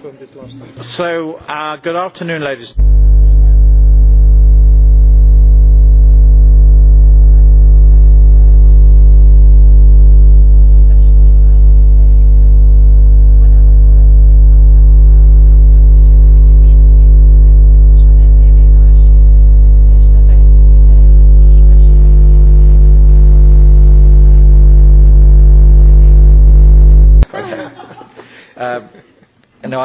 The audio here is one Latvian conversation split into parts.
confirmed it last time. So, uh, good afternoon, ladies. No,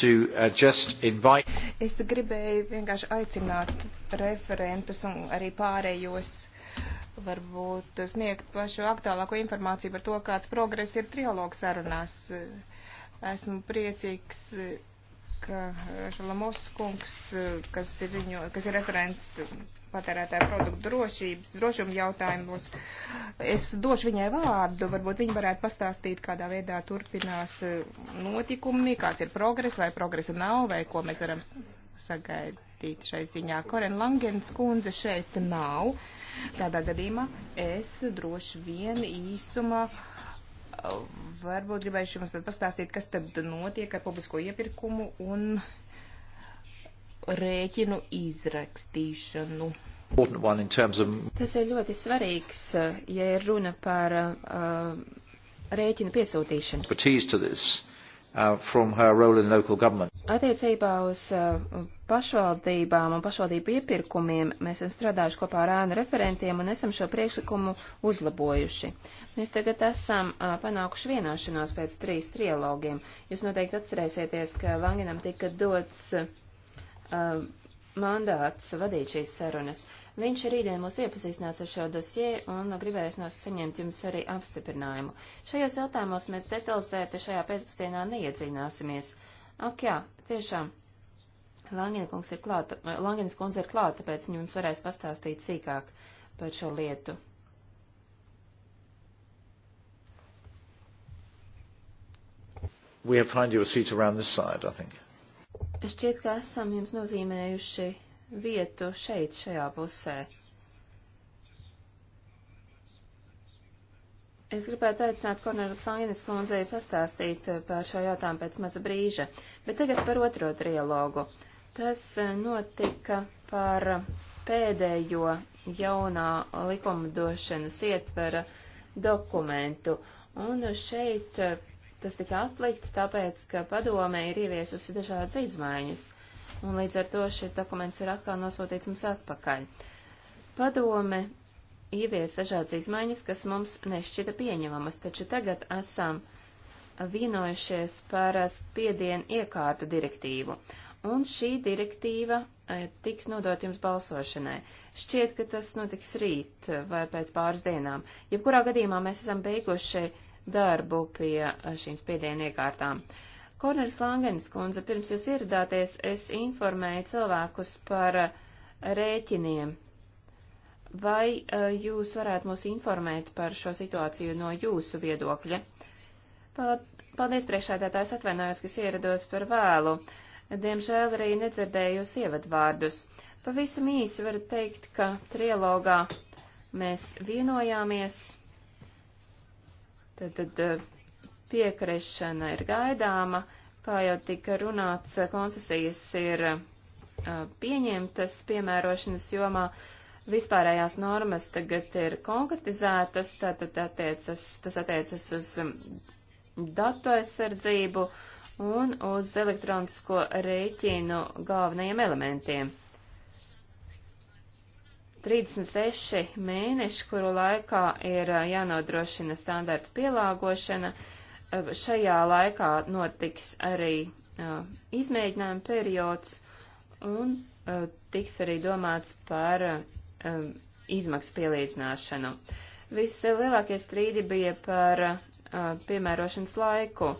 to, uh, invite... Es gribēju vienkārši aicināt referentus un arī pārējos varbūt sniegt pašu aktuālāko informāciju par to, kāds progress ir trialogu sarunās. Esmu priecīgs ka eh, Šalamos kungs, eh, kas ir, ziņo, kas ir referents patērētāju produktu drošības, drošuma jautājumos, es došu viņai vārdu, varbūt viņa varētu pastāstīt, kādā veidā turpinās eh, notikumi, kāds ir progress, vai progresa nav, vai ko mēs varam sagaidīt šai ziņā. Koren Langens kundze šeit nav. Tādā gadījumā es droši vien īsumā uh, varbūt gribējuši jums tad pastāstīt, kas tad notiek ar publisko iepirkumu un rēķinu izrakstīšanu. Tas ir ļoti svarīgs, eh, ja ir runa par uh, rēķinu piesūtīšanu. Uh, from her role in local government. Attiecībā uz uh, pašvaldībām un pašvaldību iepirkumiem mēs esam strādājuši kopā ar ēnu referentiem un esam šo priekšlikumu uzlabojuši. Mēs tagad esam uh, panākuši vienošanos pēc trīs trialogiem. Jūs noteikti atcerēsieties, ka Langinam tika dots uh, mandāts vadīt šīs sarunas. Viņš rītdien mūs iepazīstinās ar šo dosie un gribēs no saņemt jums arī apstiprinājumu. Šajos jautājumos mēs detalizēti šajā pēcpusdienā neiedzināsimies. Ak jā, tiešām. Langenis ir klāta, Langenis kundze ir klāta, tāpēc viņa jums varēs pastāstīt sīkāk par šo lietu. We'll find you a seat around this side, I think. Šķiet, ka esam jums nozīmējuši vietu šeit, šajā pusē. Es gribētu aicināt Kornelis Lainis kundzei pastāstīt eh, par šo jautājumu pēc maza brīža, bet tagad par otro trialogu. Tas eh, notika par pēdējo jaunā likumdošanas ietvera dokumentu, un šeit eh, tas tika atlikts tāpēc, ka padome ir ieviesusi dažādas izmaiņas un līdz ar to šis dokuments ir atkal nosūtīts mums atpakaļ. Padome ievies dažādas izmaiņas, kas mums nešķita pieņemamas, taču tagad esam vienojušies par spiedienu iekārtu direktīvu, un šī direktīva e, tiks nodot jums balsošanai. Šķiet, ka tas notiks rīt vai pēc pāris dienām. Jebkurā gadījumā mēs esam beiguši darbu pie e, šīm spiedienu iekārtām. Uh, Kornelis Langenis kundze, pirms jūs ieradāties, es informēju cilvēkus par eh, rēķiniem. Vai eh, jūs varētu mūs informēt par šo situāciju no jūsu viedokļa? Paldies priekšādātājs atvainojos, kas ierados par vēlu. Diemžēl arī nedzirdēju jūs ievadvārdus. Pavisam īsi varu teikt, ka trilogā mēs vienojāmies. Tad, tad eh, piekrišana ir gaidāma, kā jau tika runāts, koncesijas ir pieņemtas piemērošanas jomā. Vispārējās normas tagad ir konkretizētas, tātad attiecas, tas attiecas uz datu aizsardzību un uz elektronisko rēķinu galvenajiem elementiem. 36 mēneši, kuru laikā ir jānodrošina standarta pielāgošana, uh, Šajā laikā notiks arī izmēģinājuma periods un tiks arī domāts par izmaksu pielīdzināšanu. Vislielākie strīdi bija par piemērošanas laiku.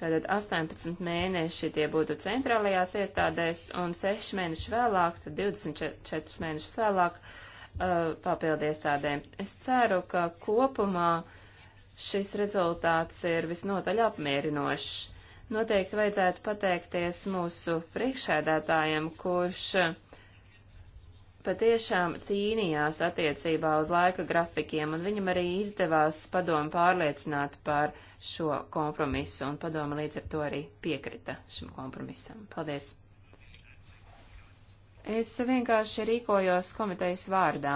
Tātad 18 mēneši tie būtu centrālajās iestādēs, un 6 mēnešus vēlāk, tad 24 mēnešus vēlāk uh, papildiestādēm. Es ceru, ka kopumā uh, Šis rezultāts ir visnotaļ apmierinošs. Noteikti vajadzētu pateikties mūsu priekšēdētājiem, kurš patiešām cīnījās attiecībā uz laika grafikiem, un viņam arī izdevās padomu pārliecināt par šo kompromisu, un padoma līdz ar to arī piekrita šim kompromisam. Paldies! Es vienkārši rīkojos komitejas vārdā.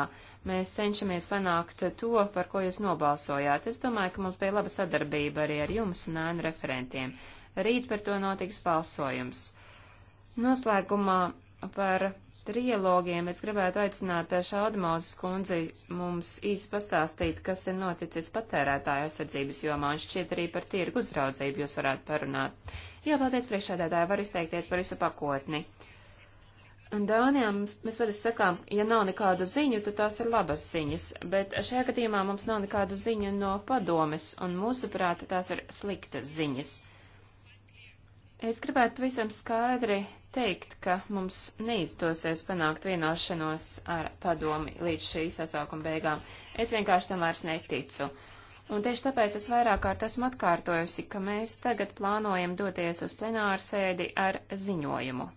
Mēs cenšamies panākt to, par ko jūs nobalsojāt. Es domāju, ka mums bija laba sadarbība arī ar jums un ēnu referentiem. Rīt par to notiks balsojums. Noslēgumā par trilogiem es gribētu aicināt Šaudmauzes kundzi mums īsi pastāstīt, kas ir noticis patērētāja aizsardzības jomā, un šķiet arī par tirgu uzraudzību jūs varētu parunāt. Jā, paldies priekšādētāji, var izteikties par visu pakotni. Dānijā mums, mēs parasti sakām, ja nav nekādu ziņu, tad tās ir labas ziņas, bet šajā gadījumā mums nav nekādu ziņu no padomes, un mūsuprāt, tās ir sliktas ziņas. Es gribētu visam skaidri teikt, ka mums neizdosies panākt vienošanos ar padomi līdz šī sasaukuma beigām. Es vienkārši tam vairs neticu. Un tieši tāpēc es vairāk kārt esmu atkārtojusi, ka mēs tagad plānojam doties uz plenāru sēdi ar ziņojumu.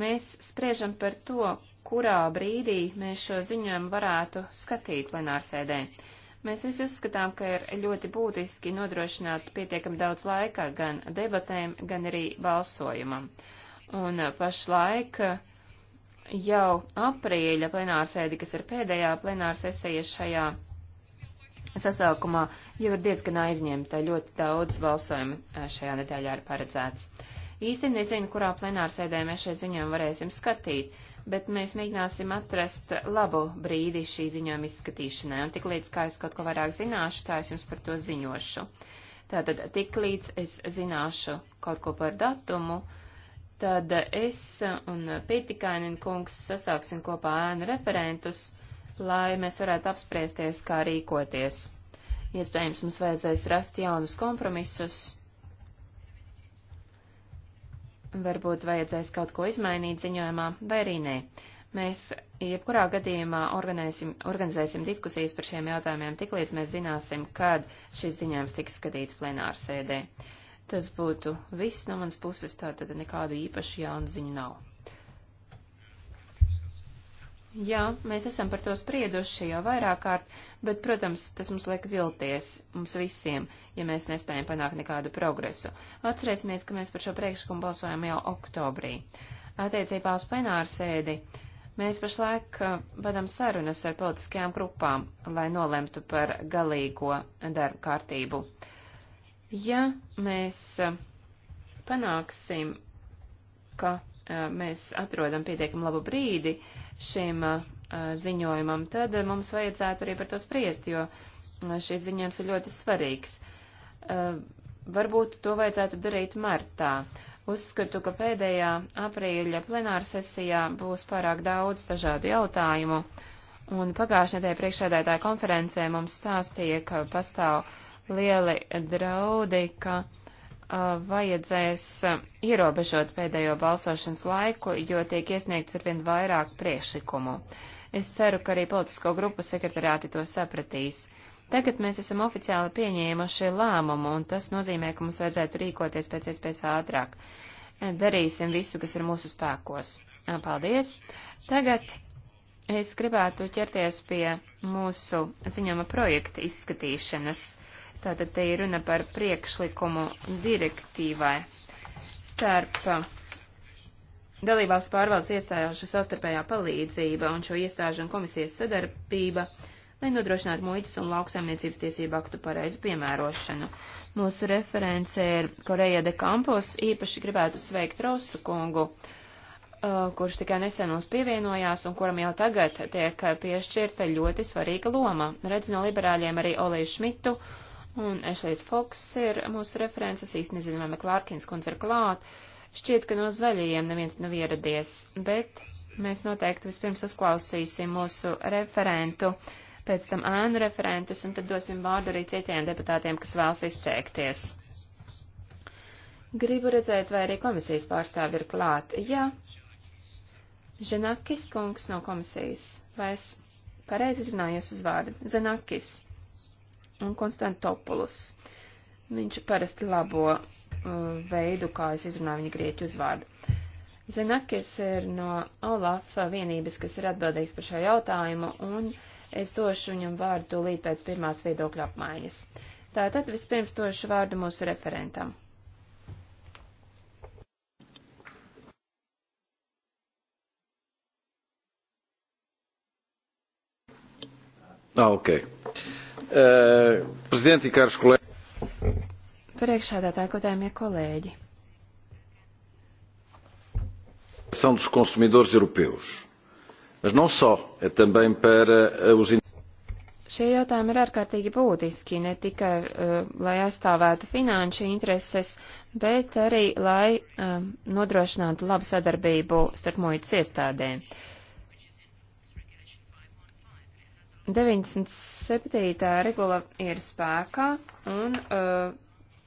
Mēs spriežam par to, kurā brīdī mēs šo ziņojumu varētu skatīt plenārsēdē. Mēs visi uzskatām, ka ir ļoti būtiski nodrošināt pietiekam daudz laika gan debatēm, gan arī balsojumam. Un pašlaik jau aprīļa plenārsēdi, kas ir pēdējā plenārsesija šajā sasaukumā, jau ir diezgan aizņemta, ļoti daudz balsojumu eh, šajā nedēļā ir paredzēts. Īsti nezinu, kurā plenārsēdē mēs šai ziņām varēsim skatīt, bet mēs mēģināsim atrast labu brīdi šī ziņām izskatīšanai, un tik līdz kā es kaut ko vairāk zināšu, tā es jums par to ziņošu. Tātad, tik līdz es zināšu kaut ko par datumu, tad es un Pītikainin kungs sasāksim kopā ēnu referentus, lai mēs varētu apspriesties, kā rīkoties. Iespējams, mums vajadzēs rast jaunus kompromisus varbūt vajadzēs kaut ko izmainīt ziņojumā, vai arī nē. Mēs jebkurā gadījumā organizēsim, organizēsim diskusijas par šiem jautājumiem, tiklīdz mēs zināsim, kad šis ziņojums tiks skatīts plenāra sēdē. Tas būtu viss no manas puses, tātad nekādu īpašu jaunu ziņu nav. Jā, mēs esam par to sprieduši jau vairāk kārt, bet, protams, tas mums liek vilties, mums visiem, ja mēs nespējam panākt nekādu progresu. Atcerēsimies, ka mēs par šo priekšlikumu balsojam jau oktobrī. Attiecībā uz plenārsēdi mēs pašlaik uh, vadam sarunas ar politiskajām grupām, lai nolemtu par galīgo darbu kārtību. Ja mēs uh, panāksim, ka uh, mēs atrodam pietiekam labu brīdi, uh, šim uh, ziņojumam, tad uh, mums vajadzētu arī par to spriest, jo uh, šis ziņojums ir ļoti svarīgs. Uh, varbūt to vajadzētu darīt martā. Uzskatu, ka pēdējā aprīļa plenāra sesijā būs pārāk daudz dažādu jautājumu, un pagājušajā nedēļā priekšsēdētāja konferencē mums stāstīja, ka pastāv lieli draudi, ka uh, Uh, vajadzēs uh, ierobežot pēdējo balsošanas laiku, jo tiek iesniegts arvien vairāk priekšlikumu. Es ceru, ka arī politisko grupu sekretariāti to sapratīs. Tagad mēs esam oficiāli pieņēmuši lēmumu, un tas nozīmē, ka mums vajadzētu rīkoties pēc iespējas ātrāk. Uh, darīsim visu, kas ir mūsu spēkos. Paldies! Tagad es gribētu ķerties pie mūsu ziņojuma projekta izskatīšanas. Tātad te ir runa par priekšlikumu direktīvai starp uh, dalībās pārvaldes iestājošu sastarpējā palīdzība un šo iestāžu un komisijas sadarbība, lai nodrošinātu muitas un lauksaimniecības tiesību aktu pareizu piemērošanu. Mūsu reference ir Koreja de Campos, īpaši gribētu sveikt Rosu kungu, uh, kurš tikai nesen mums pievienojās un kuram jau tagad tiek piešķirta ļoti svarīga loma. Redz no liberāļiem arī Oliju Šmitu un Ešlīs Foks ir mūsu referents. Es īsti nezinu, vai Meklārkins kundze ir klāt. Šķiet, ka no zaļajiem neviens nav ieradies, bet mēs noteikti vispirms uzklausīsim mūsu referentu, pēc tam ēnu referentus, un tad dosim vārdu arī citiem deputātiem, kas vēlas izteikties. Gribu redzēt, vai arī komisijas pārstāvi ir klāt. Jā, Ženakis kungs no komisijas, vai es pareizi izrunāju jūsu uzvārdu? Zenakis un Konstantopulus. Viņš parasti labo uh, veidu, kā es izrunāju viņa grieķu uzvārdu. Zenakis ir no Olaf vienības, kas ir atbildīgs par šo jautājumu, un es došu viņam vārdu tūlīt pēc pirmās viedokļa apmaiņas. Tātad vispirms došu vārdu mūsu referentam. Ah, okay. Uh, eh, Prezidenti, karš e kolēģi. Priekšādātāji, godājumie kolēģi. São dos consumidores europeus. Mas não só, é também para eh, os. Šie jautājumi ir ārkārtīgi būtiski, ne tikai, uh, lai aizstāvētu finanšu intereses, bet arī, lai um, nodrošinātu labu sadarbību starp muitas iestādēm. Uh, 97. regula ir spēkā un uh,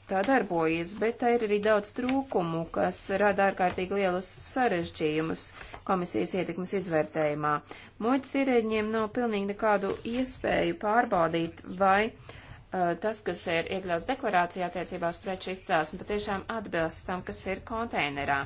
tā darbojas, bet tā ir arī daudz trūkumu, kas rada ārkārtīgi lielus sarežģījumus komisijas ietekmes izvērtējumā. Muitas ierēģiem nav pilnīgi nekādu iespēju pārbaudīt, vai uh, tas, kas ir iekļauts deklarācijā attiecībā uz preču izcelsmi, patiešām atbilst tam, kas ir konteinerā.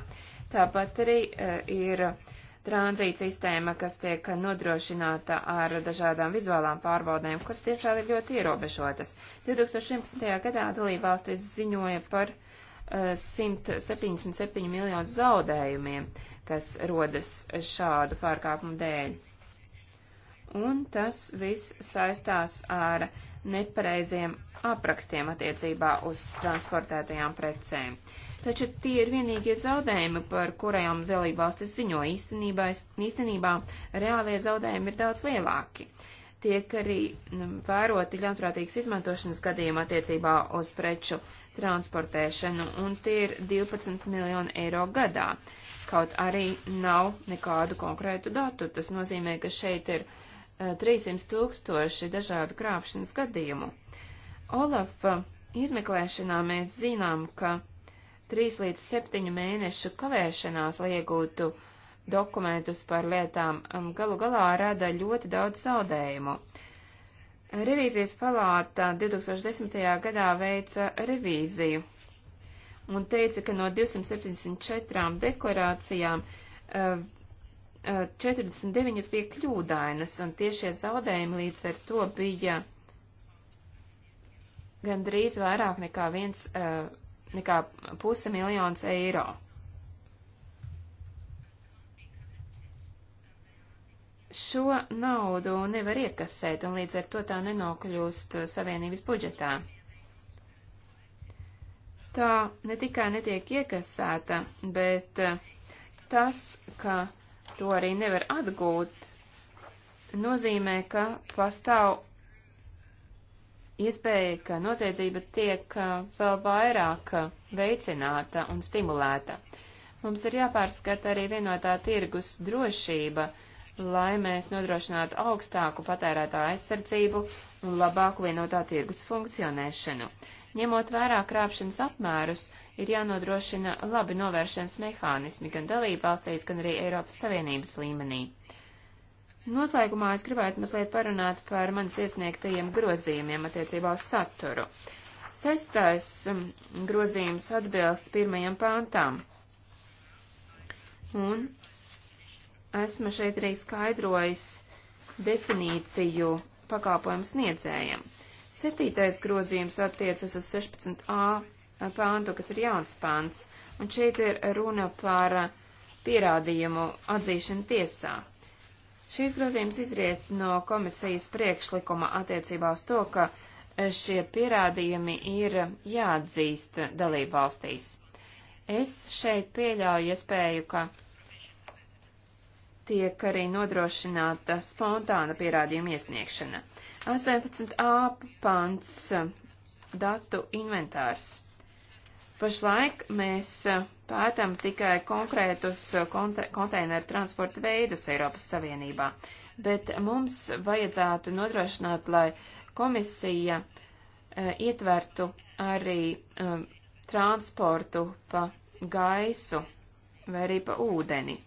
Tāpat arī uh, ir uh, tranzīta sistēma, kas tiek nodrošināta ar dažādām vizuālām pārbaudēm, kas tiešām ir ļoti ierobežotas. 2011. gadā dalībvalstis ziņoja par uh, 177 miljonu zaudējumiem, kas rodas šādu pārkāpumu dēļ. Un tas viss saistās ar nepareiziem aprakstiem attiecībā uz transportētajām precēm. Uh, taču tie ir vienīgie zaudējumi, par kurajām zelībvalstis ziņo. Īstenībā, īstenībā reālie zaudējumi ir daudz lielāki. Tiek arī nu, vēroti ļaunprātīgas izmantošanas gadījumi attiecībā uz preču transportēšanu, un tie ir 12 miljoni eiro gadā. Kaut arī nav nekādu konkrētu datu, tas nozīmē, ka šeit ir 300 eh, tūkstoši dažādu krāpšanas gadījumu. Olaf eh, izmeklēšanā mēs zinām, ka 3 līdz 7 mēnešu kavēšanās, lai iegūtu dokumentus par lietām, um, galu galā rada ļoti daudz zaudējumu. Revīzijas palāta 2010. gadā veica revīziju un teica, ka no 274 deklarācijām 49 uh, uh, bija kļūdainas, un tiešie zaudējumi līdz ar to bija gandrīz vairāk nekā viens uh, nekā puse miljons eiro. Šo naudu nevar iekasēt, un līdz ar to tā nenokļūst Savienības budžetā. Tā ne tikai netiek iekasēta, bet eh, tas, ka to arī nevar atgūt, nozīmē, ka pastāv iespēja, ka noziedzība tiek uh, vēl vairāk uh, veicināta un stimulēta. Mums ir jāpārskata arī vienotā tirgus drošība, lai mēs nodrošinātu augstāku patērētā aizsardzību un labāku vienotā tirgus funkcionēšanu. Ņemot vērā krāpšanas apmērus, ir jānodrošina labi novēršanas mehānismi gan dalībvalstīs, gan arī Eiropas Savienības līmenī. Noslēgumā es gribētu mazliet parunāt par manis iesniegtajiem grozījumiem attiecībā uz saturu. Sestais um, grozījums atbilst pirmajam pāntām. Un esmu šeit arī skaidrojis definīciju pakalpojumu sniedzējiem. Septītais grozījums attiecas uz 16a pāntu, kas ir jauns pāns, un šeit ir runa par pierādījumu atzīšanu tiesā. Šīs grozījums izriet no komisijas priekšlikuma attiecībā uz to, ka šie pierādījumi ir jāatzīst dalību valstīs. Es šeit pieļauju iespēju, ka tiek arī nodrošināta spontāna pierādījuma iesniegšana. 18a pants datu inventārs. Pašlaik mēs eh, pētam tikai konkrētus eh, konte konteineru transporta veidus Eiropas Savienībā, bet mums vajadzētu nodrošināt, lai komisija e, ietvertu arī e, transportu pa gaisu vai arī pa ūdeni.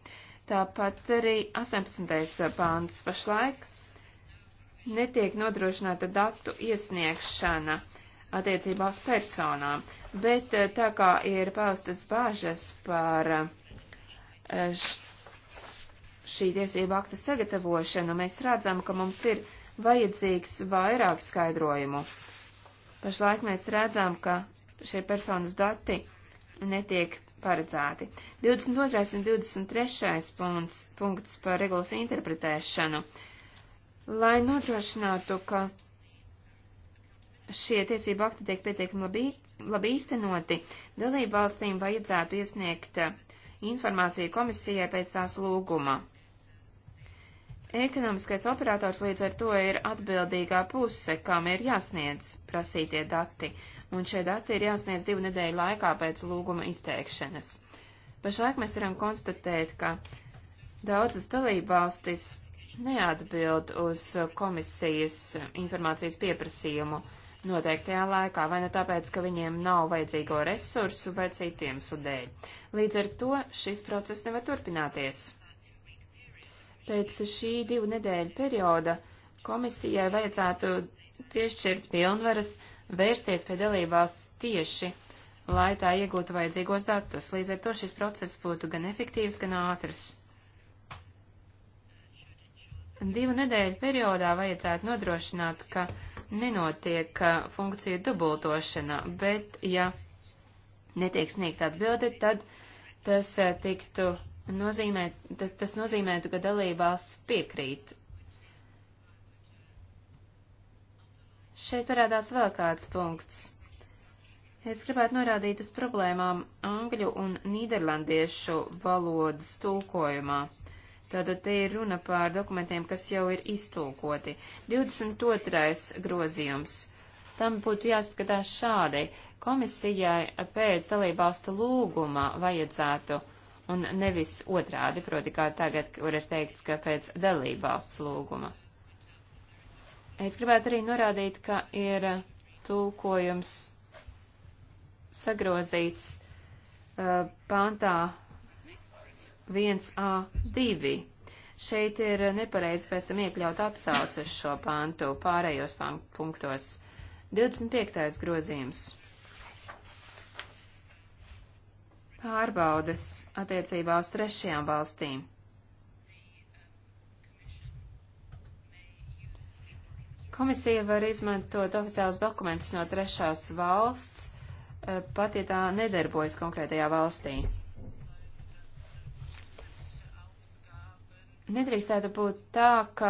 Tāpat arī 18. pāns pašlaik netiek nodrošināta datu iesniegšana attiecībā uz personām. Bet eh, tā kā ir paustas bāžas par eh, šī tiesība akta sagatavošanu, mēs redzam, ka mums ir vajadzīgs vairāk skaidrojumu. Pašlaik mēs redzam, ka šie personas dati netiek paredzēti. 22. un 23. Punkts, punkts par regulas interpretēšanu. Lai nodrošinātu, ka šie tiesību akti tiek pietiekami labi, labi īstenoti, dalību valstīm vajadzētu iesniegt eh, informāciju komisijai pēc tās lūguma. Ekonomiskais operators līdz ar to ir atbildīgā puse, kam ir jāsniedz prasītie dati, un šie dati ir jāsniedz divu nedēļu laikā pēc lūguma izteikšanas. Pašlaik mēs varam konstatēt, ka daudzas dalībvalstis neatbild uz komisijas informācijas pieprasījumu. Uh, noteiktajā laikā, vai nu tāpēc, ka viņiem nav vajadzīgo resursu vai citu iemeslu dēļ. Līdz ar to šis process nevar turpināties. Pēc šī divu nedēļu perioda komisijai vajadzētu piešķirt pilnvaras vērsties pie dalībās tieši, lai tā iegūtu vajadzīgos datus. Līdz ar to šis process būtu gan efektīvs, gan ātrs. Divu nedēļu periodā vajadzētu nodrošināt, ka uh, nenotiek funkcija dubultošana, bet ja netiek sniegta atbilde, tad tas eh, tiktu nozīmē, tas, tas nozīmētu, ka dalībās piekrīt. Šeit parādās vēl kāds punkts. Es gribētu norādīt uz problēmām angļu un nīderlandiešu valodas tulkojumā. Tātad te ir runa par dokumentiem, kas jau ir iztulkoti. 22. grozījums. Tam būtu jāskatās šādi. Komisijai pēc dalībvalstu lūguma vajadzētu, un nevis otrādi, proti kā tagad, kur ir teikts, ka pēc dalībvalsts lūguma. Es gribētu arī norādīt, ka ir tulkojums sagrozīts uh, pāntā 1A2. Šeit ir nepareizi pēc tam iekļaut atsauces šo pantu pārējos punktos. 25. grozījums. Pārbaudes attiecībā uz trešajām valstīm. Komisija var izmantot oficiālus dokumentus no trešās valsts, eh, pat ja tā nedarbojas konkrētajā valstī. Nedrīkstētu būt tā, ka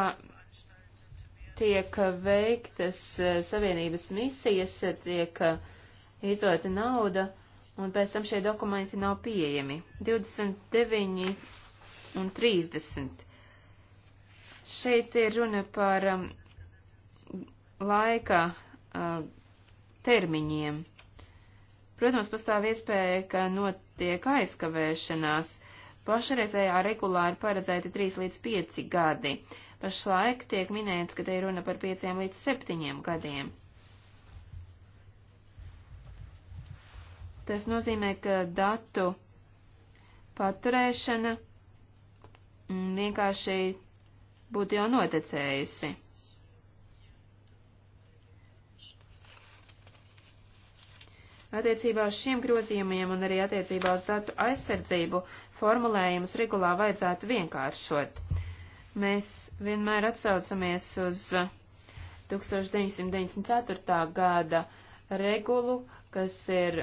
tiek veiktas eh, savienības misijas, tiek eh, izdota nauda, un pēc tam šie dokumenti nav pieejami. 29 un 30. Šeit ir runa par um, laika uh, termiņiem. Protams, pastāv iespēja, ka notiek aizkavēšanās. Pašreizējā regulā ir paredzēti 3 līdz 5 gadi. Pašlaik tiek minēts, ka te ir runa par 5 līdz 7 gadiem. Tas nozīmē, ka datu paturēšana vienkārši būtu jau noticējusi. Attiecībā uz šiem grozījumiem un arī attiecībā uz datu aizsardzību formulējumus regulā vajadzētu vienkāršot. Mēs vienmēr atsaucamies uz 1994. gada regulu, kas ir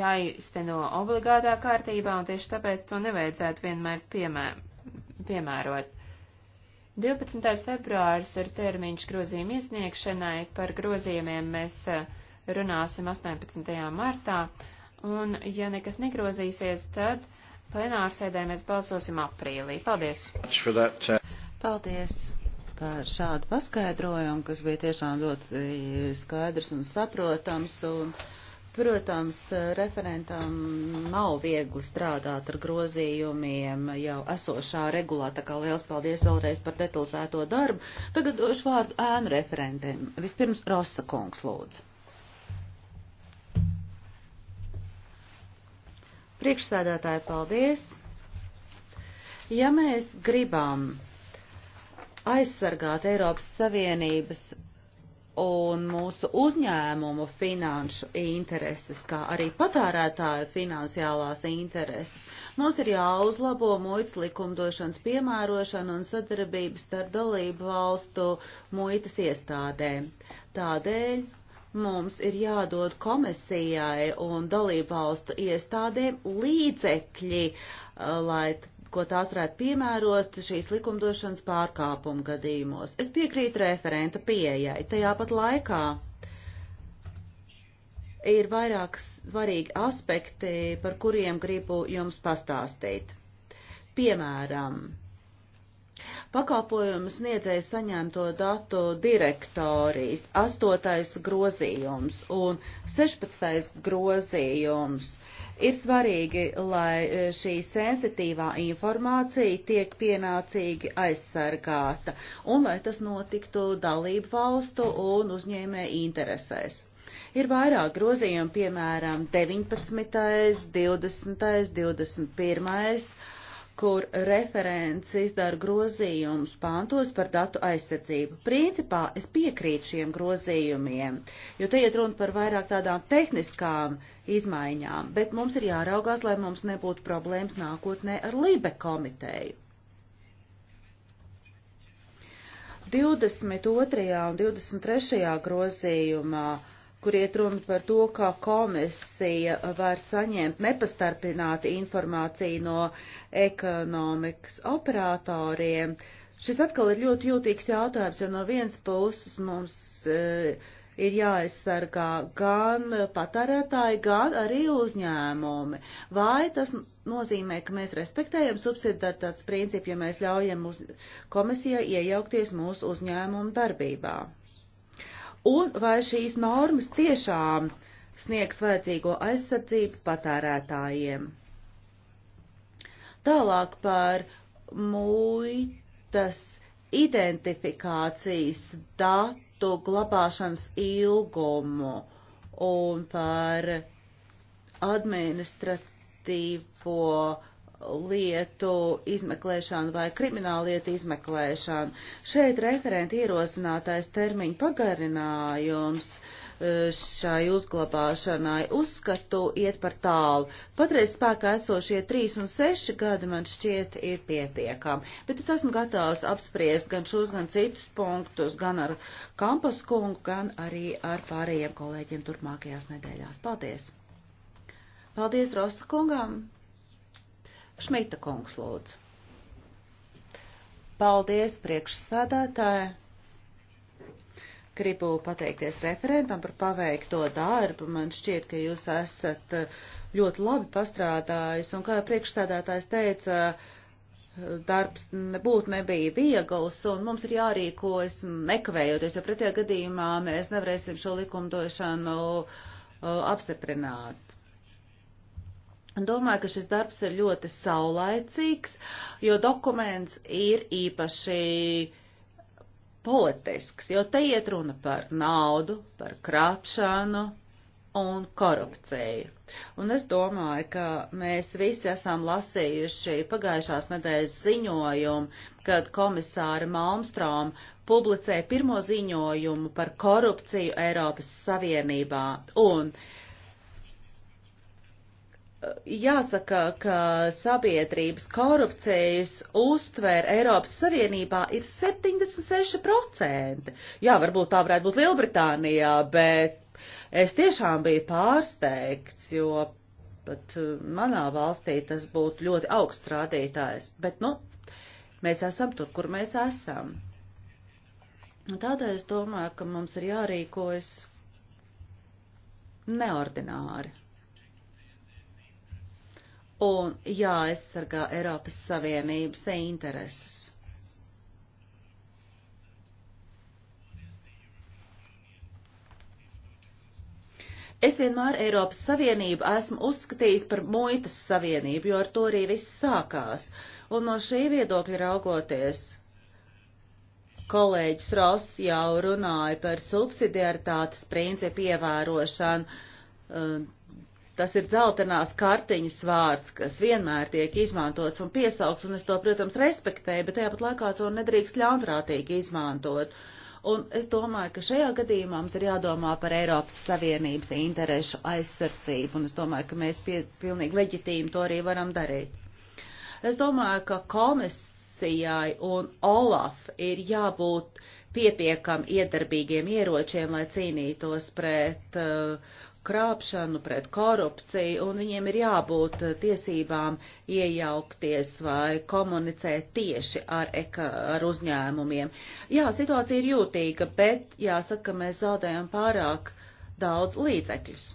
jāizteno obligātā kārtībā, un tieši tāpēc to nevajadzētu vienmēr piemē, piemērot. 12. februāris ir termiņš grozījuma iesniegšanai, par grozījumiem mēs eh, runāsim 18. martā, un ja nekas negrozīsies, tad plenārsēdē mēs balsosim aprīlī. Paldies! Uh, paldies par šādu paskaidrojumu, kas bija tiešām ļoti skaidrs un saprotams. Un, protams, referentam nav viegli strādāt ar grozījumiem jau esošā regulā, tā kā liels paldies vēlreiz par detalizēto darbu. Tagad došu vārdu ēnu referentiem. Vispirms Rosa kungs lūdzu. Priekšsēdētāji, paldies! Ja mēs gribam aizsargāt Eiropas Savienības un mūsu uzņēmumu finanšu intereses, kā arī patērētāju finansiālās intereses, mums ir jāuzlabo muitas likumdošanas piemērošana un sadarbības starp dalību valstu muitas iestādēm. Tādēļ mums ir jādod komisijai un dalībvalstu iestādēm līdzekļi, uh, lai ko tās varētu piemērot šīs likumdošanas pārkāpumu gadījumos. Es piekrītu referenta pieejai. Tajā pat laikā ir vairāk svarīgi aspekti, par kuriem gribu jums pastāstīt. Piemēram, pakalpojumu sniedzēja saņemto datu direktorijas 8. grozījums un 16. grozījums. Ir svarīgi, lai e, šī sensitīvā informācija tiek pienācīgi aizsargāta un lai tas notiktu dalību valstu un uzņēmē interesēs. Ir vairāk grozījumu, piemēram, 19., 20., 21 kur referents izdara grozījumus pāntos par datu aizsardzību. Principā es piekrītu šiem grozījumiem, jo te iet runa par vairāk tādām tehniskām izmaiņām, bet mums ir jāraugās, lai mums nebūtu problēmas nākotnē ar Libe komiteju. 22. un 23. grozījumā kur iet runa par to, kā komisija var saņemt nepastarpināti informāciju no ekonomikas operatoriem. Šis atkal ir ļoti jūtīgs jautājums, jo no vienas puses mums e, ir jāaizsargā gan patērētāji, gan arī uzņēmumi. Vai tas nozīmē, ka mēs respektējam subsidiaritātes principu, ja mēs ļaujam uz komisijai iejaukties mūsu uzņēmumu darbībā? un vai šīs normas tiešām sniegs vajadzīgo aizsardzību patērētājiem. Tālāk par muitas identifikācijas datu glabāšanas ilgumu un par administratīvo uh, lietu izmeklēšanu vai krimināllietu izmeklēšanu. Šeit referenti ierosinātais termiņu pagarinājums e, šai uzglabāšanai uzskatu iet par tālu. Patreiz spēkā esošie trīs un seši gadi man šķiet ir pietiekami, bet es esmu gatavs apspriest gan šos, gan citus punktus, gan ar Kampas kungu, gan arī ar pārējiem kolēģiem turpmākajās nedēļās. Paldies! Paldies Rosa kungam! Šmita kungs lūdzu. Paldies, priekšsādātāji! Gribu pateikties referentam par paveikto darbu. Man šķiet, ka jūs esat ļoti labi pastrādājis, un kā priekšsēdētājs teica, darbs nebūtu nebija viegls, un mums ir jārīkojas nekavējoties, jo pretējā gadījumā mēs nevarēsim šo likumdošanu uh, apstiprināt. Domāju, ka šis darbs ir ļoti saulaicīgs, jo dokuments ir īpaši politisks, jo te iet runa par naudu, par krāpšanu un korupciju. Un es domāju, ka mēs visi esam lasījuši pagājušās nedēļas ziņojumu, kad komisāra Malmstrom publicēja pirmo ziņojumu par korupciju Eiropas Savienībā. Un uh, jāsaka, ka sabiedrības korupcijas uztver Eiropas Savienībā ir 76%. Jā, varbūt tā varētu būt Lielbritānijā, bet es tiešām biju pārsteigts, jo pat uh, manā valstī tas būtu ļoti augsts rādītājs. Bet, nu, mēs esam tur, kur mēs esam. Un tādēļ es domāju, ka mums ir jārīkojas neordināri un jāaizsargā Eiropas Savienības intereses. Es vienmēr Eiropas Savienību esmu uzskatījis par muitas savienību, jo ar to arī viss sākās. Un no šī viedokļa raugoties, kolēģis Ross jau runāja par subsidiaritātes principu ievērošanu, um, Tas ir dzeltenās kartiņas vārds, kas vienmēr tiek izmantots un piesaukts, un es to, protams, respektēju, bet tajāpat laikā to nedrīkst ļaunprātīgi izmantot. Un es domāju, ka šajā gadījumā mums ir jādomā par Eiropas Savienības interešu aizsardzību, un es domāju, ka mēs pie, pilnīgi leģitīmi to arī varam darīt. Es domāju, ka komisijai un Olaf ir jābūt pietiekam iedarbīgiem ieročiem, lai cīnītos pret uh, krāpšanu, pret korupciju, un viņiem ir jābūt eh, tiesībām iejaukties vai komunicēt tieši ar, eka, ar uzņēmumiem. Jā, situācija ir jūtīga, bet jāsaka, ka mēs zaudējam pārāk daudz līdzekļus.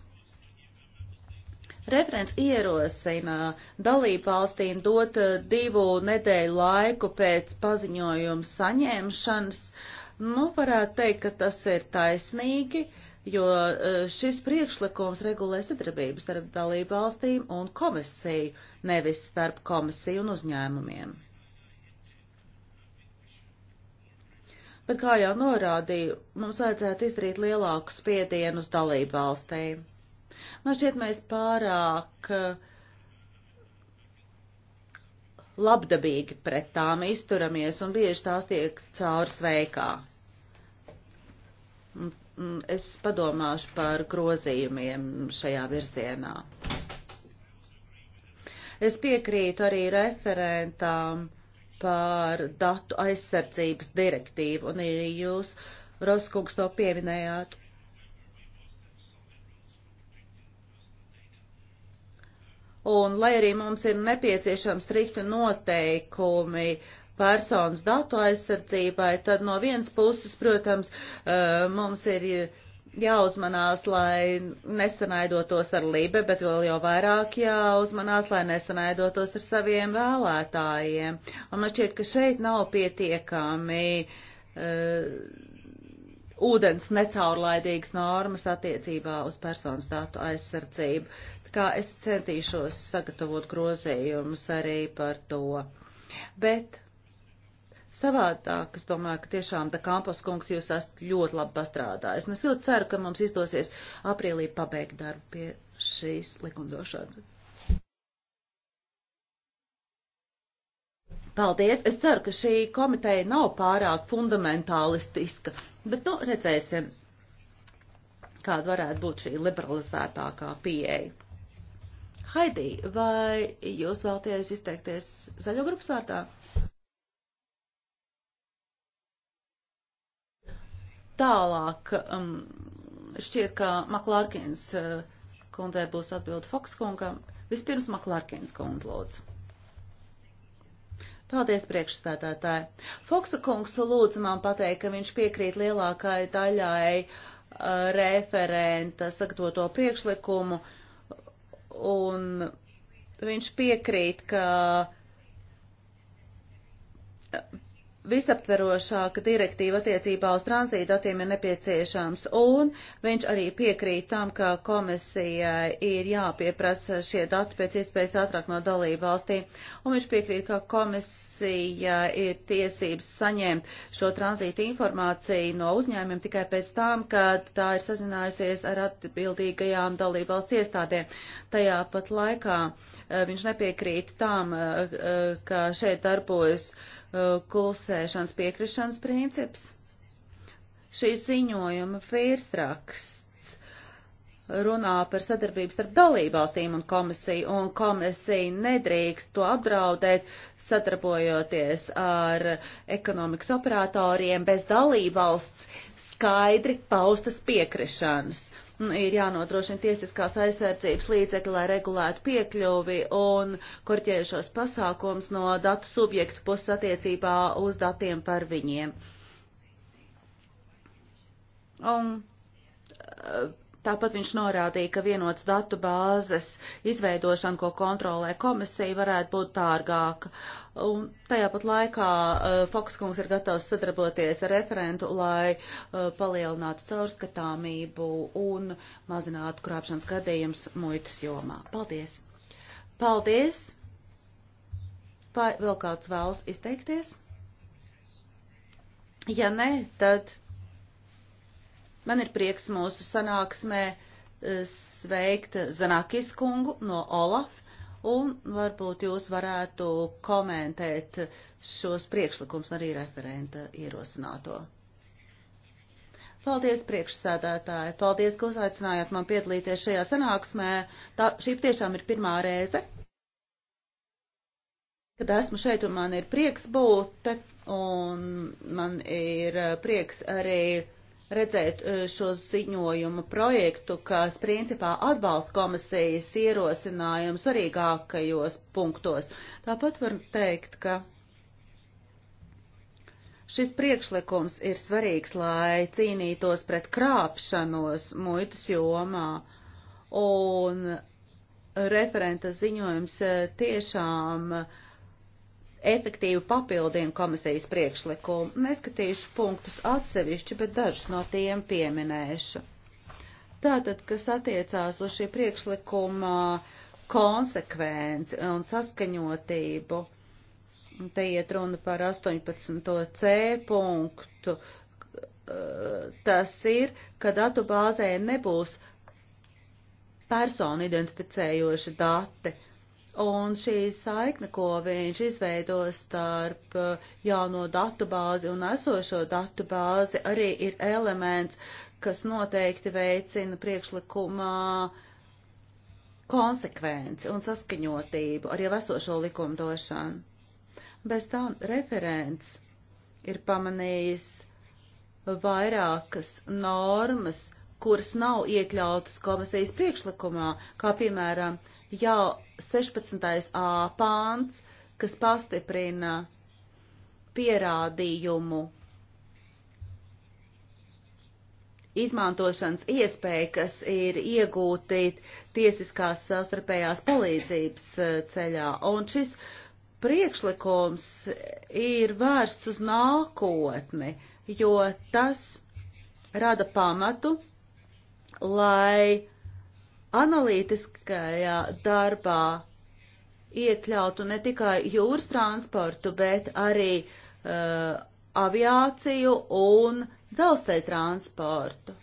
Referents ierosina dalību valstīm dot eh, divu nedēļu laiku pēc paziņojuma saņemšanas. Nu, varētu teikt, ka tas ir taisnīgi, uh, jo eh, šis priekšlikums regulē sadarbību starp dalību valstīm un komisiju, nevis starp komisiju un uzņēmumiem. Bet, kā jau norādīju, mums vajadzētu izdarīt lielāku spiedienu uz dalību valstīm. Man šķiet, mēs pārāk eh, labdabīgi pret tām izturamies un bieži tās tiek caur sveikā Mm, es padomāšu par grozījumiem šajā virzienā. Es piekrītu arī referentām par datu aizsardzības direktīvu, un arī jūs, Roskungs, to pieminējāt. Un, lai arī mums ir nepieciešami strikti noteikumi uh, personas datu aizsardzībai, tad no vienas puses, protams, mums ir jāuzmanās, lai nesanaidotos ar Libe, bet vēl jau vairāk jāuzmanās, lai nesanaidotos ar saviem vēlētājiem. Un man šķiet, ka šeit nav pietiekami uh, ūdens necaurlaidīgas normas attiecībā uz personas datu aizsardzību. Tā kā es centīšos sagatavot grozījumus arī par to. Bet savādāk. Es domāju, ka tiešām tā kampus kungs jūs esat ļoti labi pastrādājis. Un es ļoti ceru, ka mums izdosies aprīlī pabeigt darbu pie šīs likumdošanas. Paldies! Es ceru, ka šī komiteja nav pārāk fundamentālistiska, bet nu redzēsim, kāda varētu būt šī liberalizētākā pieeja. Haidī, vai jūs vēlties izteikties zaļo grupas vārtā? Tālāk um, šķiet, ka Maklārkins uh, kundzei būs atbildi Fokskungam. Vispirms Maklārkins kundz lūdzu. Paldies, priekšstādātāji. Foksa kungs lūdzu man pateikt, ka viņš piekrīt lielākai daļai uh, referenta sagatavoto priekšlikumu, un viņš piekrīt, ka visaptverošāka direktīva attiecībā uz tranzīdatiem ir nepieciešams, un viņš arī piekrīt tam, ka komisijai ir jāpieprasa šie dati pēc iespējas ātrāk no dalību valstīm, un viņš piekrīt, ka komisija ir tiesības saņemt šo tranzīta informāciju no uzņēmumiem tikai pēc tam, kad tā ir sazinājusies ar atbildīgajām dalību valsts iestādēm. Tajā pat laikā eh, viņš nepiekrīt tam, eh, eh, ka šeit darbojas uh, Uh, klusēšanas piekrišanas princips. Šī ziņojuma virsraksts runā par sadarbību starp dalībvalstīm un komisiju, un komisija nedrīkst to apdraudēt, sadarbojoties ar ekonomikas operatoriem bez dalībvalsts skaidri paustas piekrišanas. Uh, Nu, ir jānodrošina tiesiskās aizsardzības līdzekļi, lai regulētu piekļuvi un korķējušos pasākums no datu subjektu puses attiecībā uz datiem par viņiem. Un Tāpat viņš norādīja, ka vienots datu bāzes izveidošana, ko kontrolē komisija, varētu būt tārgāka. Un tajā pat laikā uh, eh, Fokskungs ir gatavs sadarboties ar referentu, lai uh, palielinātu caurskatāmību un mazinātu krāpšanas gadījums muitas jomā. Paldies! Paldies! Vai vēl kāds vēlas izteikties? Ja nē, tad Man ir prieks mūsu sanāksmē eh, sveikt Zanakis kungu no Olaf, un varbūt jūs varētu komentēt šos priekšlikums arī referenta ierosināto. Paldies, priekšsēdētāji! Paldies, ka uzaicinājāt man piedalīties šajā sanāksmē. Tā, šī tiešām ir pirmā reize, kad esmu šeit un man ir prieks būt, un man ir eh, prieks arī redzēt e, šo ziņojumu projektu, kas principā atbalsta komisijas ierosinājumu svarīgākajos punktos. Tāpat var teikt, ka šis priekšlikums ir svarīgs, lai cīnītos pret krāpšanos muitas jomā, un referenta ziņojums e, tiešām uh, efektīvi papildina komisijas priekšlikumu. Neskatīšu punktus atsevišķi, bet dažus no tiem pieminēšu. Tātad, kas attiecās uz šī priekšlikuma konsekvenci un saskaņotību, te iet runa par 18c punktu, tas ir, ka datu bāzē nebūs personu identificējoši dati, Un šī saikne, ko viņš izveido starp uh, jauno datu bāzi un esošo datu bāzi, arī ir elements, kas noteikti veicina priekšlikumā konsekvenci un saskaņotību ar jau esošo likumdošanu. Bez tam referents ir pamanījis vairākas normas, kuras nav iekļautas komisijas priekšlikumā, kā piemēram jau 16. A pāns, kas pastiprina pierādījumu izmantošanas iespēju, kas ir iegūti tiesiskās savstarpējās palīdzības e, ceļā. Un šis priekšlikums ir vērsts uz nākotni, jo tas rada pamatu lai analītiskajā darbā iekļautu ne tikai jūras transportu, bet arī uh, aviāciju un dzelzceļa transportu.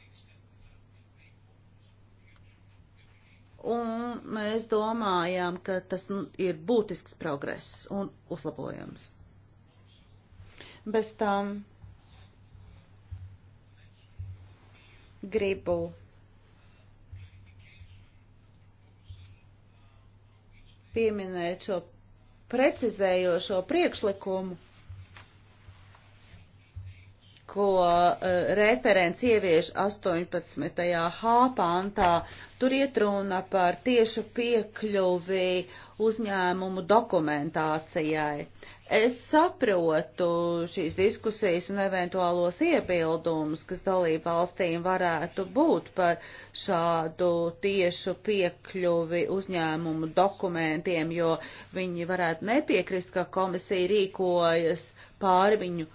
Un mēs domājām, ka tas nu, ir būtisks progress un uzlabojums. Bez tam gribu pieminēt šo precizējošo priekšlikumu, ko uh, referents ievieš 18. H pantā. Tur iet runa par tiešu piekļuvi uzņēmumu dokumentācijai. Es saprotu šīs diskusijas un eventuālos iebildumus, kas dalību valstīm varētu būt par šādu tiešu piekļuvi uzņēmumu dokumentiem, jo viņi varētu nepiekrist, ka komisija rīkojas pāri viņu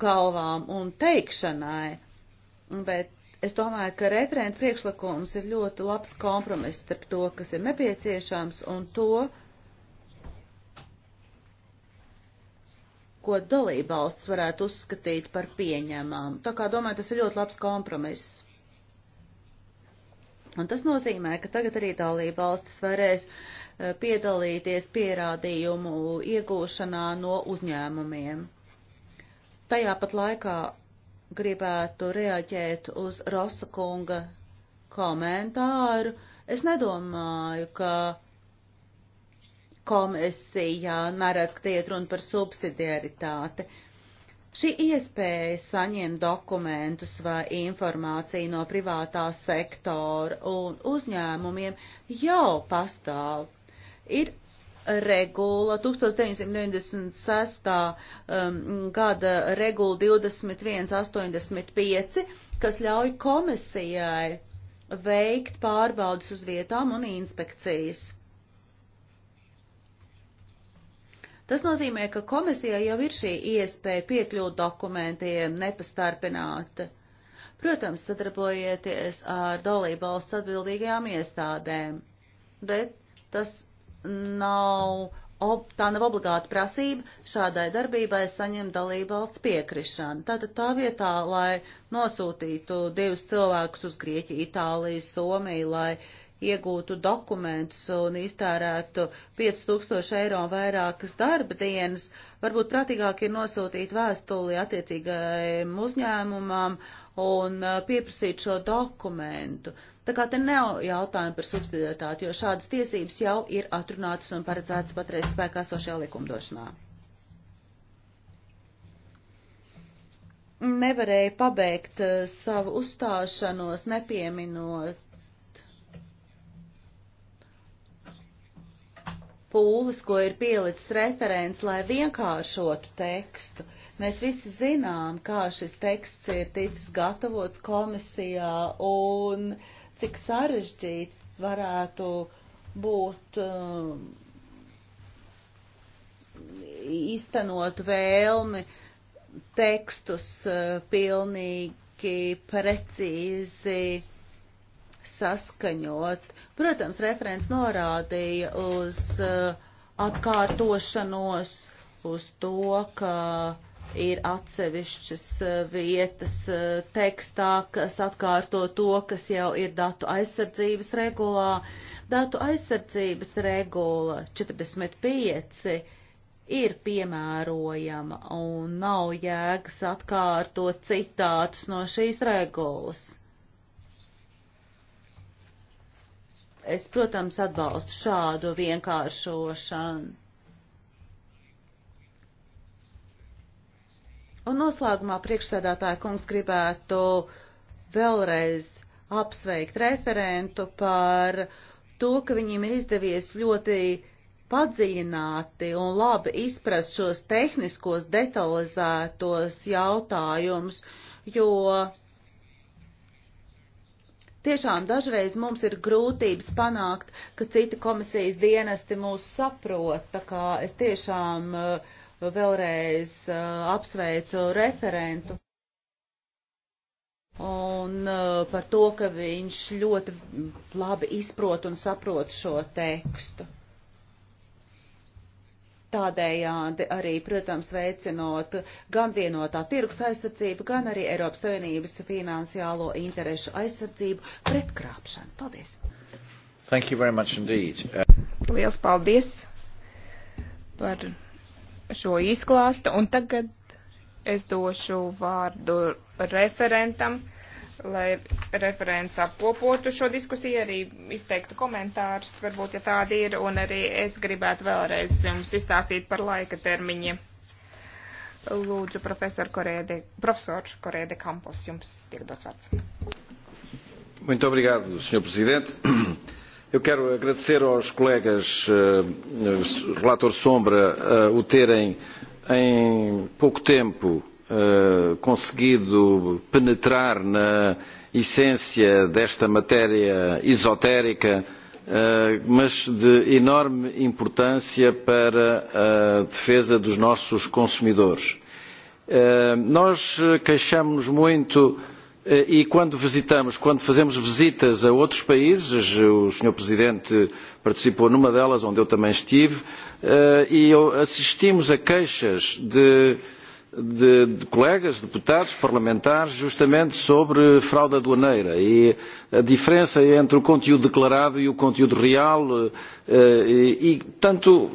galvām un teikšanai, bet es domāju, ka referenta priekšlikums ir ļoti labs kompromiss starp to, kas ir nepieciešams un to, ko dalībvalsts varētu uzskatīt par pieņemām. Tā kā domāju, tas ir ļoti labs kompromiss. Un tas nozīmē, ka tagad arī dalībvalstis varēs eh, piedalīties pierādījumu iegūšanā no uzņēmumiem. Tajā pat laikā gribētu reaģēt uz Rosa kunga komentāru. Es nedomāju, ka komisijā neredz, ka tiek runa par subsidiaritāti. Šī iespēja saņemt dokumentus vai informāciju no privātā sektora un uzņēmumiem jau pastāv. Ir regula, 1996. Um, gada regula 2185, kas ļauj komisijai veikt pārbaudas uz vietām un inspekcijas. Tas nozīmē, ka komisijai jau ir šī iespēja piekļūt dokumentiem nepastarpināti. Protams, sadarbojieties ar dalībvalsts atbildīgajām iestādēm, bet tas nav, ob, tā nav obligāta prasība šādai darbībai saņemt dalībvalsts piekrišanu. Tātad tā vietā, lai nosūtītu divus cilvēkus uz Grieķiju, Itāliju, Somiju, lai iegūtu dokumentus un iztērētu 5000 eiro un vairākas darba dienas, varbūt prātīgāk ir nosūtīt vēstuli attiecīgajiem uzņēmumam, uh, un uh, pieprasīt šo dokumentu. Tā kā te nav jautājumi par subsidiotāti, jo šādas tiesības jau ir atrunātas un paredzētas patreiz spēkā sošajā likumdošanā. Nevarēju pabeigt uh, savu uzstāšanos, nepieminot pūles, ko ir pielicis referents, lai vienkāršotu tekstu. Uh, Mēs visi zinām, kā šis teksts ir ticis gatavots komisijā un cik sarežģīti varētu būt um, īstenot vēlmi tekstus uh, pilnīgi precīzi saskaņot. Protams, referents norādīja uz uh, atkārtošanos, uz to, ka uh, ir atsevišķas eh, vietas eh, tekstā, kas atkārto to, kas jau ir datu aizsardzības regulā. Datu aizsardzības regula 45 ir piemērojama un nav jēgas atkārtot citātus no šīs regulas. Es, protams, atbalstu šādu vienkāršošanu Un noslēgumā priekšsēdētāja kungs gribētu vēlreiz apsveikt referentu par to, ka viņiem ir izdevies ļoti padziļināti un labi izprast šos tehniskos detalizētos jautājumus, jo tiešām dažreiz mums ir grūtības panākt, ka citi komisijas dienesti mūs saprot, tā kā es tiešām uh, vēlreiz apsveicu referentu. Un par to, ka viņš ļoti labi izprot un saprot šo tekstu. Tādējādi arī, protams, veicinot gan vienotā tirgus aizsardzību, gan arī Eiropas Savienības finansiālo interešu aizsardzību pret krāpšanu. Paldies! Thank you very much indeed. Uh... Liels paldies par šo izklāstu, un tagad es došu vārdu referentam, lai referents apkopotu šo diskusiju, arī izteiktu komentārus, varbūt, ja tādi ir, un arī es gribētu vēlreiz jums izstāstīt par laika termiņiem. Lūdzu, profesor Korēde, profesor Korēde Kampos, jums tiek dots vārds. Muito obrigado, senhor presidente. Eu quero agradecer aos colegas eh, relator Sombra eh, o terem, em pouco tempo, eh, conseguido penetrar na essência desta matéria esotérica, eh, mas de enorme importância para a defesa dos nossos consumidores. Eh, nós queixamos-nos muito Eh, e quando visitamos, quando fazemos visitas a outros países, o Sr. Presidente participou numa delas, onde eu também estive, eh, e assistimos a queixas de, de, de colegas, deputados, parlamentares, justamente sobre fraude aduaneira e a diferença entre o conteúdo declarado e o conteúdo real. Eh, e, e portanto,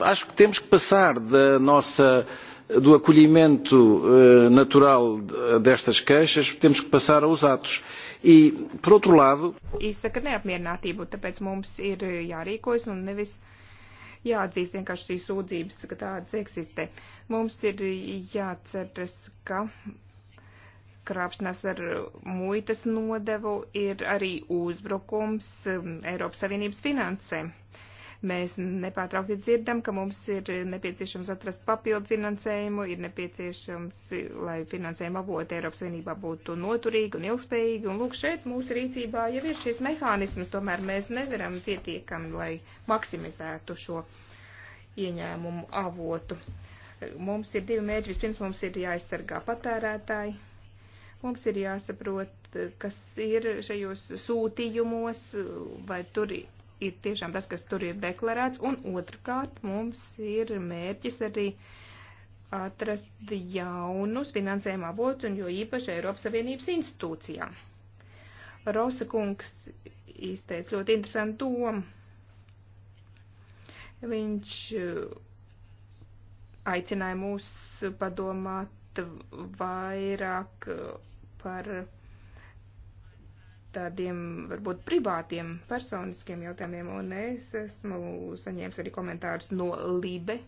acho que temos que passar da nossa do acolhimento eh, natural destas queixas, temos que passar aos atos. E, por outro lado. Izsaka neapmierinātību, tāpēc mums ir jārīkojas un nevis jāatzīst vienkārši šīs sūdzības, ka tādas eksistē. Mums ir jāceras, ka krāpšanās ar muitas nodevu ir arī uzbrukums um, Eiropas Savienības finansēm. Uh, Mēs nepārtraukti dzirdam, ka mums ir nepieciešams atrast papildu finansējumu, ir nepieciešams, lai finansējuma avoti Eiropas Savienībā būtu noturīgi un ilgspējīgi. Un lūk, šeit mūsu rīcībā jau ir šis mehānisms, tomēr mēs nevaram pietiekami, lai maksimizētu šo ieņēmumu avotu. Mums ir divi mērķi. Vispirms mums ir jāaizsargā patērētāji. Mums ir jāsaprot, kas ir šajos sūtījumos, vai tur ir tiešām tas, kas tur ir deklarēts, un otrkārt mums ir mērķis arī atrast jaunus finansējuma avotus, un jo īpaši Eiropas Savienības institūcijām. Rosa kungs izteica ļoti interesantu domu. Viņš uh, aicināja mūs padomāt vairāk uh, par tādiem varbūt privātiem personiskiem jautājumiem, un es esmu saņēmis arī komentārus no Libe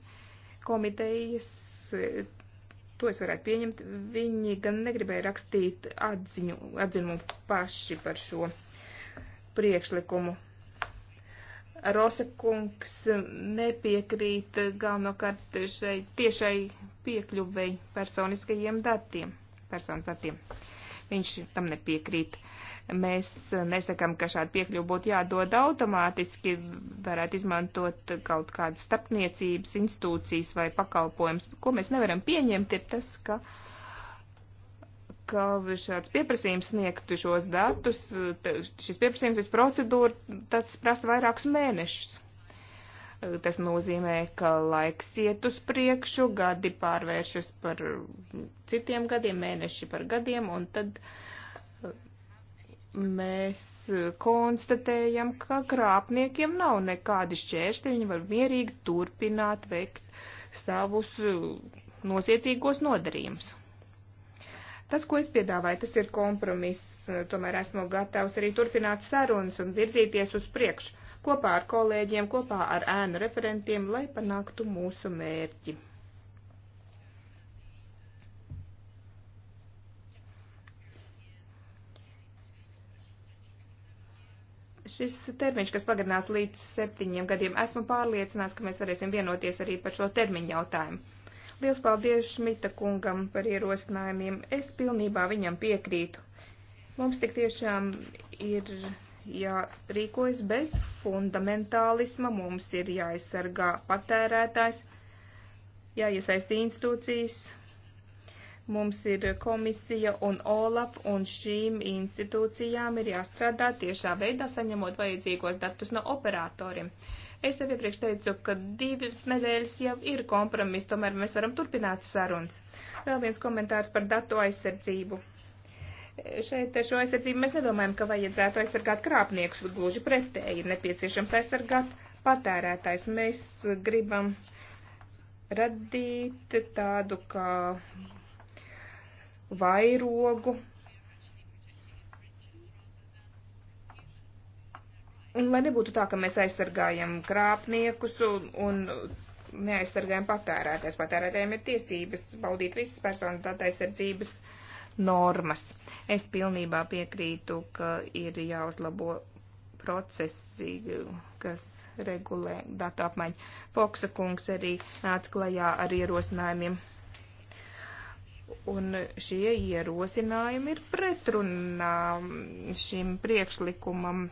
komitejas. To es varētu pieņemt. Viņi gan negribēja rakstīt atziņu, atzinumu paši par šo priekšlikumu. Rosa kungs nepiekrīt galvenokārt šai tiešai piekļuvei personiskajiem datiem, personas datiem. Viņš tam nepiekrīt. Mēs nesakam, ka šāda piekļuva būtu jādod automātiski, varētu izmantot kaut kādas starpniecības institūcijas vai pakalpojums. Ko mēs nevaram pieņemt, ir tas, ka, ka šāds pieprasījums sniegt šos datus, šis pieprasījums, šis procedūra, tas prasa vairākus mēnešus. Tas nozīmē, ka laiks iet uz priekšu, gadi pārvēršas par citiem gadiem, mēneši par gadiem, un tad uh, mēs eh, konstatējam, ka krāpniekiem nav nekādi šķēršļi, viņi var mierīgi turpināt veikt savus eh, nosiecīgos nodarījumus. Tas, ko es piedāvāju, tas ir kompromiss, eh, tomēr esmu gatavs arī turpināt sarunas un virzīties uz priekšu kopā ar kolēģiem, kopā ar ēnu referentiem, lai panāktu mūsu mērķi. šis termiņš, kas pagarinās līdz septiņiem gadiem, esmu pārliecināts, ka mēs varēsim vienoties arī par šo termiņu jautājumu. Liels paldies Šmita kungam par ierosinājumiem. Es pilnībā viņam piekrītu. Mums tik tiešām ir jārīkojas bez fundamentālisma, mums ir jāaizsargā patērētājs, jāiesaist institūcijas, Mums ir komisija un OLAP, un šīm institūcijām ir jāstrādā tiešā veidā, saņemot vajadzīgos datus no operatoriem. Es jau iepriekš teicu, ka divas nedēļas jau ir kompromiss, tomēr mēs varam turpināt sarunas. Vēl viens komentārs par datu aizsardzību. Šeit šo aizsardzību mēs nedomājam, ka vajadzētu aizsargāt krāpniekus, gluži pretēji ir nepieciešams aizsargāt patērētājs. Mēs gribam radīt tādu kā vairogu. Un lai nebūtu tā, ka mēs aizsargājam krāpniekus un, un neaizsargājam patērētājs. Patērētājiem ir tiesības baudīt visas personas datu aizsardzības normas. Es pilnībā piekrītu, ka ir jāuzlabo procesi, kas regulē datu apmaiņu. Foksa kungs arī nāca klajā ar ierosinājumiem un šie ierosinājumi ir pretrunā šim priekšlikumam,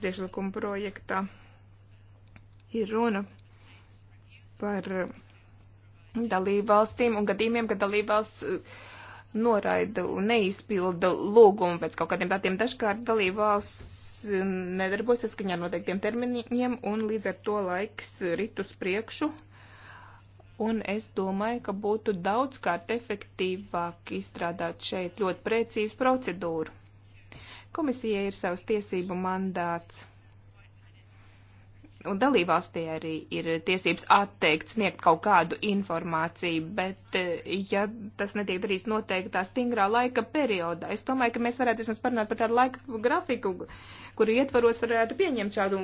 priekšlikuma projektā. Ir runa par dalībvalstīm un gadījumiem, ka dalībvalsts uh, noraida un neizpilda lūgumu pēc kaut kādiem datiem. Dažkārt dalībvalsts uh, nedarbojas saskaņā ar noteiktiem termiņiem, un līdz ar to laiks rit uz priekšu, Un es domāju, ka būtu daudzkārt efektīvāk izstrādāt šeit ļoti precīzu procedūru. Komisijai ir savs tiesību mandāts. Un dalībvalstī arī ir tiesības atteikt sniegt kaut kādu informāciju, bet eh, ja tas netiek darīts noteiktā stingrā laika periodā, es domāju, ka mēs varētu vismaz parunāt par tādu laika grafiku, kuru ietvaros varētu pieņemt šādu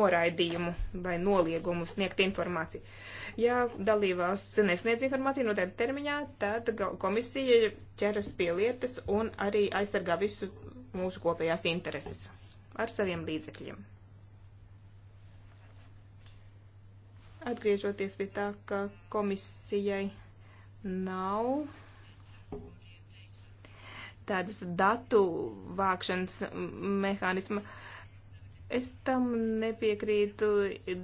noraidījumu vai noliegumu sniegt informāciju. Uh, Ja dalībvalsts nesniedz informāciju noteikti termiņā, tad komisija ķeras pie lietas un arī aizsargā visus mūsu kopējās intereses ar saviem līdzekļiem. Atgriežoties pie tā, ka komisijai nav tādas datu vākšanas mehānisma. Uh, Es tam nepiekrītu.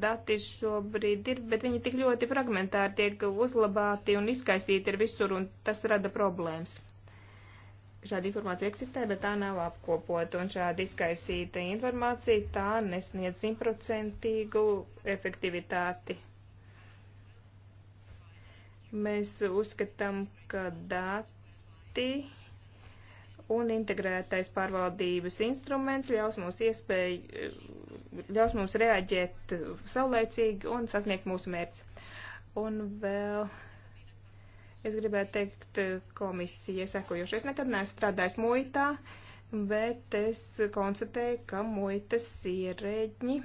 Dati šobrīd ir, bet viņi tik ļoti fragmentāri tiek uzlabāti un izkaisīti ir visur, un tas rada problēmas. Šāda informācija eksistē, bet tā nav apkopota, un šāda izkaisīta informācija tā nesniedz simtprocentīgu efektivitāti. Mēs uzskatām, ka dati un integrētais pārvaldības instruments ļaus mums iespēju, eh, ļaus mums reaģēt saulēcīgi un sasniegt mūsu mērķi. Un vēl es gribētu teikt eh, komisijai sekojošu. Es nekad neesmu strādājis muitā, bet es konstatēju, ka muitas ierēģi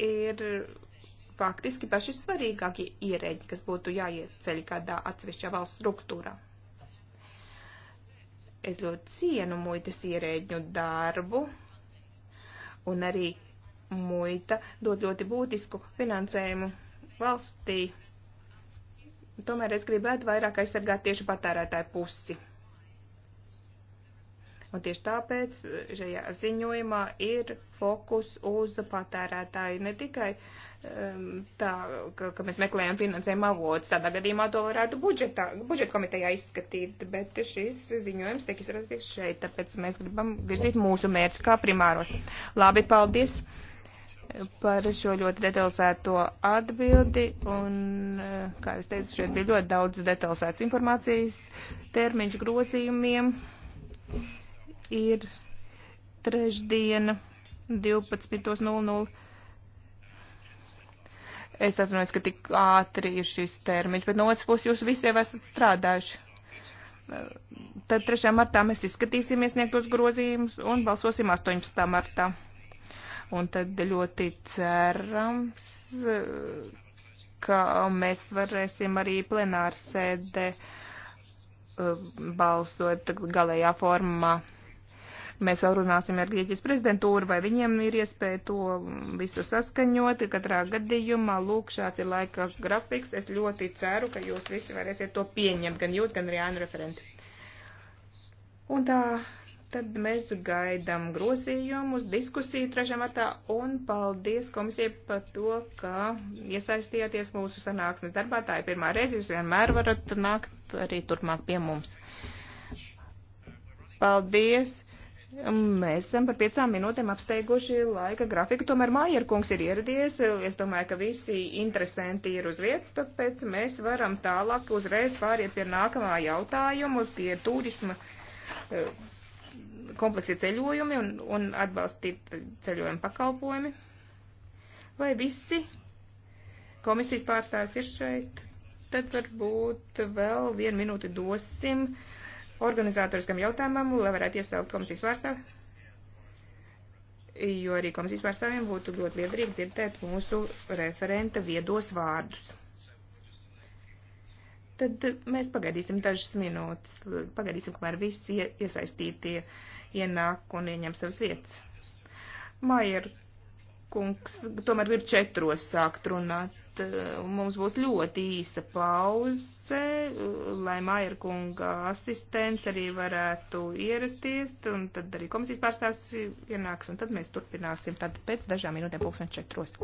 ir faktiski paši svarīgākie ierēģi, kas būtu jāieceļ kādā atsevišķā valsts struktūrā. Es ļoti cienu muitas ierēģu darbu, un arī muita dod ļoti būtisku finansējumu valstī. Tomēr es gribētu vairāk aizsargāt tieši patērētāju pusi. Un tieši tāpēc šajā ziņojumā ir fokus uz patērētāju ne tikai uh, Ehm, tā, ka, ka mēs meklējam finansējumu avotus. Tādā gadījumā to varētu budžetā, budžeta komitejā izskatīt, bet šis ziņojums tiek izrazīts šeit, tāpēc mēs gribam virzīt mūsu mērķus kā primāros. Labi, paldies par šo ļoti detalizēto atbildi, un, eh, kā es teicu, šeit bija ļoti daudz detalizētas informācijas termiņš grozījumiem. Ir trešdiena 12.00. Es atvainojos, ka tik ātri ir šis termiņš, bet no otras puses jūs visi jau esat strādājuši. Tad 3. martā mēs izskatīsim iesniegtos grozījumus un balsosim 18. martā. Un tad ļoti cerams, ka mēs varēsim arī plenārsēde uh, balsot galējā formā. Mēs vēl runāsim ar Grieķijas prezidentūru, vai viņiem ir iespēja to visu saskaņot. Katrā gadījumā, lūk, šāds ir laika grafiks. Es ļoti ceru, ka jūs visi varēsiet to pieņemt, gan jūs, gan arī ēnu referenti. Un tā, tad mēs gaidām grozījumus, diskusiju 3. martā, un paldies komisijai par to, ka iesaistījāties mūsu sanāksmes darbā. Tā ir pirmā reize, jūs vienmēr varat nākt arī turpmāk pie mums. Paldies! Mēs esam par piecām minūtēm apsteiguši laika grafiku, tomēr Mājer kungs ir ieradies. Es domāju, ka visi interesanti ir uz vietas, tāpēc mēs varam tālāk uzreiz pāriet pie nākamā jautājuma, pie turisma eh, kompleksie ceļojumi un, un atbalstīt ceļojumu pakalpojumi. Vai visi komisijas pārstāvis ir šeit? Tad varbūt vēl vienu minūti dosim. Uh, organizatoriskam jautājumam, lai varētu iesaukt komisijas pārstāvi, jo arī komisijas pārstāvjiem būtu ļoti liederīgi dzirdēt mūsu referenta viedos vārdus. Tad mēs pagaidīsim dažas minūtes, pagaidīsim, kamēr visi iesaistītie ienāk un ieņem savas vietas. Maier kungs tomēr grib četros sākt runāt. Eh, mums būs ļoti īsa pauze, eh, lai Maija kunga asistents arī varētu ierasties, un tad arī komisijas pārstāvis ienāks, un tad mēs turpināsim tad pēc dažām minūtēm pulksten četros.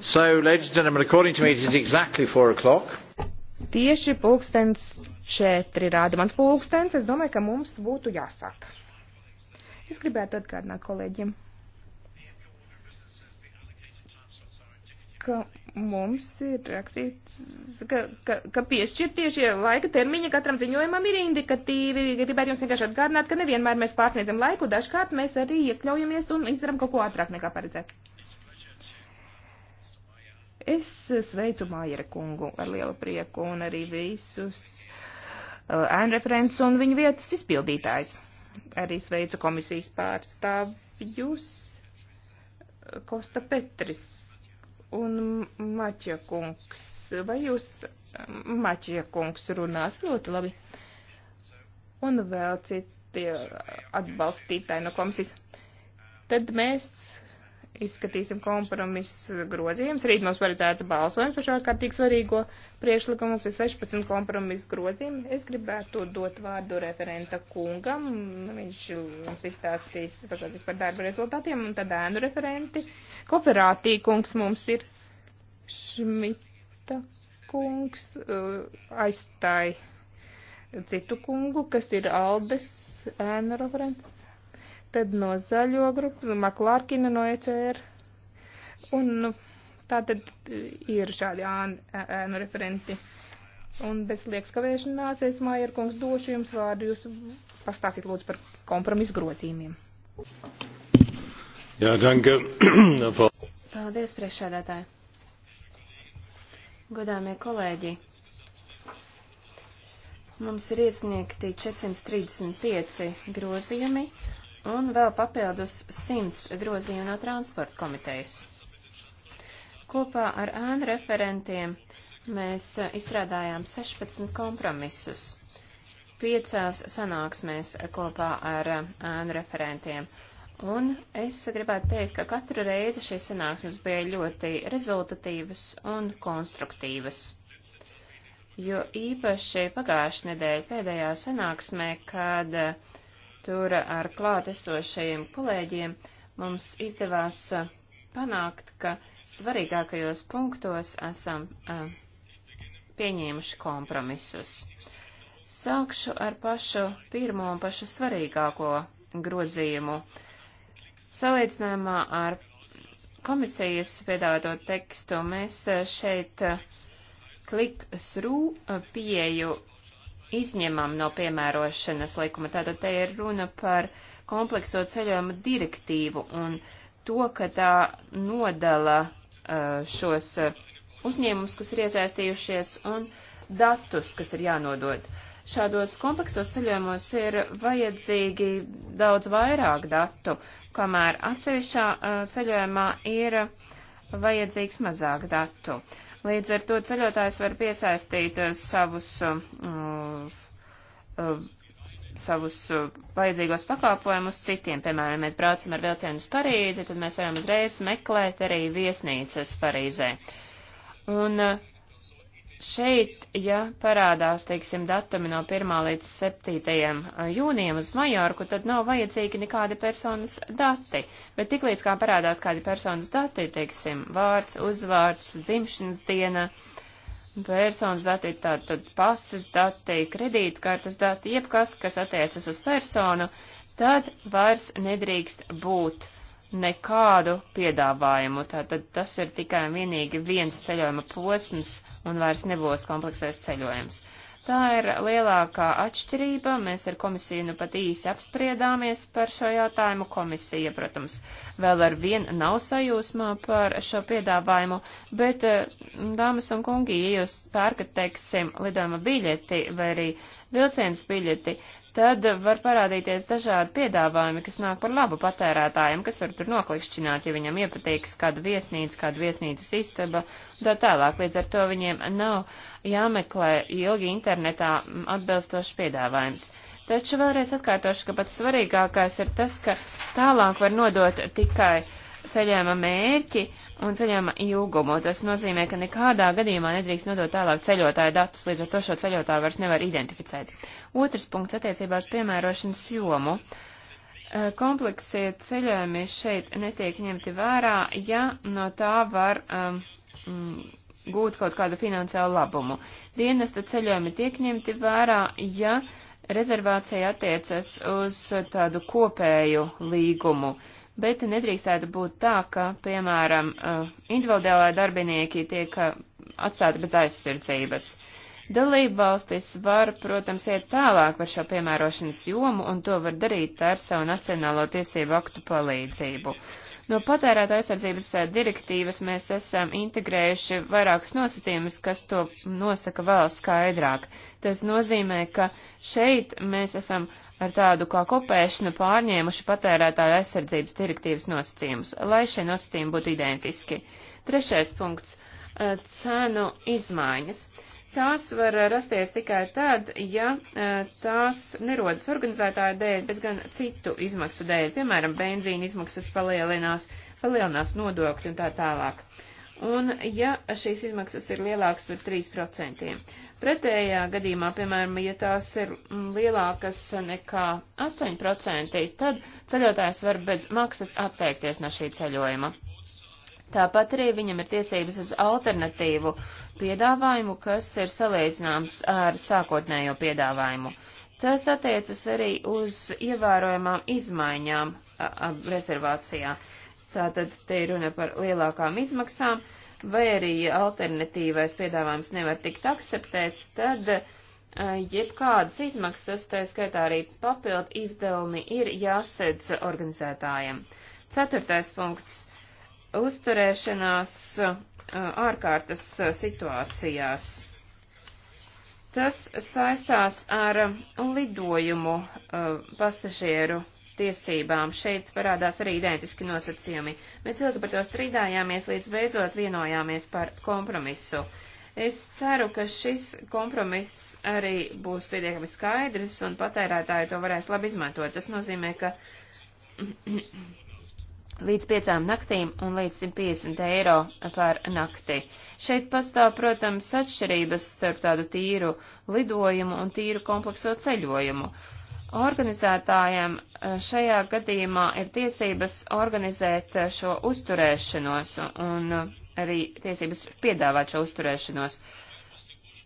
So, ladies and gentlemen, according to me, it is exactly four o'clock. Tieši pulkstens četri rāda mans pulkstens. Es domāju, ka mums būtu jāsāk. Es gribētu atgādināt kolēģiem, ka mums ir rakstīts, ka, ka, ka piešķirtie šie laika termiņi katram ziņojumam ir indikatīvi. Gribētu jums vienkārši atgādināt, ka nevienmēr mēs pārsniedzam laiku, dažkārt mēs arī iekļaujamies un izdarām kaut ko ātrāk nekā paredzēts. Es sveicu Mājera kungu ar lielu prieku un arī visus uh, ēnu uh, referents un viņu vietas izpildītājs. Arī sveicu komisijas pārstāvjus uh, Kosta Petris un Maķa kungs. Vai jūs, uh, Maķa kungs, runās ļoti labi? Un vēl citi atbalstītāji no komisijas. Tad mēs izskatīsim kompromisu grozījumus. Rīt mums paredzēts balsojums par šo ārkārtīgi svarīgo priekšlikumu. Mums ir 16 kompromisu grozījumi. Es gribētu dot vārdu referenta kungam. Viņš mums izstāstīs pašādzīs par darba rezultātiem un tad ēnu referenti. Kooperātī kungs mums ir Šmita kungs uh, aizstāja citu kungu, kas ir Aldes ēnu referents tad no zaļo grupu, Maklārkina no ECR. Un nu, tā tad ir šādi ēnu referenti. Un bez liekas kavēšanās es, Mājer kungs, došu jums vārdu. Jūs pastāstīt lūdzu par kompromisu grozījumiem. Jā, danke. Paldies, priekšsēdētāji. Godāmie kolēģi, mums ir iesniegti 435 grozījumi un vēl papildus 100 grozīju no transporta komitejas. Kopā ar ēnu referentiem mēs e, izstrādājām 16 kompromisus piecās sanāksmēs kopā ar e, ēnu referentiem. Un es gribētu teikt, ka katru reizi šīs sanāksmes bija ļoti rezultatīvas un konstruktīvas. Jo īpaši pagājušajā nedēļā pēdējā sanāksmē, kad uh, Tur ar klātesošajiem kolēģiem mums izdevās uh, panākt, ka svarīgākajos punktos esam uh, pieņēmuši kompromisus. Sākšu ar pašu pirmo un pašu svarīgāko grozījumu. Salīdzinājumā ar komisijas piedāvāto tekstu mēs uh, šeit klik uh, srū pieju izņemam no piemērošanas likuma. Tātad te ir runa par komplekso ceļojuma direktīvu un to, ka tā nodala uh, šos uh, uzņēmumus, kas ir iesaistījušies, un datus, kas ir jānodod. Šādos kompleksos ceļojumos ir vajadzīgi daudz vairāk datu, kamēr atsevišķā uh, ceļojumā ir vajadzīgs mazāk datu. Līdz ar to ceļotājs var piesaistīt savus uh, savus uh, vajadzīgos pakāpojumus citiem. Piemēram, ja mēs braucam ar vilcienu uz Parīzi, tad mēs varam uzreiz meklēt arī viesnīcas Parīzē. Un uh, šeit, ja parādās, teiksim, datumi no 1. līdz 7. Uh, jūnijam uz Majorku, tad nav vajadzīgi nekādi personas dati, bet tiklīdz kā parādās kādi personas dati, teiksim, vārds, uzvārds, dzimšanas diena, uh, personas dati, tātad pases dati, kredītkartes dati, jebkas, kas attiecas uz personu, tad vairs nedrīkst būt nekādu piedāvājumu. Tātad tas ir tikai un vienīgi viens ceļojuma posms un vairs nebūs kompleksais ceļojums. Tā ir lielākā atšķirība. Mēs ar komisiju nu pat īsi apspriedāmies par šo jautājumu. Komisija, protams, vēl ar vienu nav sajūsmā par šo piedāvājumu, bet, eh, dāmas un kungi, ja jūs pērkat, teiksim, lidojuma biļeti vai arī vilciens biļeti, tad var parādīties dažādi piedāvājumi, kas nāk par labu patērētājiem, kas var tur noklikšķināt, ja viņam iepatīkas kāda viesnīca, kāda viesnīcas istaba, tā tālāk. Līdz ar to viņiem nav jāmeklē ilgi internetā atbilstošs piedāvājums. Taču vēlreiz atkārtošu, ka pats svarīgākais ir tas, ka tālāk var nodot tikai uh, ceļojuma mērķi un ceļojuma ilgumu. Tas nozīmē, ka nekādā gadījumā nedrīkst nodot tālāk ceļotāju datus, līdz ar to šo ceļotāju vairs nevar identificēt. Otrs punkts attiecībā uz piemērošanas jomu. Eh, kompleksie ceļojumi šeit netiek ņemti vērā, ja no tā var um, gūt kaut kādu finansiālu labumu. Dienesta ceļojumi tiek ņemti vērā, ja rezervācija attiecas uz tādu kopēju līgumu bet nedrīkstētu būt tā, ka, piemēram, eh, individuālai darbinieki tiek eh, atstāti bez aizsardzības. Dalība valstis var, protams, iet tālāk par šo piemērošanas jomu, un to var darīt ar savu nacionālo tiesību aktu palīdzību. Uh, No patērēta aizsardzības eh, direktīvas mēs esam integrējuši vairākus nosacījumus, kas to nosaka vēl skaidrāk. Tas nozīmē, ka šeit mēs esam ar tādu kā kopēšanu pārņēmuši patērētāju aizsardzības direktīvas nosacījumus, lai šie nosacījumi būtu identiski. Trešais punkts eh, - cenu izmaiņas. Tās var eh, rasties tikai tad, ja eh, tās nerodas organizētāja dēļ, bet gan citu izmaksu dēļ. Piemēram, benzīna izmaksas palielinās, palielinās nodokļi un tā tālāk. Un ja šīs izmaksas ir lielākas par 3%. Pretējā gadījumā, piemēram, ja tās ir mm, lielākas nekā 8%, tad ceļotājs var bez maksas atteikties no šī ceļojuma. Tāpat arī viņam ir tiesības uz alternatīvu piedāvājumu, kas ir salīdzināms ar sākotnējo piedāvājumu. Tas attiecas arī uz ievērojamām izmaiņām a, a, rezervācijā. Tātad te ir runa par lielākām izmaksām, vai arī alternatīvais piedāvājums nevar tikt akceptēts, tad uh, jebkādas izmaksas, tā skaitā arī papildu izdevumi, ir jāsedz organizētājiem. Ceturtais punkts uzturēšanās ārkārtas situācijās. Tas saistās ar lidojumu pasažieru tiesībām. Šeit parādās arī identiski nosacījumi. Mēs ilgi par to strīdājāmies, līdz beidzot vienojāmies par kompromisu. Es ceru, ka šis kompromiss arī būs pietiekami skaidrs un patērētāji to varēs labi izmantot. Tas nozīmē, ka līdz piecām naktīm un līdz 150 eiro par nakti. Šeit pastāv, protams, atšķirības starp tādu tīru lidojumu un tīru komplekso ceļojumu. Organizētājiem eh, šajā gadījumā ir tiesības organizēt eh, šo uzturēšanos un eh, arī tiesības piedāvāt šo uzturēšanos.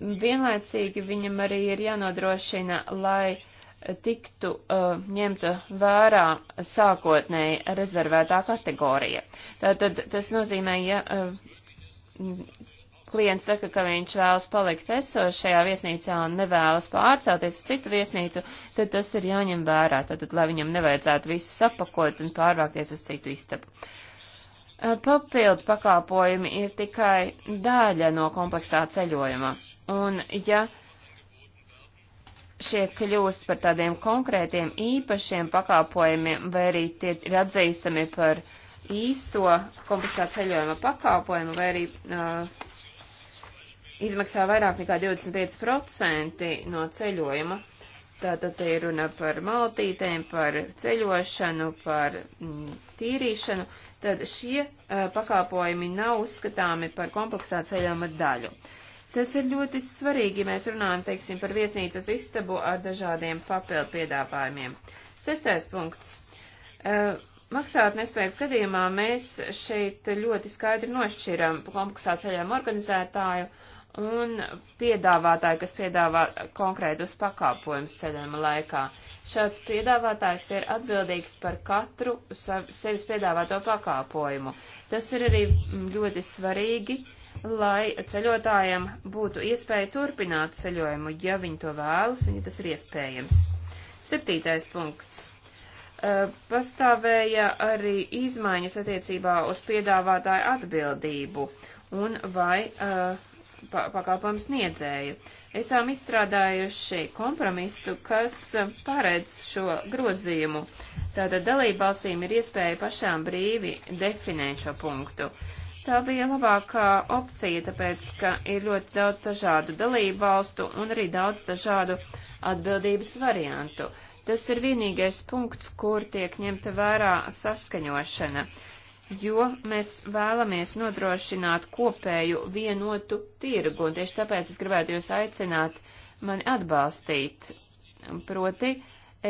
Vienlaicīgi viņam arī ir jānodrošina, lai tiktu uh, ņemta vērā sākotnēji rezervētā kategorija. Tātad tas nozīmē, ja uh, klients saka, ka viņš vēlas palikt esošajā viesnīcā un nevēlas pārcelties uz citu viesnīcu, tad tas ir jāņem vērā, tātad, lai viņam nevajadzētu visu sapakot un pārvākties uz citu istabu. Uh, Papildu pakāpojumi ir tikai daļa no kompleksā ceļojuma, un ja uh, šie kļūst par tādiem konkrētiem īpašiem pakalpojumiem, vai arī tie ir atzīstami par īsto kompleksā ceļojuma pakalpojumu, vai arī uh, izmaksā vairāk nekā 25% no ceļojuma. Tātad te ir runa par maltītēm, par ceļošanu, par mm, tīrīšanu. Tad šie uh, pakalpojumi nav uzskatāmi par kompleksā ceļojuma daļu. Uh, Tas ir ļoti svarīgi, ja mēs runājam, teiksim, par viesnīcas istabu ar dažādiem papildu piedāvājumiem. Sestais punkts. Uh, maksāt nespējas gadījumā mēs šeit ļoti skaidri nošķiram konkursā ceļām organizētāju un piedāvātāju, kas piedāvā konkrētus pakāpojumus ceļojuma laikā. Šāds piedāvātājs ir atbildīgs par katru sevis piedāvāto pakāpojumu. Tas ir arī ļoti svarīgi. Uh, lai ceļotājiem būtu iespēja turpināt ceļojumu, ja viņi to vēlas un ja tas ir iespējams. Septītais punkts. Uh, pastāvēja arī izmaiņas attiecībā uz piedāvātāju atbildību un vai uh, pa pakalpojumu sniedzēju. Esam izstrādājuši kompromisu, kas paredz šo grozījumu. Tātad dalībvalstīm ir iespēja pašām brīvi definēt šo punktu. Uh, Tā bija labākā opcija, tāpēc, ka ir ļoti daudz dažādu dalību valstu un arī daudz dažādu atbildības variantu. Tas ir vienīgais punkts, kur tiek ņemta vērā saskaņošana, jo mēs vēlamies nodrošināt kopēju vienotu tirgu, un tieši tāpēc es gribētu jūs aicināt mani atbalstīt. Proti,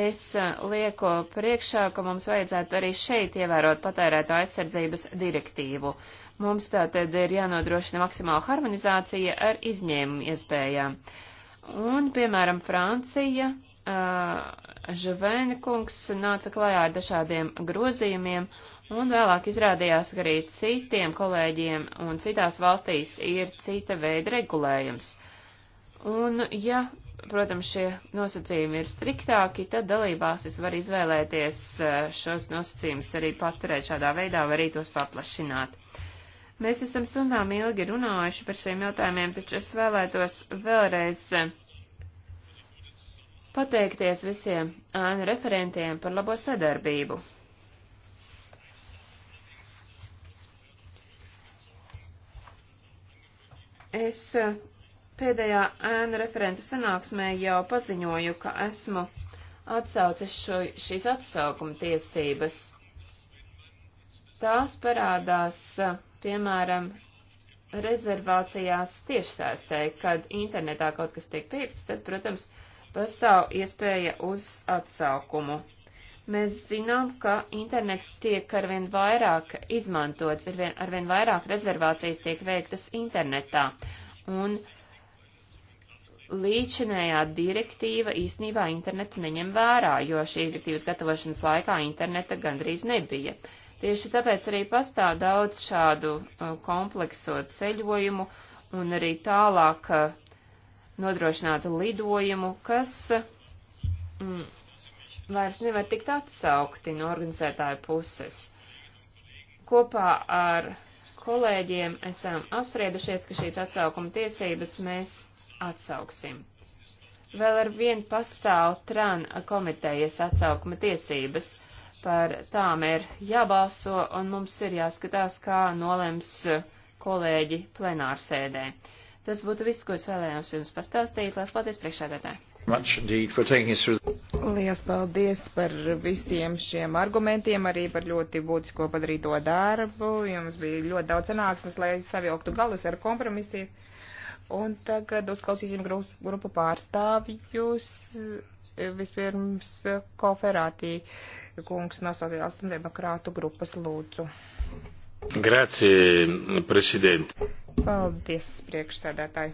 es eh, lieku priekšā, ka mums vajadzētu arī šeit ievērot patērēto aizsardzības direktīvu. Mums tātad ir jānodrošina maksimāla harmonizācija ar izņēmumu iespējām. Un, piemēram, Francija, Žavēni kungs nāca klajā ar dažādiem grozījumiem, un vēlāk izrādījās, ka arī citiem kolēģiem un citās valstīs ir cita veida regulējums. Un, ja, protams, šie nosacījumi ir striktāki, tad dalībvalstis var izvēlēties šos nosacījumus arī paturēt šādā veidā, var arī tos paplašināt. Uh, Mēs esam stundām ilgi runājuši par šiem jautājumiem, taču es vēlētos vēlreiz eh, pateikties visiem ēnu eh, referentiem par labo sadarbību. Es eh, pēdējā ēnu referentu sanāksmē jau paziņoju, ka esmu atsaucis šo, šīs atsaukuma tiesības. Tās parādās uh, piemēram, rezervācijās tiešsaistē, kad internetā kaut kas tiek pirkts, tad, protams, pastāv iespēja uz atsaukumu. Mēs zinām, ka internets tiek arvien vairāk izmantots, arvien, arvien vairāk rezervācijas tiek veiktas internetā, un līdšanējā direktīva īsnībā internetu neņem vērā, jo šīs direktīvas gatavošanas laikā interneta gandrīz nebija. Uh, Tieši tāpēc arī pastāv daudz šādu uh, komplekso ceļojumu un arī tālāk uh, nodrošinātu lidojumu, kas mm, vairs nevar tikt atsaukti no organizētāju puses. Kopā ar kolēģiem esam apspriedušies, ka šīs atsaukuma tiesības mēs atsauksim. Vēl ar vienu pastāv tran komitejas atsaukuma tiesības. Par tām ir jābalso, un mums ir jāskatās, kā nolems kolēģi plenārsēdē. Tas būtu viss, ko es vēlējos jums pastāstīt. Lās paldies priekšādētāji! Lielas paldies par visiem šiem argumentiem, arī par ļoti būtisko padarīto darbu. Jums bija ļoti daudz sanāksmes, lai savilktu galus ar kompromisiem. Un tagad uzklausīsim grupu pārstāvjus. Vispirms eh, koferātī kungs no sociālistu un demokrātu grupas lūdzu. Grazie, prezident. Paldies, priekšsēdētāji.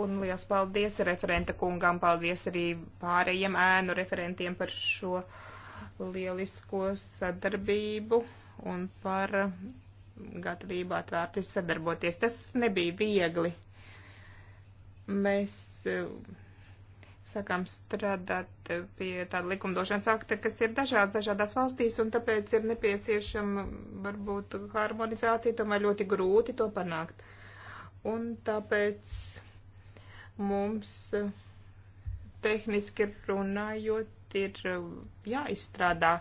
Un liels paldies referenta kungam, paldies arī pārējiem ēnu referentiem par šo lielisko sadarbību un par gatavību atvērti sadarboties. Tas nebija viegli mēs e, sākām strādāt pie tāda likumdošanas akta, kas ir dažāds dažādās valstīs, un tāpēc ir nepieciešama varbūt harmonizācija, tomēr ļoti grūti to panākt. Un tāpēc mums e, tehniski runājot ir e, jāizstrādā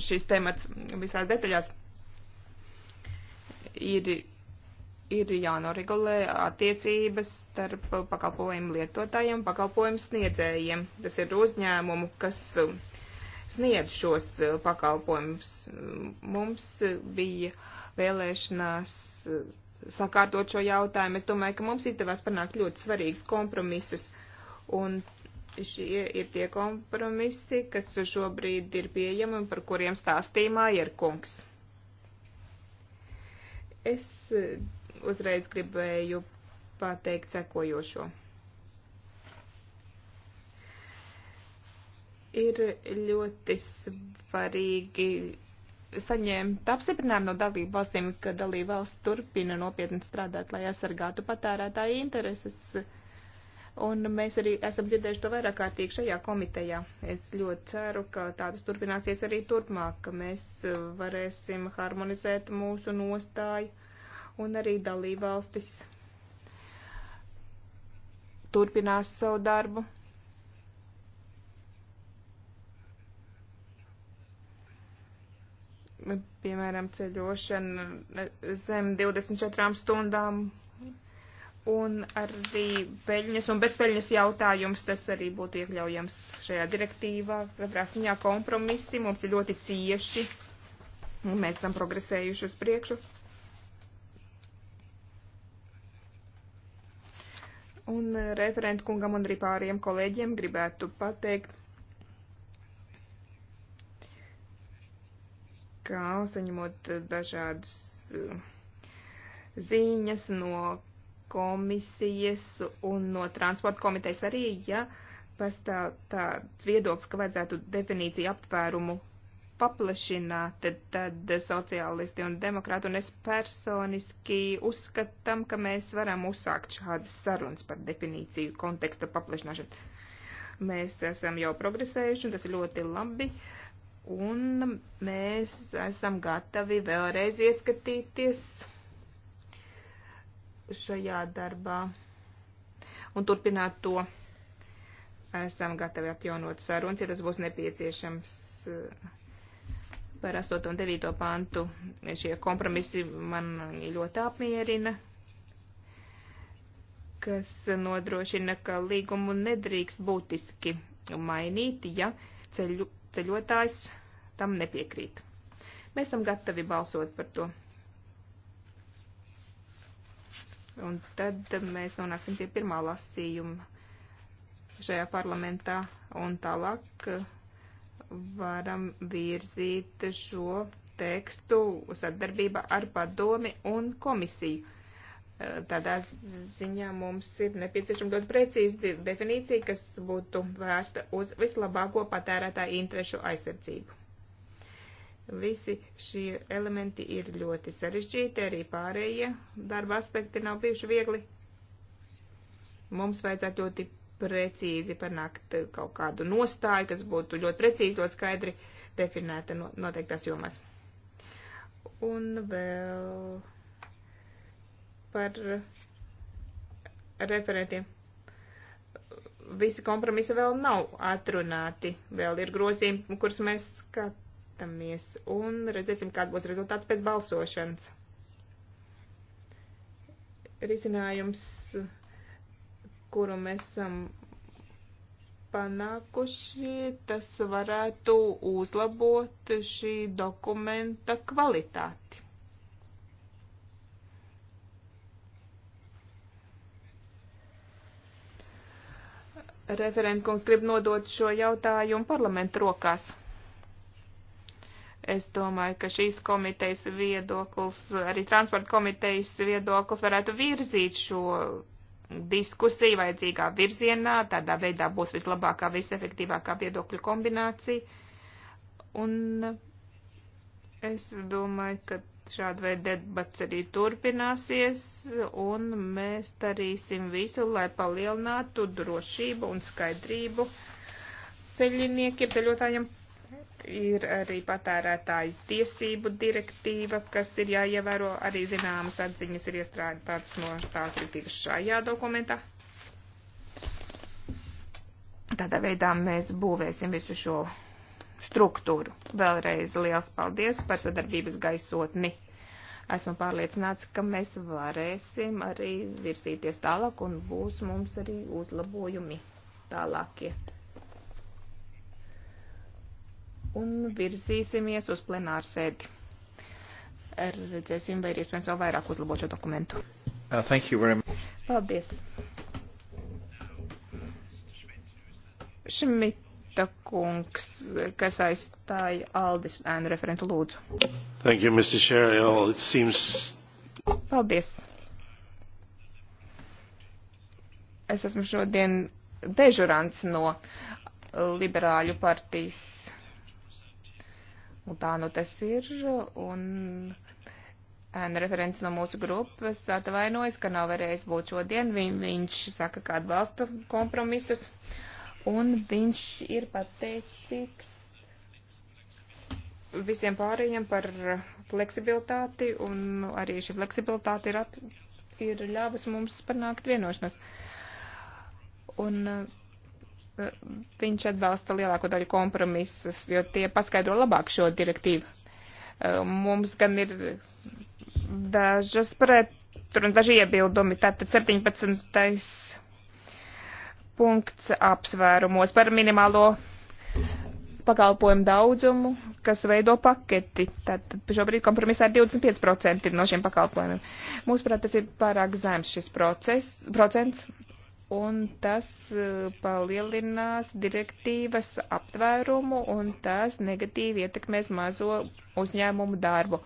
šīs temats visās detaļās. Ir ir jānoregulē attiecības starp pakalpojumu lietotājiem un pakalpojumu sniedzējiem. Tas ir uzņēmumu, kas um, sniedz šos uh, pakalpojumus. Mums bija vēlēšanās uh, sakārtot šo jautājumu. Es domāju, ka mums izdevās panākt ļoti svarīgus kompromisus. Un šie ir tie kompromisi, kas šobrīd ir pieejami un par kuriem stāstījumā ir kungs. Es uh, uzreiz gribēju pateikt sekojošo. Ir ļoti svarīgi saņēmt apstiprinājumu no dalību valstīm, ka dalību valsts turpina nopietni strādāt, lai aizsargātu patērētāju intereses. Un mēs arī esam dzirdējuši to vairāk kārtīgi šajā komitejā. Es ļoti ceru, ka tādas turpināsies arī turpmāk, ka mēs varēsim harmonizēt mūsu nostāju un arī dalībvalstis turpinās savu darbu. Piemēram, ceļošana zem 24 stundām un arī peļņas un bezpeļņas jautājums, tas arī būtu iekļaujams šajā direktīvā. Katrā ziņā kompromisi mums ir ļoti cieši, un mēs esam progresējuši uz priekšu. un referentu kungam un arī pāriem kolēģiem gribētu pateikt, ka saņemot dažādas eh, ziņas no komisijas un no transporta komitejas arī, ja pastāv tāds viedoklis, ka vajadzētu definīciju aptvērumu paplašināt, tad sociālisti un demokrāti un es personiski uzskatam, ka mēs varam uzsākt šādas sarunas par definīciju konteksta paplašināšanu. Mēs esam jau progresējuši, un tas ir ļoti labi, un mēs esam gatavi vēlreiz ieskatīties šajā darbā un turpināt to. Esam gatavi atjaunot sarunas, ja tas būs nepieciešams. Uh, Par 8 un 9 pantu šie kompromisi man ļoti apmierina, kas nodrošina, ka līgumu nedrīkst būtiski mainīt, ja ceļu, ceļotājs tam nepiekrīt. Mēs esam gatavi balsot par to. Un tad mēs nonāksim pie pirmā lasījuma šajā parlamentā un tālāk varam virzīt šo tekstu sadarbībā ar padomi un komisiju. Eh, tādā ziņā mums ir nepieciešama ļoti precīza definīcija, kas būtu vērsta uz vislabāko patērētāju interešu aizsardzību. Visi šie elementi ir ļoti sarežģīti, arī pārējie darba aspekti nav bijuši viegli. Mums vajadzētu ļoti precīzi panākt kaut kādu nostāju, kas būtu ļoti precīzi, ļoti skaidri definēta noteiktās jomās. Un vēl par referentiem. Visi kompromisi vēl nav atrunāti, vēl ir grozījumi, kurus mēs skatāmies, un redzēsim, kāds būs rezultāts pēc balsošanas. Risinājums kuru mēs esam panākuši, tas varētu uzlabot šī dokumenta kvalitāti. referentkungs grib nodot šo jautājumu parlamentu rokās. Es domāju, ka šīs komitejas viedoklis, arī transporta komitejas viedoklis varētu virzīt šo diskusija vajadzīgā virzienā, tādā veidā būs vislabākā, visefektīvākā viedokļu kombinācija. Un es domāju, ka šāda veida debats arī turpināsies, un mēs darīsim visu, lai palielinātu drošību un skaidrību ceļiniekiem, ceļotājiem ir arī patērētāju tiesību direktīva, kas ir jāievēro. Arī zināmas atziņas ir iestrādātas no tā kritikas šajā dokumentā. Tādā veidā mēs būvēsim visu šo struktūru. Vēlreiz liels paldies par sadarbības gaisotni. Esmu pārliecināts, ka mēs varēsim arī virzīties tālāk un būs mums arī uzlabojumi tālākie. Ja un virzīsimies uz plenāru sēdi. Redzēsim, vai ir iespējams vēl vairāk uzlabot šo dokumentu. Uh, thank you very much. Paldies. Šmita kungs, kas aizstāja Aldis ēnu referentu lūdzu. Thank you, Mr. Sherrill. It seems. Paldies. Es esmu šodien dežurants no liberāļu partijas Un tā nu tas ir, un ēna referents no mūsu grupas atvainojas, ka nav varējis būt šodien. Viņ, viņš saka, ka atbalsta kompromisus, un viņš ir pateicīgs visiem pārējiem par fleksibilitāti, un arī šī fleksibilitāte ir, at, ir ļāvis mums panākt vienošanos. Un uh, viņš atbalsta lielāko daļu kompromisus, jo tie paskaidro labāk šo direktīvu. Mums gan ir dažas pretrunas, daži iebildumi. Tātad 17. punkts apsvērumos par minimālo pakalpojumu daudzumu, kas veido paketi. Tātad šobrīd kompromisā ir 25% no šiem pakalpojumiem. Mūsuprāt, tas ir pārāk zems šis proces, procents, un tas e, palielinās direktīvas aptvērumu, un tas negatīvi ietekmēs mazo uzņēmumu darbu.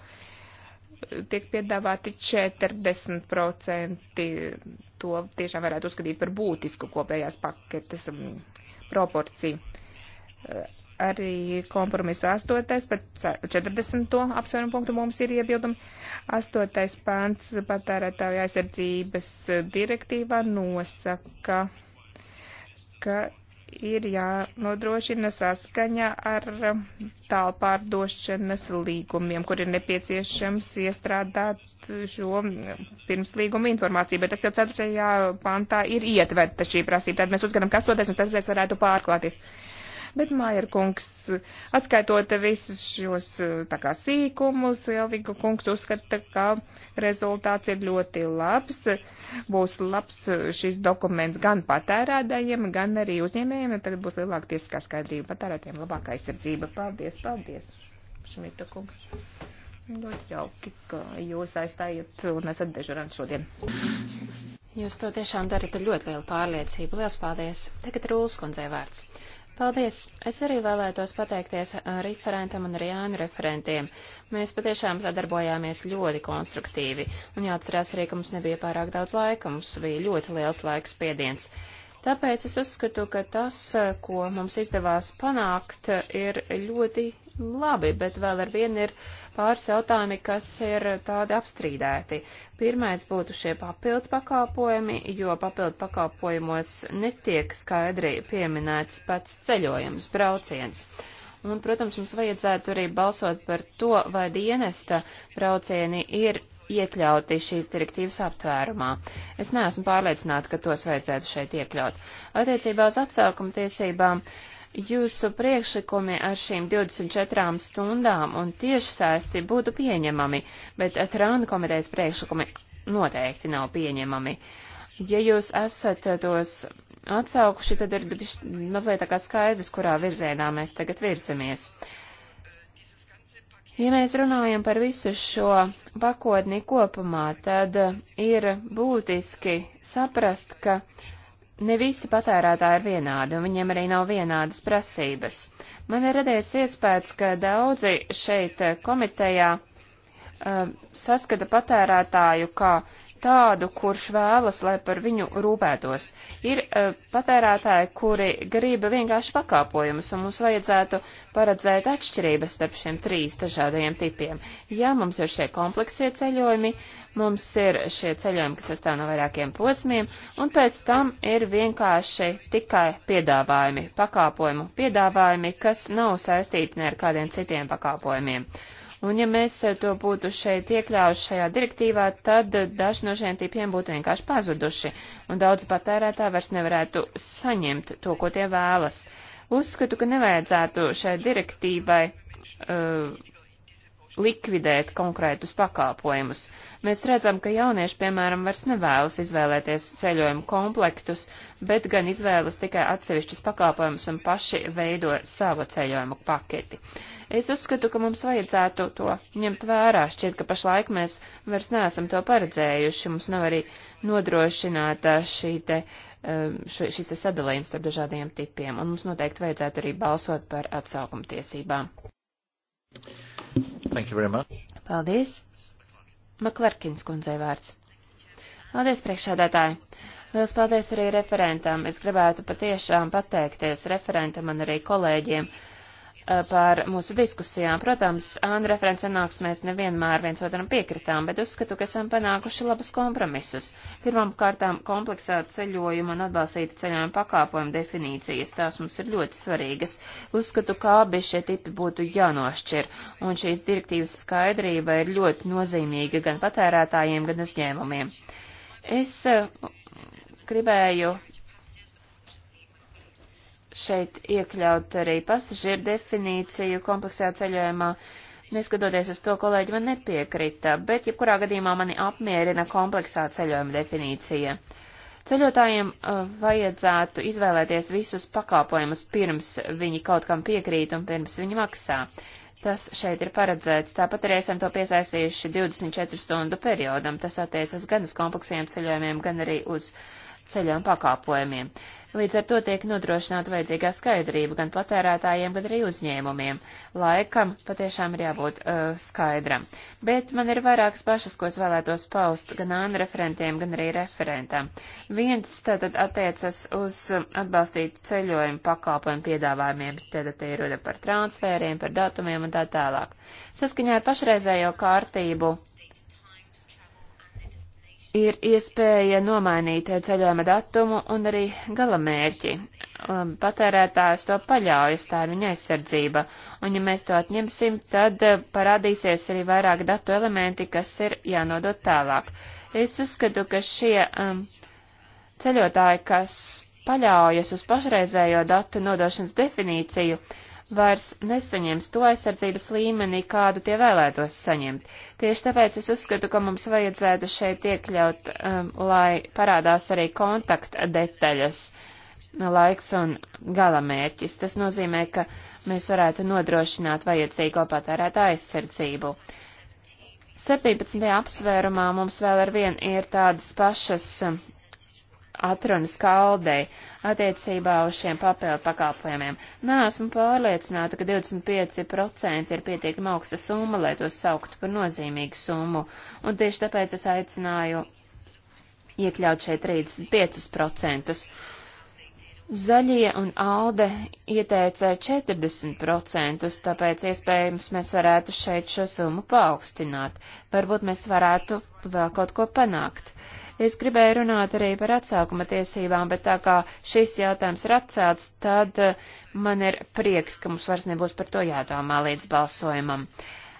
Tiek piedāvāti 40%. To tiešām varētu uzskatīt par būtisku kopējās paketes mm, proporciju arī kompromisa 8. par 40. apsvērumu punktu mums ir iebildumi. 8. pants patērētāju aizsardzības direktīvā nosaka, ka ir jānodrošina saskaņa ar tālpārdošanas līgumiem, kur ir nepieciešams iestrādāt šo pirmslīguma informāciju, bet tas jau 4. pantā ir ietverta šī prasība. Tad mēs uzskatām, ka 8. un 4. varētu pārklāties. Uh, Bet, Mājer kungs, atskaitot visus šos tā kā sīkumus, Elviga kungs uzskata, ka rezultāts ir ļoti labs. Būs labs šis dokuments gan patērētājiem, gan arī uzņēmējiem, ja tagad būs lielāka tiesiskā skaidrība patērētājiem, labāka aizsardzība. Paldies, paldies, Šmita kungs. Ļoti jauki, ka jūs aizstājat un esat dežurants šodien. Jūs to tiešām darat ar ļoti lielu pārliecību. Lielas paldies. Tagad Rūlas kundzei vārds. Paldies! Es arī vēlētos pateikties uh, referentam un arī ānu referentiem. Mēs patiešām sadarbojāmies ļoti konstruktīvi, un jāatcerās arī, ka mums nebija pārāk daudz laika, mums bija ļoti liels laiks spiediens. Tāpēc es uzskatu, ka tas, uh, ko mums izdevās panākt, ir ļoti labi, bet vēl ar vienu ir pāris jautājumi, kas ir tādi apstrīdēti. Pirmais būtu šie papildus pakalpojumi, jo papildu pakalpojumos netiek skaidri pieminēts pats ceļojums, brauciens. Un, protams, mums vajadzētu arī balsot par to, vai dienesta braucieni ir iekļauti šīs direktīvas aptvērumā. Es neesmu pārliecināta, ka tos vajadzētu šeit iekļaut. Attiecībā uz atsākuma tiesībām. Uh, jūsu priekšlikumi ar šīm 24 stundām un tiešsaisti būtu pieņemami, bet Trāna komitejas priekšlikumi noteikti nav pieņemami. Ja jūs esat tos atsaukuši, tad ir mazliet tā kā skaidrs, kurā virzienā mēs tagad virzamies. Ja mēs runājam par visu šo pakotni kopumā, tad ir būtiski saprast, ka uh, Ne visi patērētāji ir vienādi, un viņiem arī nav vienādas prasības. Man ir radies iespējas, ka daudzi šeit komitejā uh, saskata patērētāju kā uh, tādu, kurš vēlas, lai par viņu rūpētos. Ir uh, patērētāji, kuri grib vienkārši pakāpojumus, un mums vajadzētu paredzēt atšķirības starp šiem trīs dažādajiem tipiem. Ja mums ir šie kompleksie ceļojumi, mums ir šie ceļojumi, kas sastāv no vairākiem posmiem, un pēc tam ir vienkārši tikai piedāvājumi, pakāpojumu piedāvājumi, kas nav saistīti ne ar kādiem citiem pakāpojumiem. Uh, Un ja mēs to būtu šeit iekļāvuši šajā direktīvā, tad daži no šiem tipiem būtu vienkārši pazuduši, un daudz patērētā vairs nevarētu saņemt to, ko tie vēlas. Uzskatu, ka nevajadzētu šai direktīvai uh, likvidēt konkrētus pakāpojumus. Mēs redzam, ka jaunieši, piemēram, vairs nevēlas izvēlēties ceļojumu komplektus, bet gan izvēlas tikai atsevišķus pakāpojumus un paši veido savu ceļojumu paketi. Es uzskatu, ka mums vajadzētu to ņemt vērā. Šķiet, ka pašlaik mēs vairs neesam to paredzējuši. Mums nav arī nodrošināta šī te, um, šis te sadalījums ar dažādiem tipiem, un mums noteikti vajadzētu arī balsot par atsaukumtiesībām. tiesībām. Thank you very much. Paldies. Maklerkins kundzei vārds. Paldies, priekšādātāji. Lielas paldies arī referentam. Es gribētu patiešām pateikties referentam un arī kolēģiem Eh, par mūsu diskusijām. Protams, Anna referents sanāksmēs nevienmēr viens otram piekritām, bet uzskatu, ka esam panākuši labus kompromisus. Pirmām kārtām kompleksēta ceļojuma un atbalstīta ceļojuma pakāpojuma definīcijas, tās mums ir ļoti svarīgas. Uzskatu, kā abi šie tipi būtu jānošķir, un šīs direktīvas skaidrība ir ļoti nozīmīga gan patērētājiem, gan uzņēmumiem. Es eh, gribēju šeit iekļaut arī pasažieru definīciju kompleksajā ceļojumā. Neskatoties uz to, kolēģi man nepiekrita, bet jebkurā gadījumā mani apmierina kompleksā ceļojuma definīcija. Ceļotājiem uh, vajadzētu izvēlēties visus pakalpojumus pirms viņi kaut kam piekrīt un pirms viņi maksā. Tas šeit ir paredzēts, tāpat arī esam to piesaistījuši 24 stundu periodam. Tas attiecas gan uz kompleksiem ceļojumiem, gan arī uz uh, ceļa un pakāpojumiem. Līdz ar to tiek nodrošināta vajadzīgā skaidrība gan patērētājiem, gan arī uzņēmumiem. Laikam patiešām ir jābūt uh, skaidram. Bet man ir vairākas pašas, ko es vēlētos paust gan ānu referentiem, gan arī referentam. Viens tātad attiecas uz um, atbalstītu ceļojumu pakalpojumu piedāvājumiem, tātad te ir runa par transfēriem, par datumiem un tā tālāk. Saskaņā ar pašreizējo kārtību ir iespēja nomainīt ceļojuma datumu un arī galamērķi. Patērētājs to paļaujas, tā ir viņa aizsardzība, un ja mēs to atņemsim, tad eh, parādīsies arī vairāk datu elementi, kas ir jānodot tālāk. Es uzskatu, ka šie um, ceļotāji, kas paļaujas uz pašreizējo datu nodošanas definīciju, uh, vairs nesaņems to aizsardzības līmenī, kādu tie vēlētos saņemt. Tieši tāpēc es uzskatu, ka mums vajadzētu šeit iekļaut, um, lai parādās arī kontaktdetaļas laiks un galamērķis. Tas nozīmē, ka mēs varētu nodrošināt vajadzīgo patērētā aizsardzību. 17. apsvērumā mums vēl ar vien ir tādas pašas um, atrunas kaldei attiecībā uz šiem papildu pakalpojumiem. Nē, esmu pārliecināta, ka 25% ir pietiekami augsta summa, lai to sauktu par nozīmīgu summu, un tieši tāpēc es aicināju iekļaut šeit 35%. Zaļie un Alde ieteica 40%, tāpēc iespējams mēs varētu šeit šo summu paaugstināt. Varbūt mēs varētu vēl kaut ko panākt. Uh, Es gribēju runāt arī par atsākuma tiesībām, bet tā kā šis jautājums ir atcelts, tad eh, man ir prieks, ka mums vairs nebūs par to jādomā līdz balsojumam.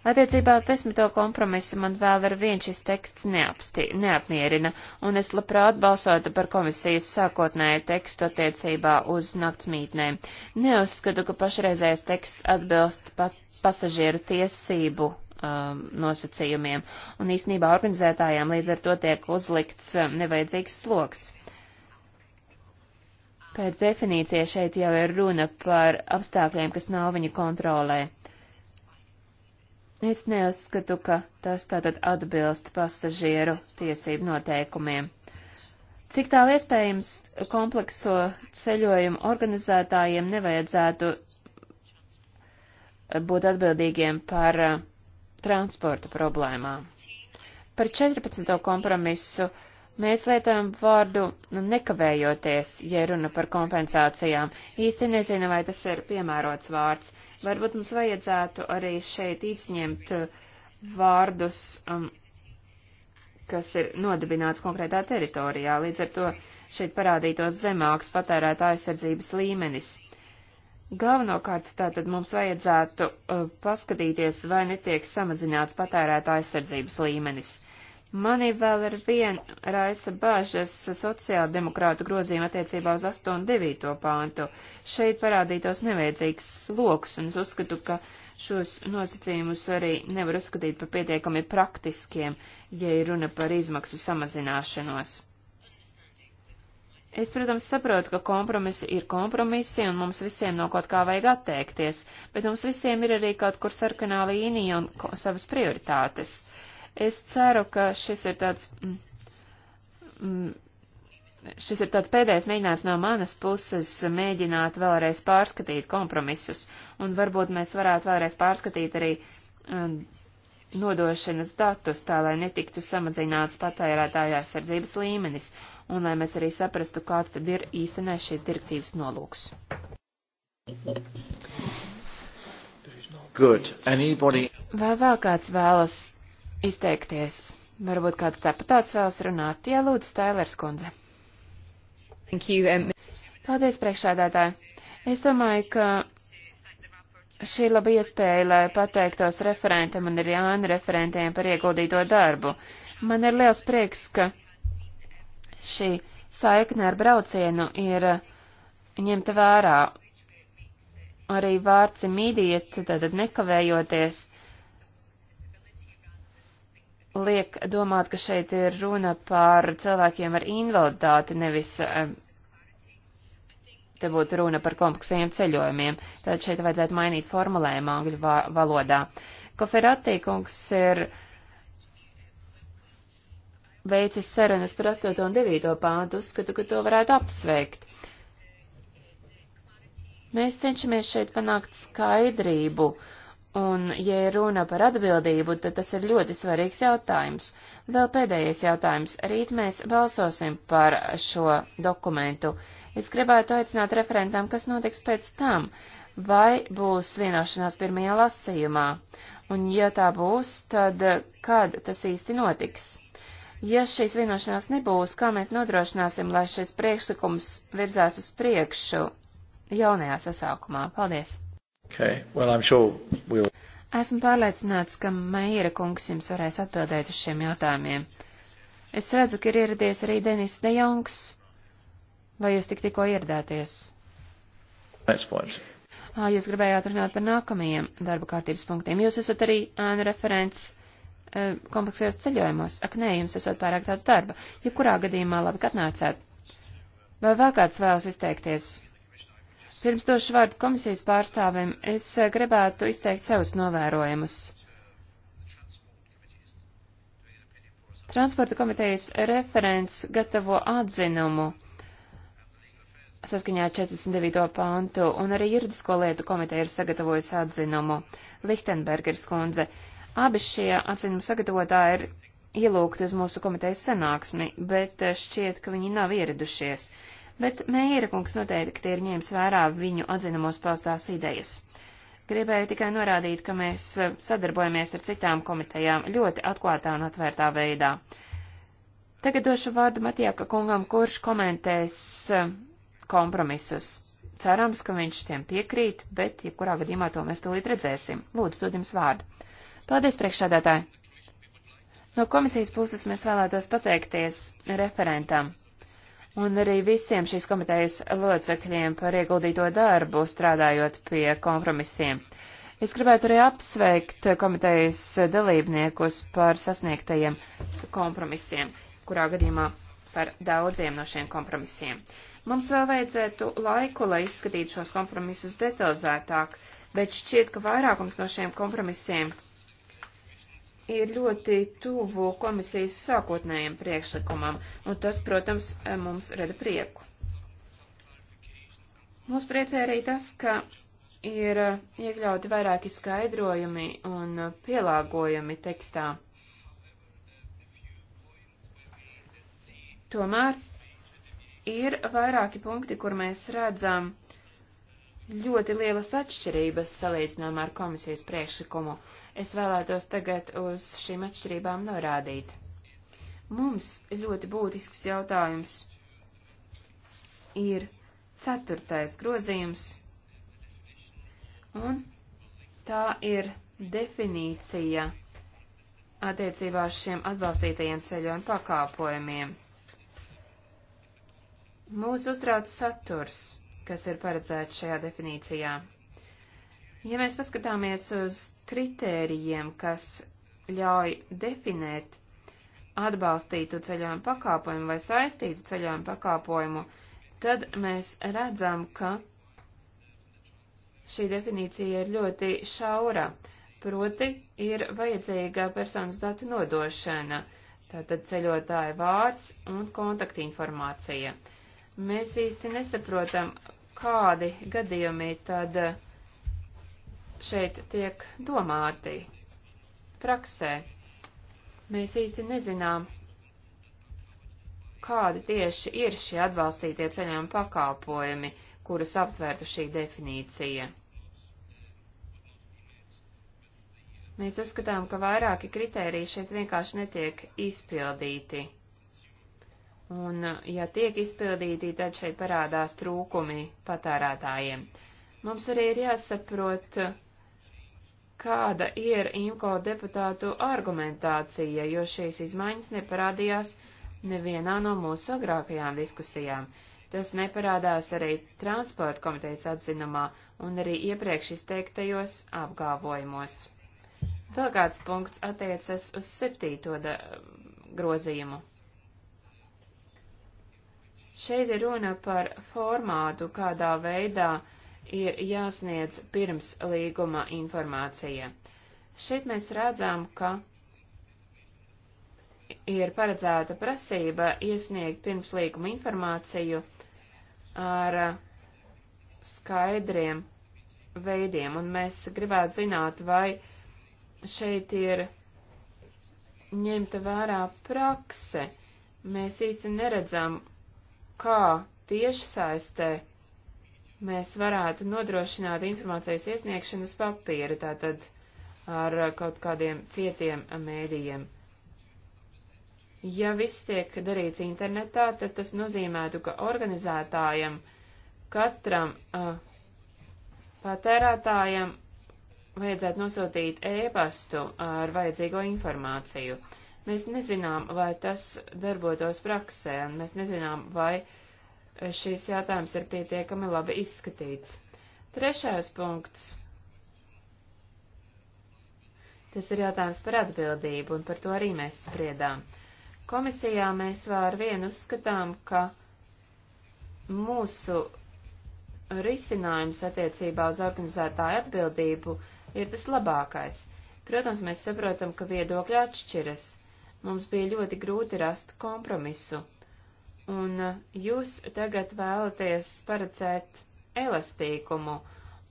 Attiecībā uz desmito kompromisu man vēl ar vien šis teksts neapsti, neapmierina, un es labprāt balsotu par komisijas sākotnēju tekstu attiecībā uz naktsmītnēm. Neuzskatu, ka pašreizējais teksts atbilst pat pasažieru tiesību um, nosacījumiem, un īsnībā organizētājām līdz ar to tiek uzlikts um, nevajadzīgs sloks. Pēc definīcijas šeit jau ir runa par apstākļiem, kas nav viņu kontrolē. Es neuzskatu, ka tas tātad atbilst pasažieru tiesību noteikumiem. Cik tālu iespējams komplekso ceļojumu organizētājiem nevajadzētu būt atbildīgiem par uh, transporta problēmām. Par 14. kompromisu mēs lietojam vārdu nekavējoties, ja runa par kompensācijām. Īsti nezinu, vai tas ir piemērots vārds. Varbūt mums vajadzētu arī šeit izņemt uh, vārdus, um, kas ir nodibināts konkrētā teritorijā. Līdz ar to šeit parādītos zemāks patērēta aizsardzības līmenis. Galvenokārt tātad mums vajadzētu uh, paskatīties, vai netiek samazināts patērēta aizsardzības līmenis. Mani vēl ir vien raisa bāžas sociāldemokrātu grozījuma attiecībā uz 8.9. pāntu. Šeit parādītos nevajadzīgs sloks, un es uzskatu, ka šos nosacījumus arī nevar uzskatīt par pietiekami praktiskiem, ja ir runa par izmaksu samazināšanos. Es, protams, saprotu, ka kompromisi ir kompromisi un mums visiem no kaut kā vajag atteikties, bet mums visiem ir arī kaut kur sarkanā līnija un savas prioritātes. Es ceru, ka šis ir tāds. Mm, mm, Šis ir tāds pēdējais mēģinājums no manas puses mēģināt vēlreiz pārskatīt kompromisus, un varbūt mēs varētu vēlreiz pārskatīt arī mm, nodošanas datus, tā lai netiktu samazināts patērētāju aizsardzības līmenis, un lai mēs arī saprastu, kāds tad ir īstenais šīs direktīvas nolūks. Good. Anybody... Vai vēl kāds vēlas izteikties? Varbūt kāds deputāts vēlas runāt. Jā, lūdzu, Stailers kundze. Thank you, um... Paldies, priekšādātāji. Es domāju, ka šī ir laba iespēja, lai pateiktos referentam un arī Jāna referentiem par ieguldīto darbu. Man ir liels prieks, ka šī saikne ar braucienu ir ņemta vērā. Arī vārds imīdiet, tātad nekavējoties, liek domāt, ka šeit ir runa par cilvēkiem ar invaliditāti, nevis te būtu runa par kompleksajiem ceļojumiem. Tātad šeit vajadzētu mainīt formulējumu angļu valodā. Koferatī kungs ir veicis sarunas par 8. un 9. pāntu, uzskatu, ka to varētu apsveikt. Mēs cenšamies šeit panākt skaidrību, un, ja runa par atbildību, tad tas ir ļoti svarīgs jautājums. Vēl pēdējais jautājums. Rīt mēs balsosim par šo dokumentu. Es gribētu aicināt referentam, kas notiks pēc tam, vai būs vienošanās pirmajā lasījumā, un, ja tā būs, tad kad tas īsti notiks? Ja šīs vienošanās nebūs, kā mēs nodrošināsim, lai šis priekšlikums virzās uz priekšu jaunajā sasaukumā? Paldies! Okay. Well, I'm sure we'll... Esmu pārliecināts, ka Maīra kungs jums varēs atbildēt uz šiem jautājumiem. Es redzu, ka ir ieradies arī Denis Dejongs. Vai jūs tik tikko ieradāties? Jūs gribējāt runāt par nākamajiem darba kārtības punktiem. Jūs esat arī ēnu referents E, kompleksajos ceļojumos. Ak, nē, jums esot pārāk daudz darba. Jebkurā gadījumā labi, ka atnācāt. Vai vēl kāds vēlas izteikties? Pirms došu vārdu komisijas pārstāvim, es e, gribētu izteikt savus novērojumus. Transporta komitejas referents gatavo atzinumu saskaņā 49. pantu, un arī juridisko lietu komiteja ir sagatavojusi atzinumu. Lichtenbergers kundze. Uh, Abi šie atzinumi sagatavotāji ir ielūgti uz mūsu komitejas sanāksmi, bet eh, šķiet, ka viņi nav ieradušies. Bet Mēra kungs noteikti ir ņēmis vērā viņu atzinumos paustās idejas. Gribēju tikai norādīt, ka mēs eh, sadarbojamies ar citām komitejām ļoti atklātā un atvērtā veidā. Tagad došu vārdu Matijaka kungam, kurš komentēs eh, kompromisus. Cerams, ka viņš tiem piekrīt, bet jebkurā gadījumā to mēs tūlīt redzēsim. Lūdzu, dod jums vārdu. Paldies, priekšsādātāji! No komisijas puses mēs vēlētos pateikties referentam un arī visiem šīs komitejas locekļiem par ieguldīto darbu strādājot pie kompromisiem. Es gribētu arī apsveikt komitejas dalībniekus par sasniegtajiem kompromisiem, kurā gadījumā par daudziem no šiem kompromisiem. Mums vēl vajadzētu laiku, lai izskatītu šos kompromisus detalizētāk, bet šķiet, ka vairākums no šiem kompromisiem ir ļoti tuvu komisijas sākotnējiem priekšlikumam, un tas, protams, eh, mums rada prieku. Mūs priecē arī tas, ka ir eh, iekļauti vairāki skaidrojumi un eh, pielāgojumi tekstā. Tomēr ir vairāki punkti, kur mēs redzam ļoti lielas atšķirības salīdzinājumā ar komisijas priekšlikumu. Es vēlētos tagad uz šīm atšķirībām norādīt. Mums ļoti būtisks jautājums ir ceturtais grozījums, un tā ir definīcija attiecībā uz šiem atbalstītajiem ceļojuma pakāpojumiem. Mūs uztrauc saturs kas ir paredzēts šajā definīcijā. Ja mēs paskatāmies uz kritērijiem, kas ļauj definēt atbalstītu ceļojumu pakāpojumu vai saistītu ceļojumu pakāpojumu, tad mēs redzam, ka šī definīcija ir ļoti šaura, proti ir vajadzīga personas datu nodošana, tātad ceļotāja vārds un kontaktinformācija. Mēs īsti nesaprotam, kādi gadījumi tad eh, šeit tiek domāti praksē. Mēs īsti nezinām, kādi tieši ir šie atbalstītie ceļojuma pakāpojumi, kurus aptvērtu šī definīcija. Mēs uzskatām, ka vairāki kritēriji šeit vienkārši netiek izpildīti. Un, uh, ja tiek izpildīti, tad šeit parādās trūkumi patērētājiem. Mums arī ir jāsaprot, kāda ir IMCO deputātu argumentācija, jo šīs izmaiņas neparādījās nevienā no mūsu agrākajām diskusijām. Tas neparādās arī transporta komitejas atzinumā un arī iepriekš izteiktajos apgāvojumos. Vēl kāds punkts attiecas uz septīto grozījumu. Šeit ir runa par formātu, kādā veidā ir jāsniedz pirms līguma informācija. Šeit mēs redzam, ka ir paredzēta prasība iesniegt pirms līguma informāciju ar skaidriem veidiem, un mēs gribētu zināt, vai šeit ir ņemta vērā prakse. Mēs īsti neredzam, kā tieši saistē mēs varētu nodrošināt informācijas iesniegšanas papīra, tātad ar kaut kādiem cietiem mēdījiem. Ja viss tiek darīts internetā, tad tas nozīmētu, ka organizētājam, katram uh, patērētājam vajadzētu nosūtīt ēpastu ar vajadzīgo informāciju. Uh, Mēs nezinām, vai tas darbotos praksē, un mēs nezinām, vai šīs jautājums ir pietiekami labi izskatīts. Trešais punkts. Tas ir jautājums par atbildību, un par to arī mēs spriedām. Komisijā mēs vēl ar vienu uzskatām, ka mūsu risinājums attiecībā uz organizētāju atbildību ir tas labākais. Protams, mēs saprotam, ka viedokļi atšķiras, Mums bija ļoti grūti rast kompromisu. Un uh, jūs tagad vēlaties paredzēt elastīkumu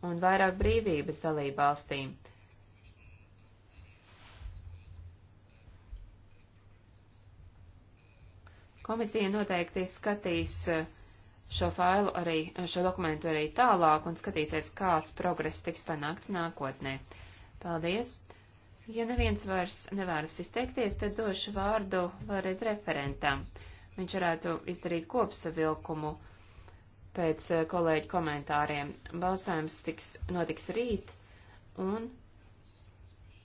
un vairāk brīvības dalībvalstīm. Komisija noteikti skatīs uh, šo failu arī, uh, šo dokumentu arī tālāk un skatīsies, kāds progress tiks panākts nākotnē. Paldies! Ja neviens vairs nevēlas izteikties, tad došu vārdu vēlreiz referentam. Viņš varētu izdarīt kopsavilkumu pēc eh, kolēģu komentāriem. Balsājums tiks, notiks rīt, un,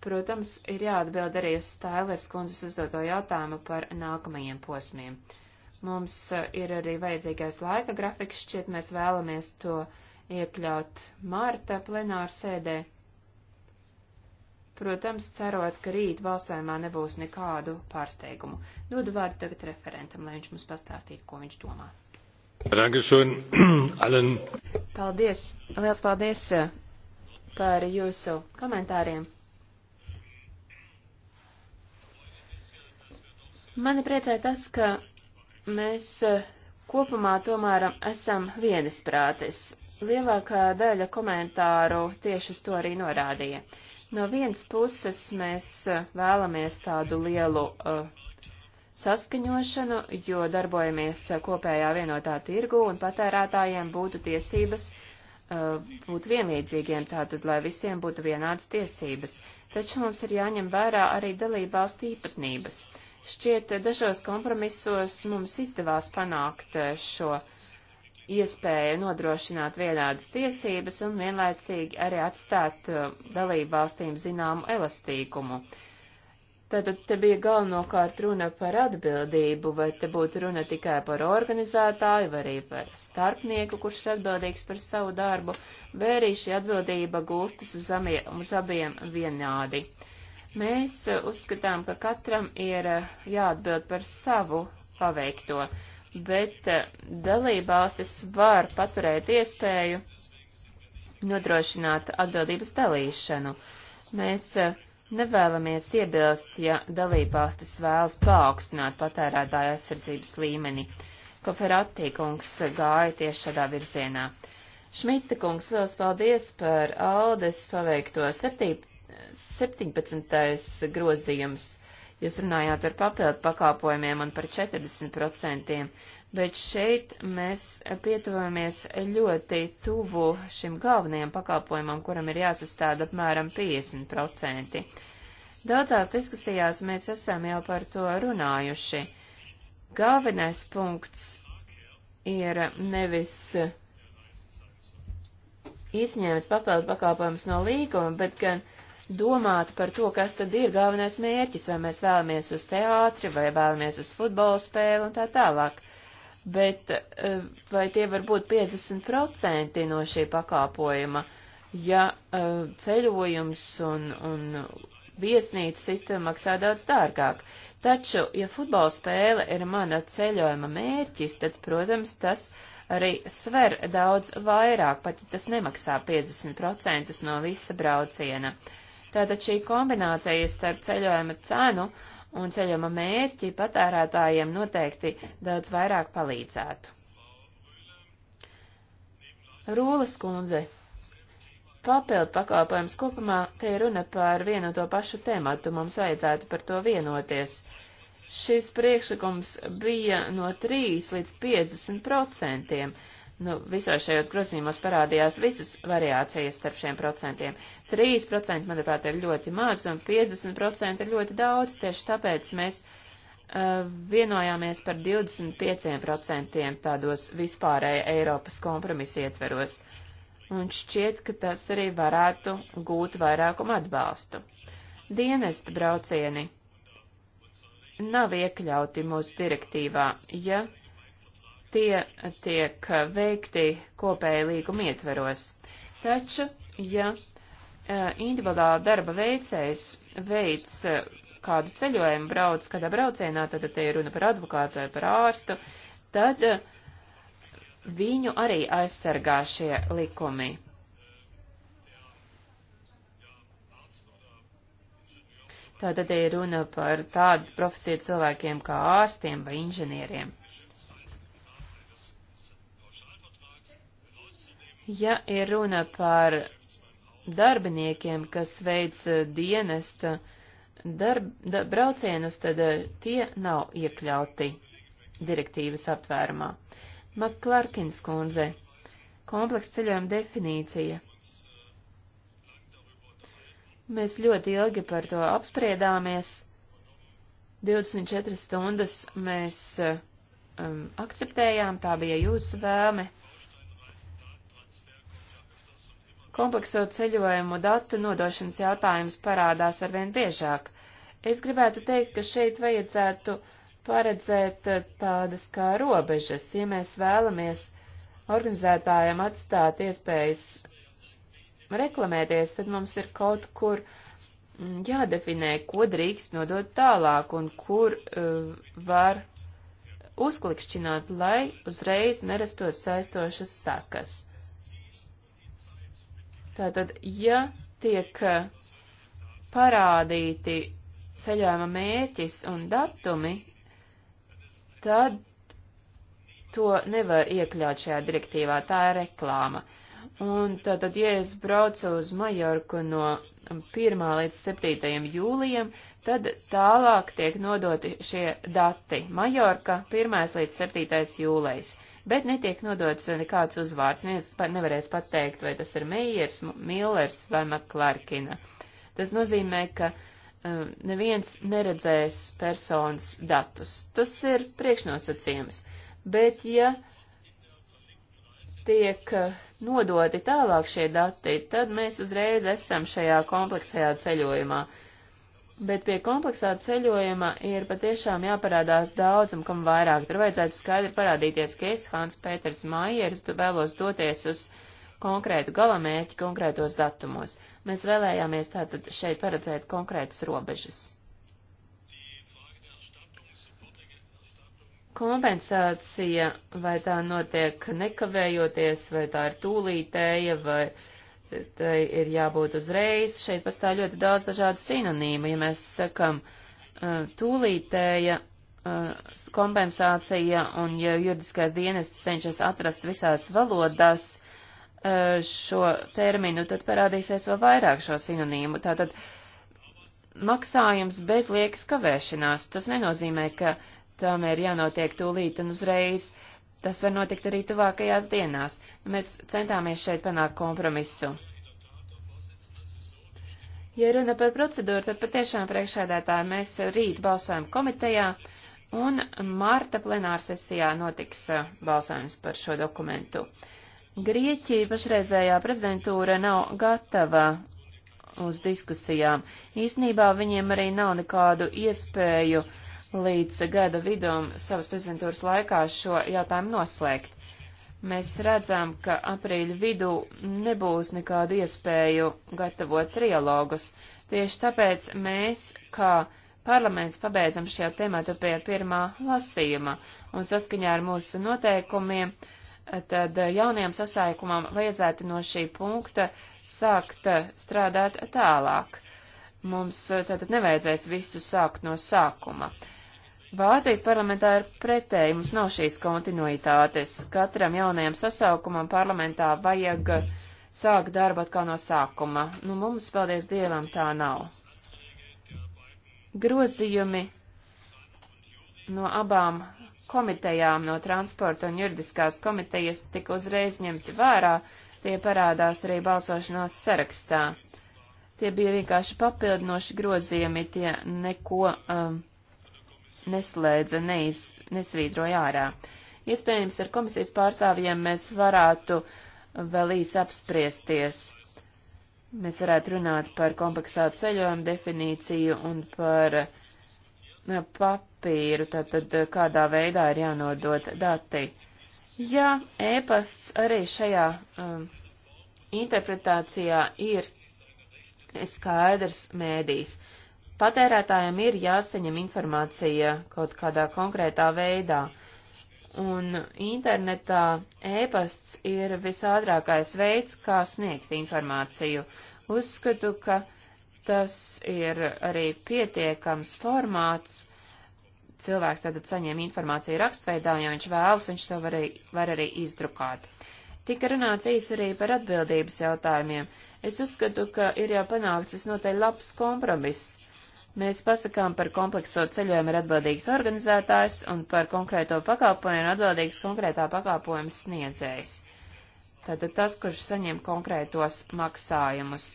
protams, ir jāatbild arī uz Stailers kundzes uzdoto jautājumu par nākamajiem posmiem. Mums eh, ir arī vajadzīgais laika grafiks, šķiet mēs vēlamies to iekļaut marta plenāru sēdē. Protams, cerot, ka rīt balsojumā nebūs nekādu pārsteigumu. Dodu vārdu tagad referentam, lai viņš mums pastāstītu, ko viņš domā. Dankeschön, Alan. Paldies, liels paldies eh, par jūsu komentāriem. Mani priecē tas, ka mēs eh, kopumā tomēr esam vienisprātis. Lielākā daļa komentāru tieši uz to arī norādīja. Uh, No vienas puses mēs eh, vēlamies tādu lielu uh, saskaņošanu, jo darbojamies eh, kopējā vienotā tirgu un patērētājiem būtu tiesības uh, būt vienlīdzīgiem, tātad, lai visiem būtu vienādas tiesības. Taču mums ir jāņem vērā arī dalību valstu īpatnības. Šķiet, dažos kompromisos mums izdevās panākt šo uh, iespēja nodrošināt vienādas tiesības un vienlaicīgi arī atstāt uh, dalību valstīm zināmu elastīgumu. Tātad te bija galvenokārt runa par atbildību, vai te būtu runa tikai par organizētāju, vai arī par starpnieku, kurš ir atbildīgs par savu darbu, vai arī šī atbildība gulstas uz, amie, uz abiem vienādi. Mēs uh, uzskatām, ka katram ir uh, jāatbild par savu paveikto. Uh, bet eh, dalībvalstis var paturēt iespēju nodrošināt atbildības dalīšanu. Mēs eh, nevēlamies iebilst, ja dalībvalstis vēlas paaugstināt patērētāju aizsardzības līmeni. Koferatī kungs gāja tieši šādā virzienā. Šmita kungs, liels paldies par Aldes paveikto 17. Eh, grozījums Jūs runājāt par papildu pakāpojumiem un par 40%, bet šeit mēs pietuvamies ļoti tuvu šim galvenajam pakāpojumam, kuram ir jāsastāda apmēram 50%. Daudzās diskusijās mēs esam jau par to runājuši. Galvenais punkts ir nevis izņemt papildu pakāpojumus no līguma, bet gan domāt par to, kas tad ir galvenais mērķis, vai mēs vēlamies uz teātri, vai vēlamies uz futbola spēli un tā tālāk. Bet eh, vai tie var būt 50% no šī pakāpojuma, ja eh, ceļojums un, un viesnīcas sistēma maksā daudz dārgāk? Taču, ja futbola spēle ir mana ceļojuma mērķis, tad, protams, tas arī sver daudz vairāk, pat ja tas nemaksā 50% no visa brauciena. Uh, Tātad šī kombinācija starp ceļojuma cenu un ceļojuma mērķi patērētājiem noteikti daudz vairāk palīdzētu. Rūles kundze. Papildu pakalpojums kopumā te ir runa par vienu to pašu tematu, mums vajadzētu par to vienoties. Šis priekšlikums bija no 3 līdz 50 procentiem. Nu, visos šajos grozījumos parādījās visas variācijas starp šiem procentiem. 3%, manuprāt, ir ļoti maz, un 50% ir ļoti daudz, tieši tāpēc mēs uh, vienojāmies par 25% tādos vispārēja Eiropas kompromisa ietveros, un šķiet, ka tas arī varētu gūt vairākumu atbalstu. Dienesta braucieni nav iekļauti mūsu direktīvā, ja tie tiek veikti kopēji līguma ietveros. Taču, ja e, individuāla darba veicējs veic e, kādu ceļojumu, brauc kādā braucienā, tad te ir runa par advokātu vai par ārstu, tad e, viņu arī aizsargā šie likumi. Tātad ir runa par tādu profesiju cilvēkiem kā ārstiem vai inženieriem. Ja ir runa par darbiniekiem, kas veic eh, dienesta darb, da, braucienus, tad eh, tie nav iekļauti direktīvas aptvērumā. Maklārkins kundze, komplekss ceļojuma definīcija. Mēs ļoti ilgi par to apspriedāmies. 24 stundas mēs eh, um, akceptējām, tā bija jūsu vēlme, Komplekso ceļojumu datu nodošanas jautājums parādās arvien biežāk. Es gribētu teikt, ka šeit vajadzētu paredzēt eh, tādas kā robežas, ja mēs vēlamies organizētājiem atstāt iespējas reklamēties, tad mums ir kaut kur mm, jādefinē, ko drīkst nodot tālāk un kur uh, var uzklikšķināt, lai uzreiz nerastos saistošas sakas. Tātad, ja tiek eh, parādīti ceļojuma mērķis un datumi, tad to nevar iekļaut šajā direktīvā, tā ir reklāma. Un tātad, ja es braucu uz Majorku no 1. līdz 7. jūlijam, tad tālāk tiek nodoti šie dati. Majorka 1. līdz 7. jūlijas, bet netiek nodots nekāds uzvārds. Neviens nevarēs pateikt, vai tas ir Meijers, Millers vai Maklārkina. Tas nozīmē, ka um, neviens neredzēs personas datus. Tas ir priekšnosacījums. Bet, ja uh, tiek eh, nodoti tālāk šie dati, tad mēs uzreiz esam šajā kompleksajā ceļojumā. Bet pie kompleksā ceļojuma ir patiešām jāparādās daudz un kam vairāk. Tur vajadzētu skaidri parādīties, ka es, Hans Pēters Maieris, vēlos doties uz konkrētu galamērķi konkrētos datumos. Mēs vēlējāmies tātad šeit paredzēt konkrētas robežas. Kompensācija, vai tā notiek nekavējoties, vai tā ir tūlītēja, vai tai ir jābūt uzreiz, šeit pastāv ļoti daudz dažādu sinonīmu. Ja mēs sakam tūlītēja kompensācija un ja juridiskais dienests cenšas atrast visās valodās, šo terminu, tad parādīsies vēl vairāk šo sinonīmu. Tātad maksājums bez liekas kavēšanās. Tas nenozīmē, ka tam ir jānotiek tūlīt un uzreiz. Tas var notikt arī tuvākajās dienās. Mēs centāmies šeit panākt kompromisu. Ja runa par procedūru, tad patiešām priekšēdētāji mēs rīt balsojam komitejā un marta plenārsesijā notiks uh, balsojums par šo dokumentu. Grieķija pašreizējā prezidentūra nav gatava uz diskusijām. Īsnībā viņiem arī nav nekādu iespēju uh, līdz gada vidum savas prezidentūras laikā šo jautājumu noslēgt. Mēs redzam, ka aprīļa vidū nebūs nekādu iespēju gatavot trialogus. Tieši tāpēc mēs, kā parlaments, pabeidzam šo tematu pie pirmā lasījuma un saskaņā ar mūsu noteikumiem, tad jaunajam sasaikumam vajadzētu no šī punkta sākt strādāt tālāk. Mums tātad nevajadzēs visu sākt no sākuma. Vācijas parlamentā ir pretēji, mums nav šīs kontinuitātes. Katram jaunajam sasaukumam parlamentā vajag sākt darbu atkal no sākuma. Nu, mums, paldies Dievam, tā nav. Grozījumi no abām komitejām, no transporta un juridiskās komitejas, tika uzreiz ņemti vērā, tie parādās arī balsošanās sarakstā. Tie bija vienkārši papildinoši grozījumi, tie neko. Um, neslēdza, neiz, nesvītroja ārā. Iespējams, ar komisijas pārstāvjiem mēs varētu vēl īsi apspriesties. Mēs varētu runāt par kompleksā ceļojuma definīciju un par papīru, tātad kādā veidā ir jānodot dati. Jā, ēpasts arī šajā um, interpretācijā ir skaidrs mēdīs. Uh, Patērētājiem ir jāsaņem informācija kaut kādā konkrētā veidā, un internetā ēpasts ir visādrākais veids, kā sniegt informāciju. Uzskatu, ka tas ir arī pietiekams formāts. Cilvēks tātad saņem informāciju rakstveidā, ja viņš vēlas, viņš to var arī, var arī izdrukāt. Tika runāts īsi arī par atbildības jautājumiem. Es uzskatu, ka ir jau panākts visnotaļ labs kompromiss. Mēs pasakām par komplekso ceļojumu ir atbildīgs organizētājs un par konkrēto pakalpojumu ir atbildīgs konkrētā pakalpojuma sniedzējs. Tātad tas, kurš saņem konkrētos maksājumus,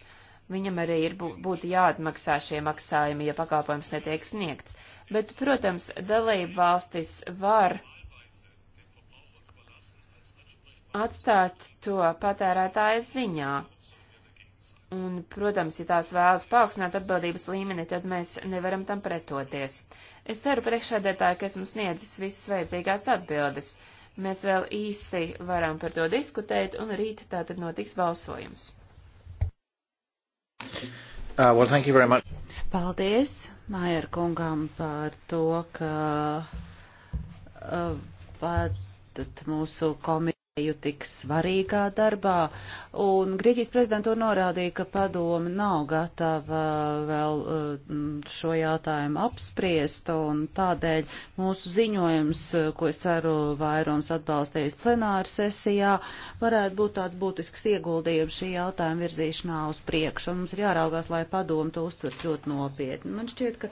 viņam arī ir būtu jāatmaksā šie maksājumi, ja pakalpojums netiek sniegts. Bet, protams, dalība valstis var atstāt to patērētāja ziņā. Un, protams, ja tās vēlas paaugstināt atbildības līmeni, tad mēs nevaram tam pretoties. Es ceru priekšādētāji, ka esmu sniedzis visas vajadzīgās atbildes. Mēs vēl īsi varam par to diskutēt, un rīt tā tad notiks balsojums. Uh, well, thank you very much. Paldies Maier kungam par to, ka uh, pat mūsu komisija. Eju tik svarīgā darbā, un Grieķijas prezidentūra norādīja, ka padoma nav gatava vēl eh, šo jautājumu apspriest, un tādēļ mūsu ziņojums, eh, ko es ceru vairums atbalstīs plenāra sesijā, varētu būt tāds būtisks ieguldījums šī jautājuma virzīšanā uz priekšu, un mums ir jāraugās, lai padoma to uztver ļoti nopietni. Man šķiet, ka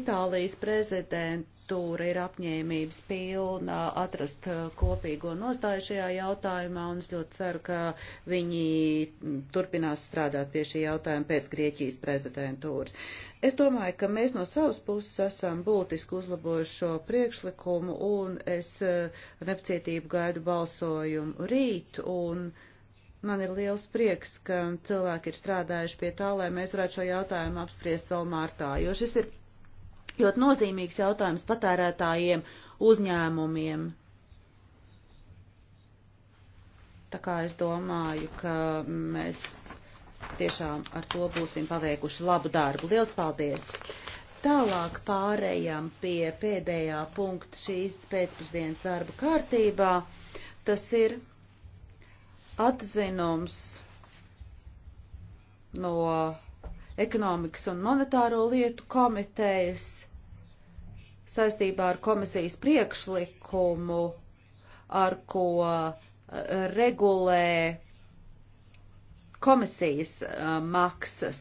Itālijas prezidents prezidentūra ir apņēmības pilna atrast uh, kopīgo nostāju šajā jautājumā, un es ļoti ceru, ka viņi turpinās strādāt pie šī jautājuma pēc Grieķijas prezidentūras. Es domāju, ka mēs no savas puses esam būtiski uzlabojuši šo priekšlikumu, un es uh, nepacietību gaidu balsojumu rīt, un man ir liels prieks, ka cilvēki ir strādājuši pie tā, lai mēs varētu šo jautājumu apspriest vēl martā, jo šis ir ļoti nozīmīgs jautājums patērētājiem, uzņēmumiem. Tā kā es domāju, ka mēs tiešām ar to būsim paveikuši labu darbu. Liels paldies! Tālāk pārējām pie pēdējā punkta šīs pēcpusdienas darba kārtībā. Tas ir atzinums no ekonomikas un monetāro lietu komitejas saistībā ar komisijas priekšlikumu, ar ko eh, regulē komisijas eh, maksas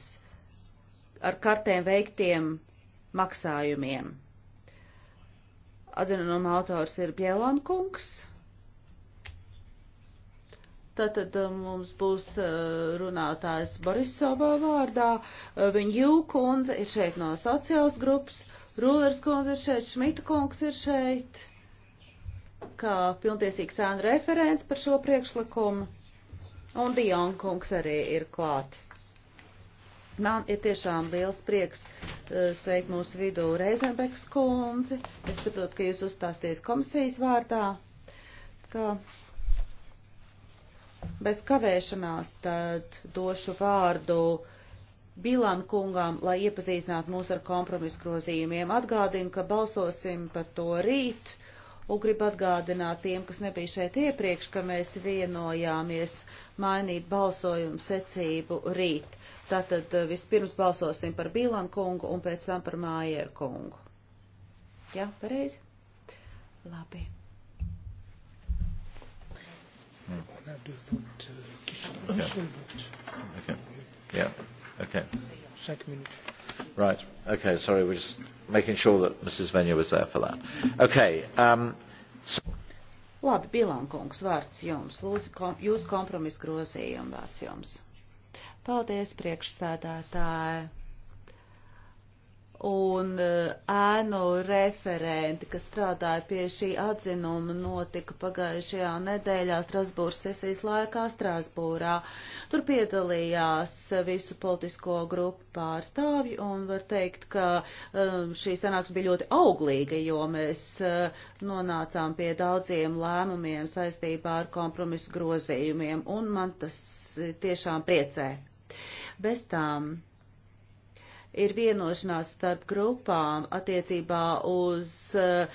ar kartēm veiktiem maksājumiem. Atzinuma autors ir Bielankungs. Tātad um, mums būs uh, runātājs Borisovā vārdā, uh, viņa Jūkundze ir šeit no sociāls grupas, Rulers kundze ir šeit, Šmita kungs ir šeit, kā pilntiesīgs ēnu referents par šo priekšlikumu, un Dion kungs arī ir klāt. Man ir tiešām liels prieks uh, sveikt mūsu vidū Reizenbeks kundzi. Es saprotu, ka jūs uzstāsties komisijas vārdā. Kā bez kavēšanās tad došu vārdu Bilan kungām, lai iepazīstinātu mūs ar kompromisu grozījumiem. Atgādinu, ka balsosim par to rīt, un gribu atgādināt tiem, kas nebija šeit iepriekš, ka mēs vienojāmies mainīt balsojumu secību rīt. Tātad eh, vispirms balsosim par Bilan kungu un pēc tam par Mājeru kungu. Jā, ja, pareizi? Labi. On a deux votes qui sont un okay. seul vote. Okay. Yeah. Okay. Cinq minutes. Right. Okay. Sorry, we're just making sure that Mrs. Venya was there for that. Okay. Um, so Labi, Bilankungs, vārds jums. Lūdzu, kom, jūs kompromis grozījumu vārds jums. Paldies, priekšstādātāji un eh, ēnu referenti, kas strādāja pie šī atzinuma, notika pagājušajā nedēļā Strasbūras sesijas laikā Strasbūrā. Tur piedalījās visu politisko grupu pārstāvji un var teikt, ka um, šī sanāks bija ļoti auglīga, jo mēs uh, nonācām pie daudziem lēmumiem saistībā ar kompromisu grozījumiem un man tas tiešām priecē. Bez tām ir vienošanās starp grupām attiecībā uz eh,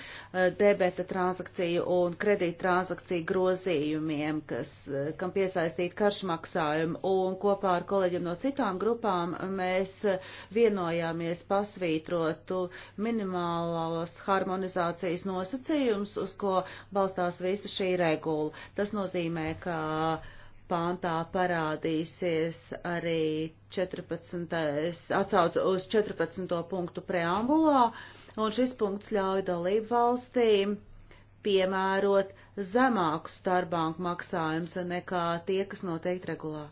debeta transakciju un kredīta transakciju grozījumiem, kas, eh, kam piesaistīt karšmaksājumu, un kopā ar kolēģiem no citām grupām mēs eh, vienojāmies pasvītrot minimālos harmonizācijas nosacījums, uz ko balstās visa šī regula. Tas nozīmē, ka pāntā parādīsies arī 14. atsauc uz 14. punktu preambulā, un šis punkts ļauj dalību valstīm piemērot zemāku starpbanku maksājumus nekā tie, kas noteikti regulā.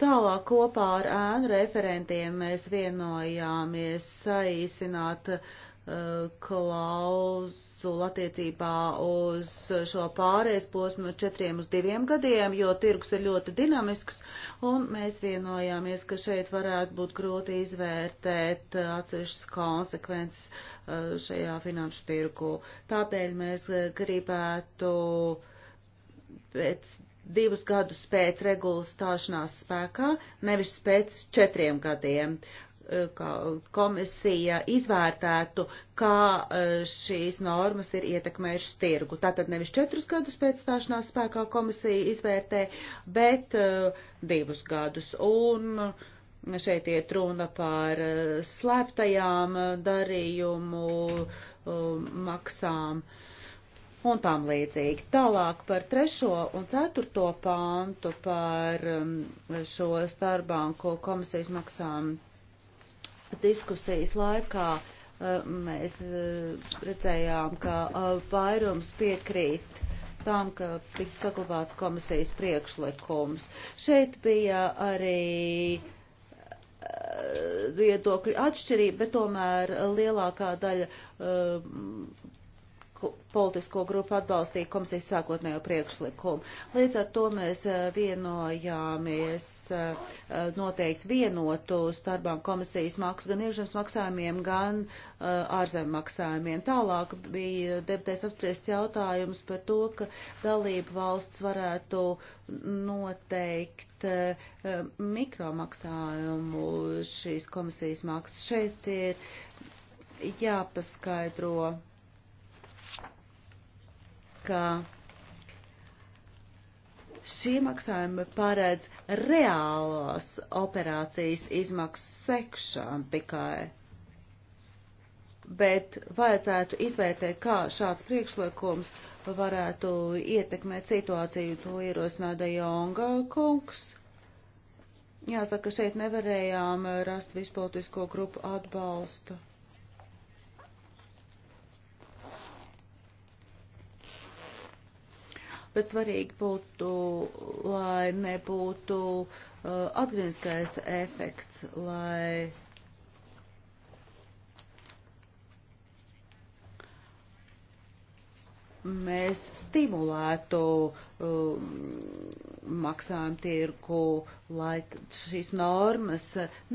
Tālāk kopā ar ēnu referentiem mēs vienojāmies saīsināt uh, Uh, klauzulu attiecībā uz šo pārējais posmu no četriem uz diviem gadiem, jo tirgus ir ļoti dinamisks, un mēs vienojāmies, ka šeit varētu būt grūti izvērtēt uh, atsevišķas konsekvences uh, šajā finanšu tirgu. Tāpēc mēs gribētu pēc divus gadus pēc regulas stāšanās spēkā, nevis pēc četriem gadiem. Uh, Eh, komisija izvērtētu, kā eh, šīs normas ir ietekmējušas tirgu. Tātad nevis četrus gadus pēc stāšanās spēkā komisija izvērtē, bet eh, divus gadus. Un šeit iet runa par slēptajām darījumu maksām un tam līdzīgi. Tālāk par trešo un ceturto pāntu par šo starpbanku komisijas maksām diskusijas laikā eh, mēs eh, redzējām, ka eh, vairums piekrīt tam, ka tika saglabāts komisijas priekšlikums. Šeit bija arī viedokļu atšķirība, bet tomēr lielākā daļa politisko grupu atbalstīja komisijas sākotnējo priekšlikumu. Līdz ar to mēs eh, vienojāmies eh, noteikti vienotu starpām komisijas maksu gan iekšzemes maksājumiem, gan eh, ārzem maksājumiem. Tālāk bija deputēs apspriests jautājums par to, ka dalību valsts varētu noteikt mikromaksājumu šīs komisijas maksas. Šeit ir jāpaskaidro ka šie maksājumi paredz reālās operācijas izmaksas sekšanu tikai. Bet vajadzētu izvērtēt, kā šāds priekšlikums varētu ietekmēt situāciju, to ierosināja Jonga kungs. Jāsaka, šeit nevarējām rast vispolitisko grupu atbalstu. bet svarīgi būtu, lai nebūtu uh, atgriezniskais efekts, lai mēs stimulētu um, maksājumu tirku, lai šīs normas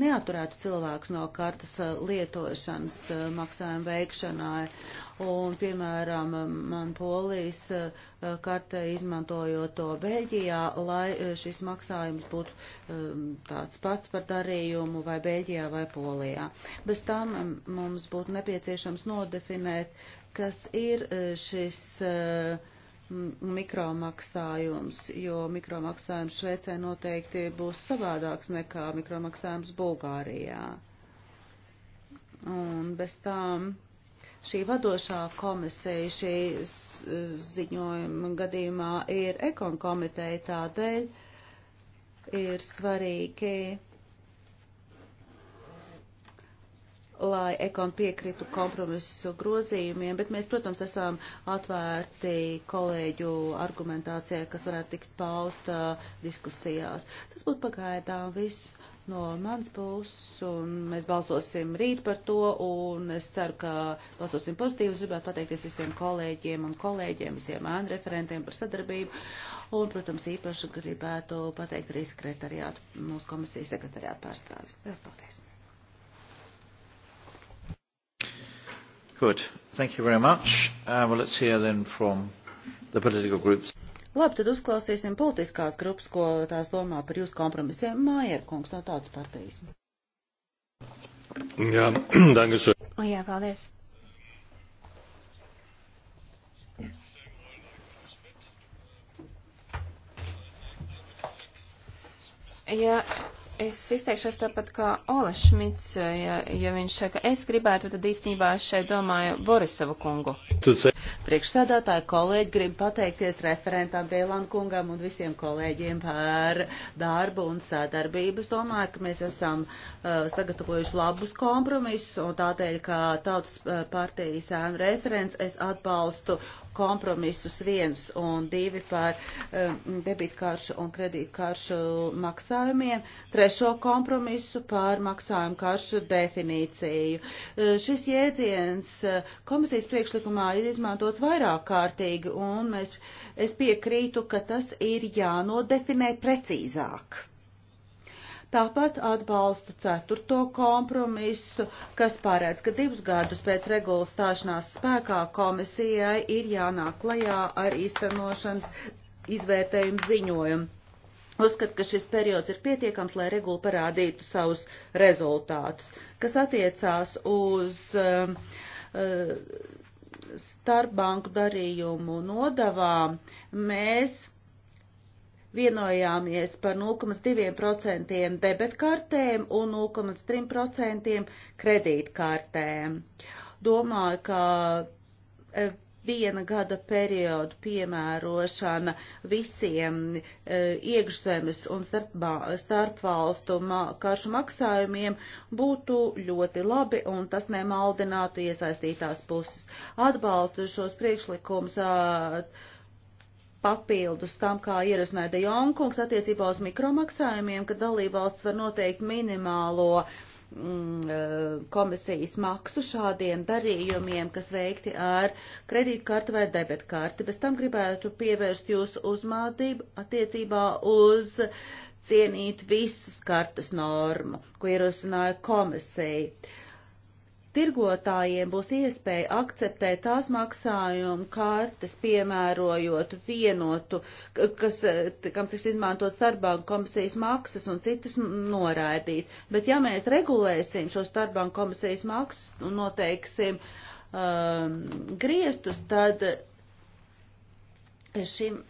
neaturētu cilvēkus no kartas uh, lietošanas uh, maksājumu veikšanai un, piemēram, man polijas eh, kartē izmantojot to Beļģijā, lai eh, šis maksājums būtu ehm, tāds pats par darījumu vai Beļģijā vai Polijā. Bez tam mm, mums būtu nepieciešams nodefinēt, kas ir eh, šis mikromaksājums, jo mikromaksājums Šveicē noteikti būs savādāks nekā mikromaksājums Bulgārijā. Un bez tām Šī vadošā komisija šī ziņojuma gadījumā ir ekon komiteja, tādēļ ir svarīgi, lai ekon piekritu kompromisu grozījumiem, bet mēs, protams, esam atvērti kolēģu argumentācijai, kas varētu tikt pausta diskusijās. Tas būtu pagaidām viss no manas puses, un mēs balsosim rīt par to, un es ceru, ka balsosim pozitīvi. Es gribētu pateikties visiem kolēģiem un kolēģiem, visiem ēnu referentiem par sadarbību, un, protams, īpaši gribētu pateikt arī sekretariātu, mūsu komisijas sekretariātu pārstāvis. Lielas paldies! Good. Thank you very much. Uh, well, let's hear then from the political groups. Labi, tad uzklausīsim politiskās grupas, ko tās domā par jūsu kompromisiem. Mājierkungs no tādas partijas. Jā, dankas. Oh, jā, paldies. Ja Es izteikšos tāpat kā Ola Šmits, ja, ja viņš saka, es gribētu, tad īstenībā es šeit domāju Borisovu kungu. Priekšsēdētāji kolēģi grib pateikties referentam Bēlan kungam un visiem kolēģiem par darbu un sadarbību. Es domāju, ka mēs esam uh, sagatavojuši labus kompromisus un tādēļ, kā tautas uh, partijas ēnu referents, es atbalstu kompromisus viens un divi par eh, debitkaršu un kredītkaršu maksājumiem, trešo kompromisu par maksājumu karšu definīciju. Eh, šis jēdziens eh, komisijas priekšlikumā ir izmantots vairāk kārtīgi un mēs, es piekrītu, ka tas ir jānodefinē precīzāk. Tāpat atbalstu ceturto kompromisu, kas pārēdz, ka divus gadus pēc regulas stāšanās spēkā komisijai ir jānāk klajā ar īstenošanas izvērtējumu ziņojumu. Uzskat, ka šis periods ir pietiekams, lai regula parādītu savus rezultātus, kas attiecās uz uh, uh, starpbanku darījumu nodavām. Mēs vienojāmies par 0,2% debetkartēm un 0,3% kredītkartēm. Domāju, ka e, viena gada periodu piemērošana visiem e, iekšzemes un starpbā, starpvalstu ma, karšu maksājumiem būtu ļoti labi un tas nemaldinātu iesaistītās puses. Atbalstu šos priekšlikumus. E, papildus tam, kā ierasnēja De Jongkungs attiecībā uz mikromaksājumiem, ka dalībvalsts var noteikt minimālo mm, eh, komisijas maksu šādiem darījumiem, kas veikti ar kredītkarti vai debetkarti. Bez tam gribētu pievērst jūsu uzmādību attiecībā uz cienīt visas kartas normu, ko ierosināja komisija tirgotājiem būs iespēja akceptēt tās maksājumu kartes, piemērojot vienotu, kas, kam tiks izmantot starpbanku komisijas maksas un citas noraidīt. Bet ja mēs regulēsim šo starpbanku komisijas maksas un noteiksim um, griestus, tad šim,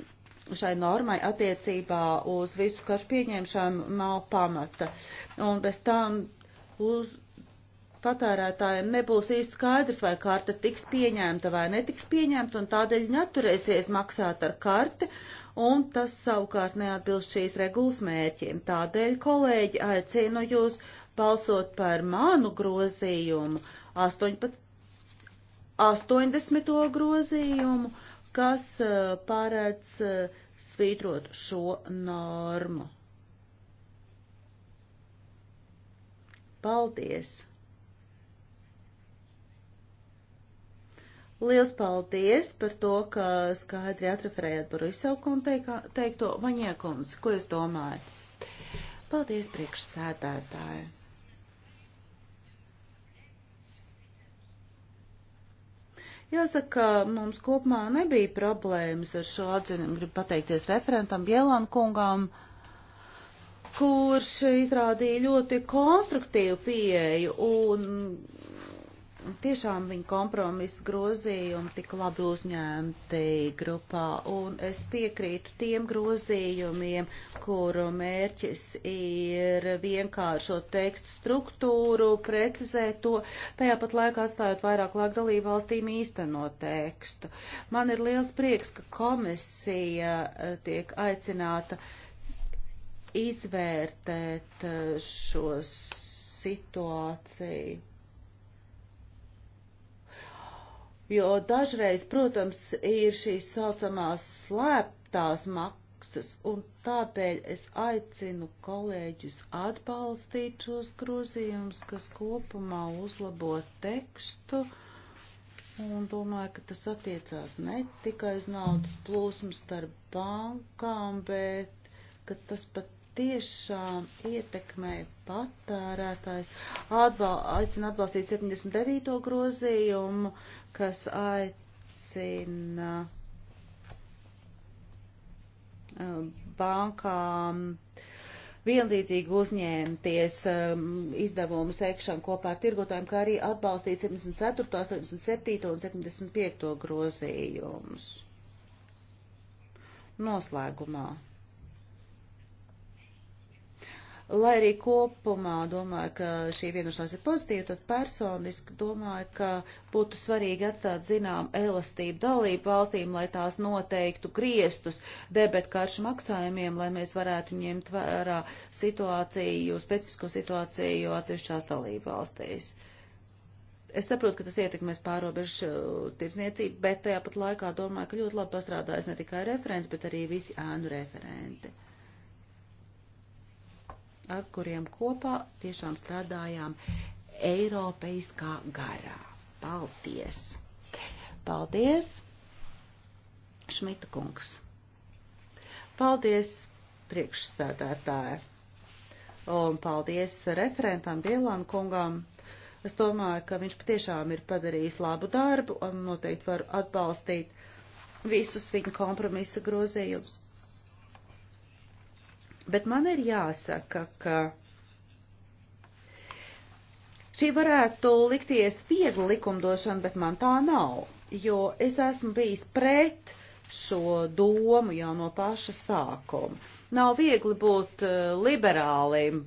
šai normai attiecībā uz visu karšu pieņemšanu nav pamata. Un bez tam uz patērētājiem nebūs īsti skaidrs, vai karte tiks pieņemta vai netiks pieņemta, un tādēļ viņi atturēsies maksāt ar karti, un tas savukārt neatbilst šīs regulas mērķiem. Tādēļ, kolēģi, aicinu jūs balsot par manu grozījumu, 18, 80. grozījumu, kas uh, paredz uh, svītrot šo normu. Paldies! Liels paldies par to, ka skaidri atreferējāt par izsaukumu teikto vaņiekums. Ko jūs domājat? Paldies priekšsēdētāji. Jāsaka, mums kopumā nebija problēmas ar šo atzinumu. Gribu pateikties referentam Bielan kungam kurš izrādīja ļoti konstruktīvu pieeju un tiešām viņa kompromisu grozījumi tik labi uzņemti grupā, un es piekrītu tiem grozījumiem, kuru mērķis ir vienkāršot tekstu struktūru, precizēt to, tajā pat laikā atstājot vairāk laika dalību valstīm īstenot tekstu. Man ir liels prieks, ka komisija eh, tiek aicināta izvērtēt eh, šo situāciju jo dažreiz, protams, ir šīs saucamās slēptās maksas, un tāpēc es aicinu kolēģus atbalstīt šos grozījumus, kas kopumā uzlabo tekstu, un domāju, ka tas attiecās ne tikai uz naudas plūsmu starp bankām, bet ka tas pat tiešām ietekmē patērētājs. Atbal, aicina atbalstīt 79. grozījumu, kas aicina um, bankām vienlīdzīgi uzņēmties um, izdevumu sekšanu kopā ar tirgotājiem, kā arī atbalstīt 74., 87. un 75. grozījumus. Noslēgumā. Lai arī kopumā domāju, ka šī vienošanās ir pozitīva, tad personiski domāju, ka būtu svarīgi atstāt zinām elastību dalību valstīm, lai tās noteiktu griestus debetkaršu maksājumiem, lai mēs varētu ņemt vērā situāciju, specifisko situāciju atsevišķās dalību valstīs. Es saprotu, ka tas ietekmēs pārobežu tirsniecību, bet tajā pat laikā domāju, ka ļoti labi pastrādājas ne tikai referents, bet arī visi ēnu referenti ar kuriem kopā tiešām strādājām Eiropeiskā garā. Paldies! Paldies, Šmita kungs! Paldies, priekšsēdētāja! Un paldies referentam Bielan kungam! Es domāju, ka viņš patiešām ir padarījis labu darbu un noteikti var atbalstīt visus viņa kompromisa grozījumus. Bet man ir jāsaka, ka šī varētu likties viegla likumdošana, bet man tā nav, jo es esmu bijis pret šo domu jau no paša sākuma. Nav viegli būt eh, liberālim,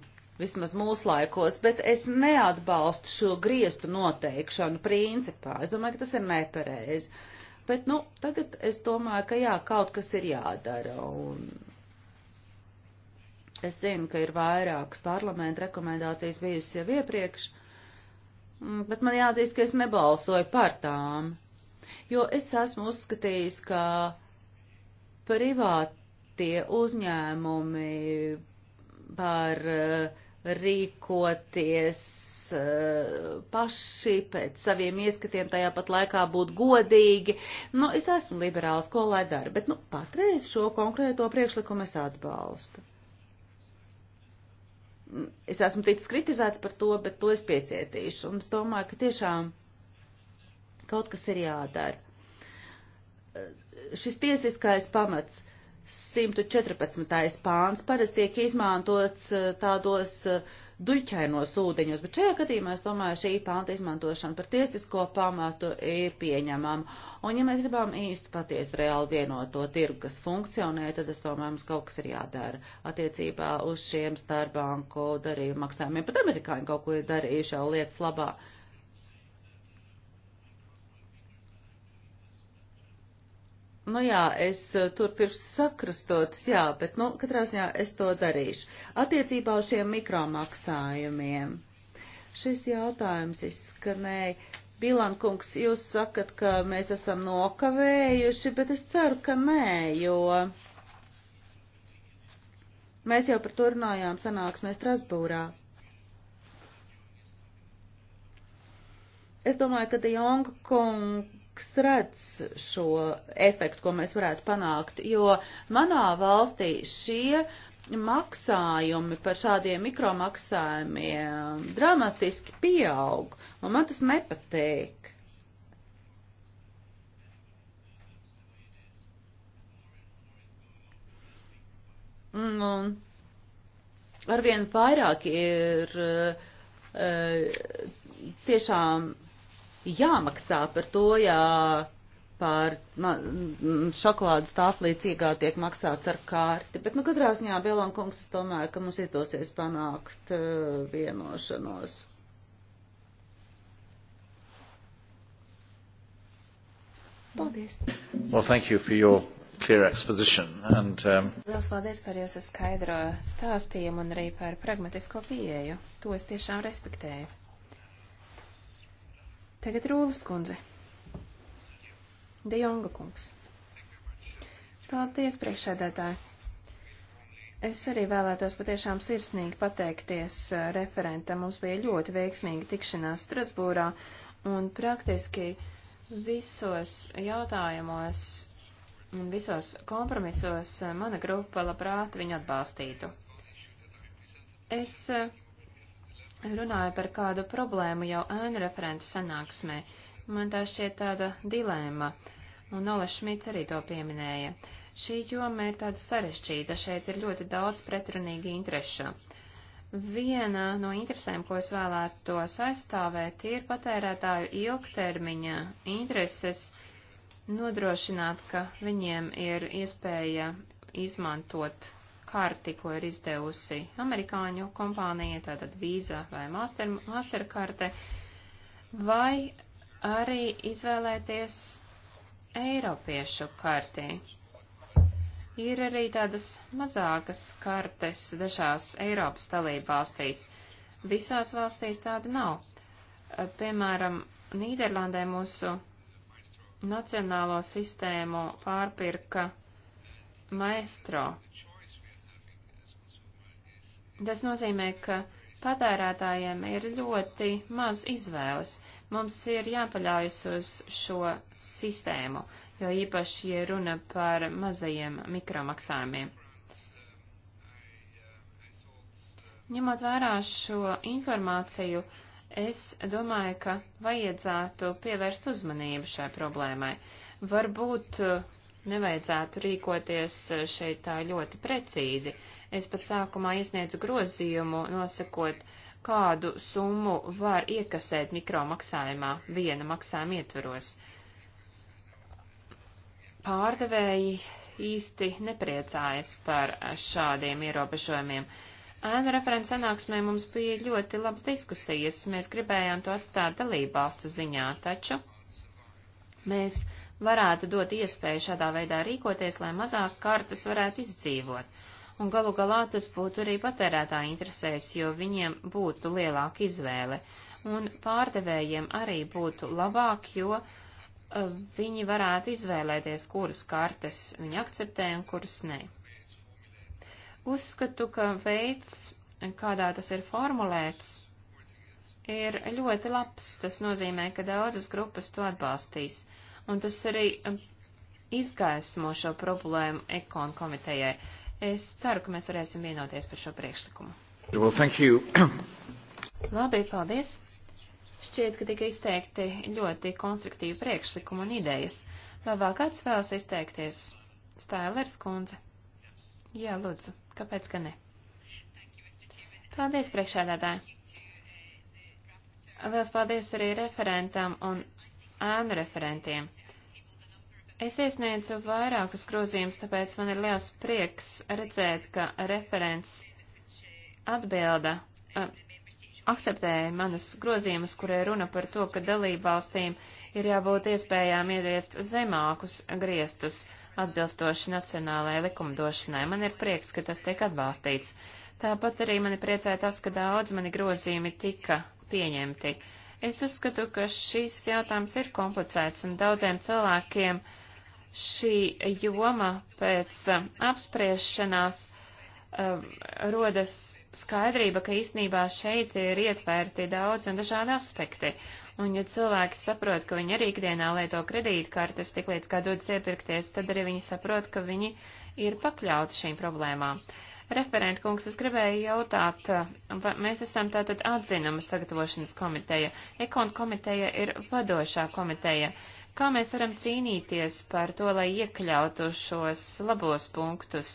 vismaz mūslaikos, bet es neatbalstu šo griestu noteikšanu principā. Es domāju, ka tas ir nepareizi. Bet, nu, tagad es domāju, ka jā, kaut kas ir jādara. Un Es zinu, ka ir vairākas parlamenta rekomendācijas bijusi jau iepriekš, mm, bet man jāatzīst, ka es nebalsoju par tām, jo es esmu uzskatījis, ka privātie uzņēmumi var eh, rīkoties eh, paši pēc saviem ieskatiem, tajā pat laikā būt godīgi. Nu, es esmu liberāls, ko lai dara, bet, nu, patreiz šo konkrēto priekšlikumu es atbalstu es esmu ticis kritizēts par to, bet to es piecietīšu. Un es domāju, ka tiešām kaut kas ir jādara. Šis tiesiskais pamats 114. pāns parasti tiek izmantots eh, tādos uh, duļķainos ūdeņos, bet šajā gadījumā es domāju, šī panta izmantošana par tiesisko pamatu ir pieņemama. Un ja mēs gribam īstu patiesu reāli vienoto tirgu, kas funkcionē, tad es domāju, mums kaut kas ir jādara attiecībā uz šiem starpbanku darījumu maksājumiem. Pat amerikāņi kaut ko ir darījuši jau lietas labā. Uh, Nu jā, es eh, tur pirks sakrastotas, jā, bet, nu, katrā ziņā es to darīšu. Attiecībā uz šiem mikromaksājumiem. Šis jautājums izskanēja. Bilankungs, jūs sakat, ka mēs esam nokavējuši, bet es ceru, ka nē, jo mēs jau par to runājām sanāksmē Strasbūrā. Es domāju, ka Dionga kungs cilvēks redz šo efektu, ko mēs varētu panākt, jo manā valstī šie maksājumi par šādiem mikromaksājumiem dramatiski pieaug, un man tas nepatīk. Un arvien vairāk ir uh, tiešām jāmaksā par to, ja par šokolādes tāflītes iegādi tiek maksāts ar kārti. Bet, nu, katrā ziņā Bielan kungs, es domāju, ka mums izdosies panākt uh, vienošanos. Paldies. Well, thank you for your clear exposition and... Um... Liels paldies par jūsu skaidro stāstījumu un arī par pragmatisko pieeju. To es tiešām respektēju. Tagad Rūlas kundze. De Jonga kungs. Paldies, priekšsēdētāji. Es arī vēlētos patiešām sirsnīgi pateikties referentam. Mums bija ļoti veiksmīga tikšanās Strasbūrā un praktiski visos jautājumos un visos kompromisos mana grupa labprāt viņu atbalstītu. Es runāju par kādu problēmu jau ēnu referentu sanāksmē. Man tā šķiet tāda dilēma, un Ola Šmits arī to pieminēja. Šī joma ir tāda sarešķīta, šeit ir ļoti daudz pretrunīgi interešu. Viena no interesēm, ko es vēlētos aizstāvēt, ir patērētāju ilgtermiņa intereses nodrošināt, ka viņiem ir iespēja izmantot karti, ko ir izdevusi amerikāņu kompānija, tātad Visa vai master, Masterkarte, vai arī izvēlēties Eiropiešu karti. Ir arī tādas mazākas kartes dažās Eiropas dalību valstīs. Visās valstīs tāda nav. Piemēram, Nīderlandē mūsu nacionālo sistēmu pārpirka maestro. Tas nozīmē, ka patērētājiem ir ļoti maz izvēles. Mums ir jāpaļaujas uz šo sistēmu, jo īpaši, ja runa par mazajiem mikromaksājumiem. Ņemot vērā šo informāciju, es domāju, ka vajadzētu pievērst uzmanību šai problēmai. Varbūt nevajadzētu rīkoties eh, šeit tā ļoti precīzi. Es pat sākumā iesniedzu grozījumu nosakot, kādu summu var iekasēt mikromaksājumā viena maksājuma ietveros. Pārdevēji īsti nepriecājas par šādiem ierobežojumiem. Ēnu referents sanāksmē mums bija ļoti labas diskusijas, mēs gribējām to atstāt dalībvalstu ziņā, taču mēs varētu dot iespēju šādā veidā rīkoties, lai mazās kartes varētu izdzīvot. Un galu galā tas būtu arī patērētāji interesēs, jo viņiem būtu lielāka izvēle. Un pārdevējiem arī būtu labāk, jo uh, viņi varētu izvēlēties, kuras kartes viņi akceptē un kuras nē. Uzskatu, ka veids, kādā tas ir formulēts, ir ļoti labs. Tas nozīmē, ka daudzas grupas to atbalstīs. Uh, un tas arī um, izgaismo šo problēmu ekonu komitejai. Es ceru, ka mēs varēsim vienoties par šo priekšlikumu. Well, thank you. Labi, paldies. Šķiet, ka tika izteikti ļoti konstruktīvi priekšlikumi un idejas. Vai vēl kāds vēlas izteikties? Stēlers kundze. Jā, lūdzu, kāpēc gan ne? Paldies, priekšādātāji. Liels paldies arī referentam un ēnu referentiem. Es iesniedzu vairākus grozījumus, tāpēc man ir liels prieks redzēt, ka referents atbilda, a, akceptēja manus grozījumus, kurē runa par to, ka dalību valstīm ir jābūt iespējām ieviest zemākus griestus atbilstoši nacionālajai likumdošanai. Man ir prieks, ka tas tiek atbalstīts. Tāpat arī mani priecē tas, ka daudz mani grozījumi tika pieņemti. Es uzskatu, ka šis jautājums ir komplicēts un daudziem cilvēkiem uh, šī joma pēc um, apspriešanās um, rodas skaidrība, ka īsnībā šeit ir ietvērti daudz un dažādi aspekti. Un, ja cilvēki saprot, ka viņi arī ikdienā lieto kredītkartes, tik līdz kā dodas iepirkties, tad arī viņi saprot, ka viņi ir pakļauti šīm problēmām. Referenta kungs, es gribēju jautāt, um, vai mēs esam tātad atzinuma sagatavošanas komiteja. Ekon komiteja ir vadošā komiteja. Kā mēs varam cīnīties par to, lai iekļautu šos labos punktus?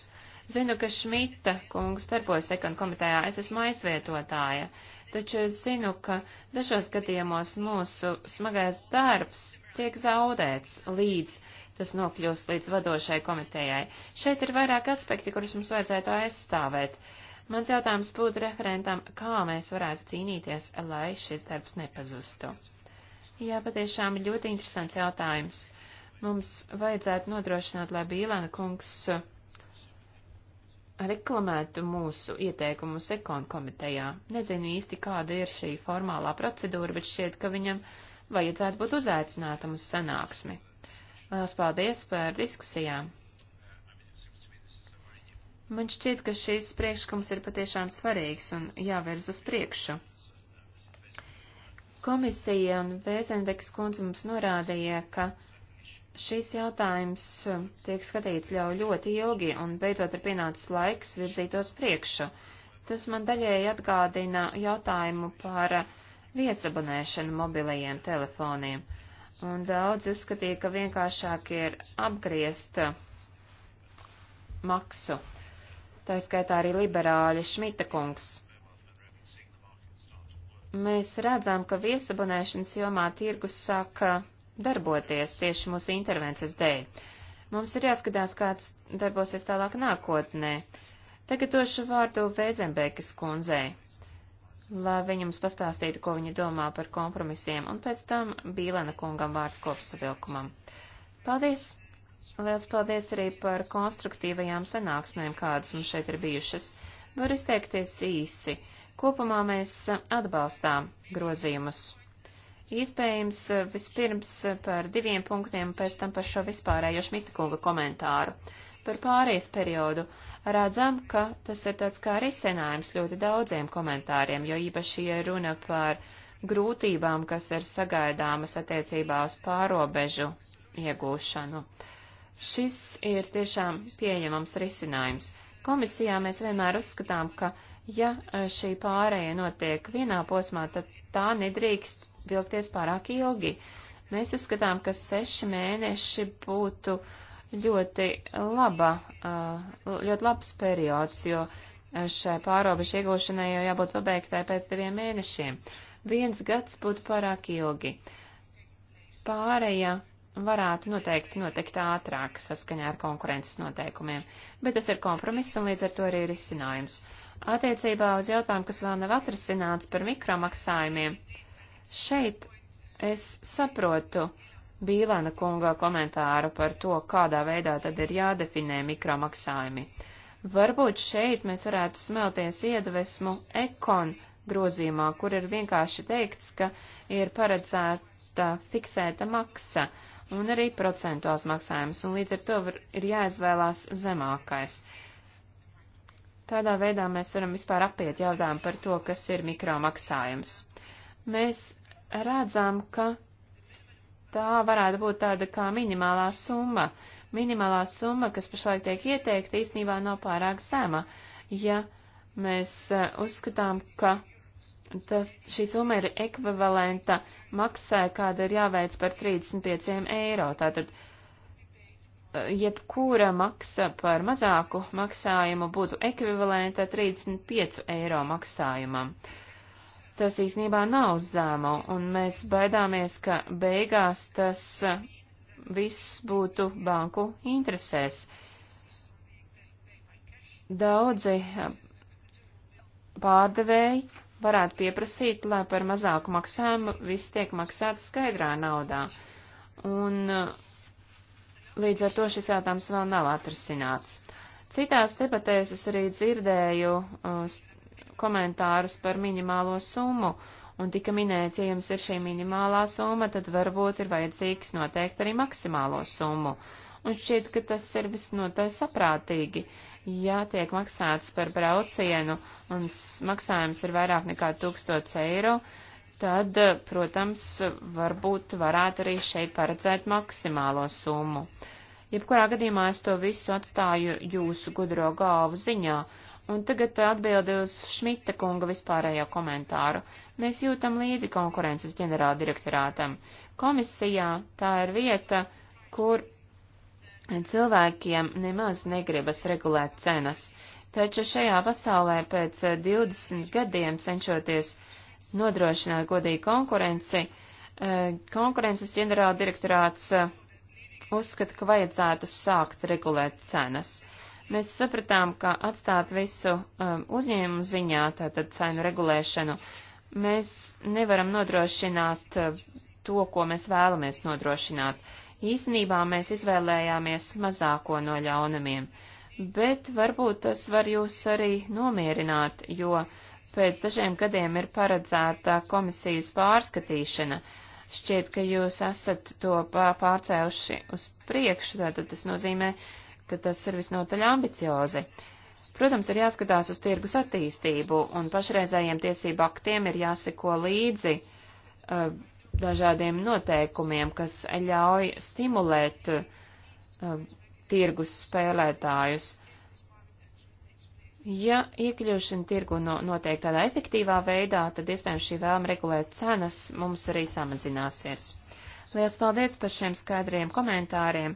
Zinu, ka Šmita kungs darbojas ekonu komitejā, es esmu aizvietotāja, taču es zinu, ka dažos gadījumos mūsu smagais darbs tiek zaudēts līdz tas nokļūst līdz vadošai komitejai. Šeit ir vairāk aspekti, kurus mums vajadzētu aizstāvēt. Mans jautājums būtu referentam, kā mēs varētu cīnīties, lai šis darbs nepazustu. Jā, patiešām ļoti interesants jautājums. Mums vajadzētu nodrošināt, lai Bīlēna kungs uh, reklamētu mūsu ieteikumus ekonu komitejā. Nezinu īsti, kāda ir šī formālā procedūra, bet šķiet, ka viņam vajadzētu būt uzaicinātam uz sanāksmi. Lielas paldies par diskusijām. Man šķiet, ka šīs priekšlikums ir patiešām svarīgs un jāvērz uz priekšu. Komisija un Vēzenbekas kundze mums norādīja, ka šīs jautājums um, tiek skatīts jau ļoti ilgi un beidzot ir pienācis laiks virzītos priekšu. Tas man daļēji atgādina jautājumu par viesabonēšanu mobilajiem telefoniem. Un daudz uzskatīja, ka vienkāršāk ir apgriezt uh, maksu. Tā skaitā arī liberāļa Šmita kungs mēs redzam, ka viesabonēšanas jomā tirgus sāk darboties tieši mūsu intervences dēļ. Mums ir jāskatās, kāds darbosies tālāk nākotnē. Tagad došu vārdu Vēzenbekas kundzei, lai viņa mums pastāstītu, ko viņa domā par kompromisiem, un pēc tam Bīlena kungam vārds kopsavilkumam. Paldies! Liels paldies arī par konstruktīvajām sanāksmēm, kādas mums šeit ir bijušas. Var izteikties īsi. Uh, Kopumā mēs atbalstām grozījumus. Iespējams, vispirms par diviem punktiem, pēc tam par šo vispārējo Šmitakunga komentāru. Par pārējais periodu redzam, ka tas ir tāds kā risinājums ļoti daudziem komentāriem, jo īpaši, ja runa par grūtībām, kas ir sagaidāmas attiecībā uz pārobežu iegūšanu. Šis ir tiešām pieņemams risinājums. Komisijā mēs vienmēr uzskatām, ka Ja e, šī pārēja notiek vienā posmā, tad tā nedrīkst vilkties pārāk ilgi. Mēs uzskatām, ka seši mēneši būtu ļoti laba, e, ļoti labs periods, jo e, šai pārobežu iegūšanai jau jābūt pabeigtai pēc diviem mēnešiem. Viens gads būtu pārāk ilgi. Pārējā varētu noteikti notikt ātrāk saskaņā ar konkurences noteikumiem, bet tas ir kompromiss un līdz ar to arī risinājums. Ar Attiecībā uz jautājumu, kas vēl nav atrasināts par mikromaksājumiem, šeit es saprotu Bīlēna kungā komentāru par to, kādā veidā tad ir jādefinē mikromaksājumi. Varbūt šeit mēs varētu smelties iedvesmu ekon grozījumā, kur ir vienkārši teikts, ka ir paredzēta fiksēta maksa un arī procentuāls maksājums, un līdz ar to var, ir jāizvēlās zemākais. Uh, Tādā veidā mēs varam vispār apiet jautājumu par to, kas ir mikromaksājums. Mēs redzam, ka tā varētu būt tāda kā minimālā summa. Minimālā summa, kas pašlaik tiek ieteikta, īstenībā nav pārāk zema. Ja mēs e, uzskatām, ka tas, šī summa ir ekvivalenta maksai, kāda ir jāveic par 35 eiro, tātad jebkura maksa par mazāku maksājumu būtu ekvivalenta 35 eiro maksājumam. Tas īsnībā nav zēmu, un mēs baidāmies, ka beigās tas viss būtu banku interesēs. Daudzi pārdevēji varētu pieprasīt, lai par mazāku maksājumu viss tiek maksāts skaidrā naudā. Un uh, Līdz ar to šis jautājums vēl nav atrasināts. Citās debatēs es arī dzirdēju uh, komentārus par minimālo summu, un tika minēts, ja jums ir šī minimālā summa, tad varbūt ir vajadzīgs noteikt arī maksimālo summu. Un šķiet, ka tas ir visnotaļ saprātīgi. Ja tiek maksāts par braucienu un maksājums ir vairāk nekā 1000 eiro, tad, protams, varbūt varētu arī šeit paredzēt maksimālo summu. Jebkurā gadījumā es to visu atstāju jūsu gudro galvu ziņā, un tagad atbildi uz Šmita kunga vispārējo komentāru. Mēs jūtam līdzi konkurences ģenerāla direktorātam. Komisijā tā ir vieta, kur cilvēkiem nemaz negribas regulēt cenas, taču šajā pasaulē pēc 20 gadiem cenšoties uh, nodrošināt godīgu konkurenci. Eh, konkurences ģenerāla direktorāts eh, uzskata, ka vajadzētu sākt regulēt cenas. Mēs sapratām, ka atstāt visu um, uzņēmumu ziņā, tātad cenu regulēšanu, mēs nevaram nodrošināt to, ko mēs vēlamies nodrošināt. Īsnībā mēs izvēlējāmies mazāko no ļaunumiem, bet varbūt tas var jūs arī nomierināt, jo Pēc dažiem gadiem ir paredzēta komisijas pārskatīšana. Šķiet, ka jūs esat to pārcēluši uz priekšu, tātad tas nozīmē, ka tas ir visnotaļ ambiciozi. Protams, ir jāskatās uz tirgus attīstību, un pašreizējiem tiesību aktiem ir jāseko līdzi uh, dažādiem noteikumiem, kas ļauj stimulēt uh, tirgus spēlētājus. Ja iekļūšana tirgu no, notiek tādā efektīvā veidā, tad iespējams šī vēlme regulēt cenas mums arī samazināsies. Lielas paldies par šiem skaidriem komentāriem,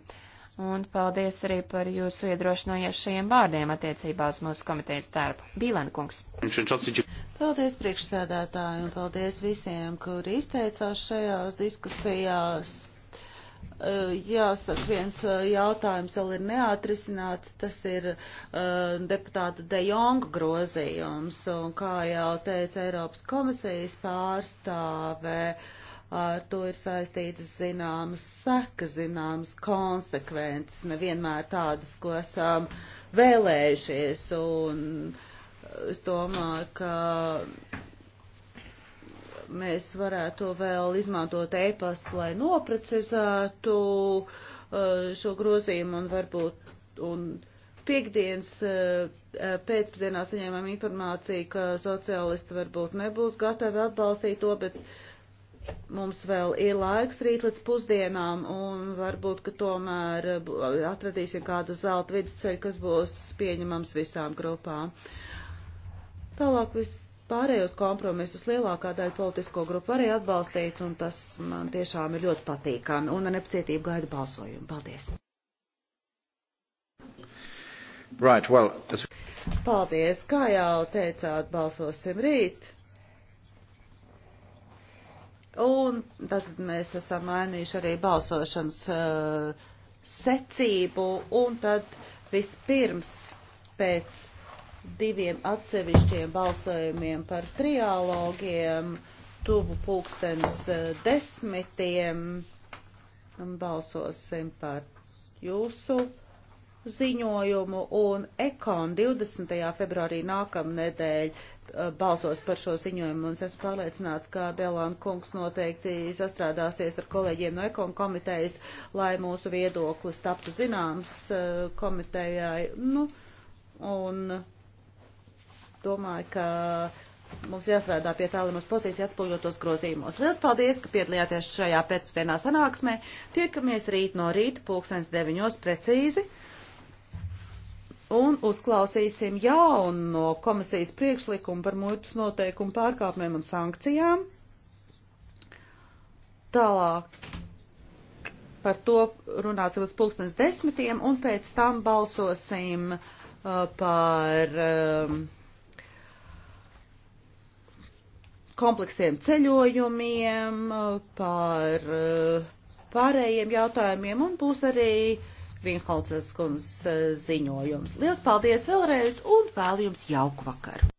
un paldies arī par jūsu iedrošinojošajiem vārdiem attiecībā uz mūsu komitejas darbu. Bīlenkungs. Paldies priekšsēdētāji, un paldies visiem, kuri izteicās šajās diskusijās. Jāsaka, viens jautājums vēl ir neatrisināts, tas ir uh, deputāta De Jonga grozījums, un kā jau teica Eiropas komisijas pārstāvē, ar to ir saistītas zināmas seka, zināmas konsekvences, nevienmēr tādas, ko esam vēlējušies, un es domāju, ka mēs varētu vēl izmantot e-pas, lai noprecizētu uh, šo grozījumu un varbūt un piekdienas uh, pēcpusdienā saņēmām informāciju, ka sociālisti varbūt nebūs gatavi atbalstīt to, bet mums vēl ir laiks rīt līdz pusdienām, un varbūt, ka tomēr uh, atradīsim kādu zelta vidusceļu, kas būs pieņemams visām grupām. Tālāk viss Pārējos kompromisus lielākā daļa politisko grupu arī atbalstīt, un tas man tiešām ir ļoti patīkami, un ar nepacietību gaidu balsojumu. Paldies! Right, well, as... Paldies, kā jau teicāt, balsosim rīt. Un tad mēs esam mainījuši arī balsošanas uh, secību, un tad vispirms pēc diviem atsevišķiem balsojumiem par triālogiem, tuvu pulkstens eh, desmitiem balsosim par jūsu ziņojumu un ekon 20. februārī nākamnedēļ eh, balsos par šo ziņojumu un es esmu pārliecināts, ka Belāna kungs noteikti sastrādāsies ar kolēģiem no ekon komitejas, lai mūsu viedoklis taptu zināms eh, komitejai. Nu, un, uh, domāju, ka mums jāstrādā pie tā, lai mūsu pozīcija atspoguļotos grozījumos. Lielas paldies, ka piedalījāties šajā pēcpusdienā sanāksmē. Tiekamies rīt no rīta, pulkstens deviņos precīzi. Un uzklausīsim jauno komisijas priekšlikumu par muitas noteikumu pārkāpumiem un sankcijām. Tālāk par to runāsim uz pulkstens desmitiem un pēc tam balsosim uh, par. Uh, kompleksiem ceļojumiem, par eh, pārējiem jautājumiem un būs arī Vinholces kundzes eh, ziņojums. Lielas paldies vēlreiz un vēl jums jauku vakaru!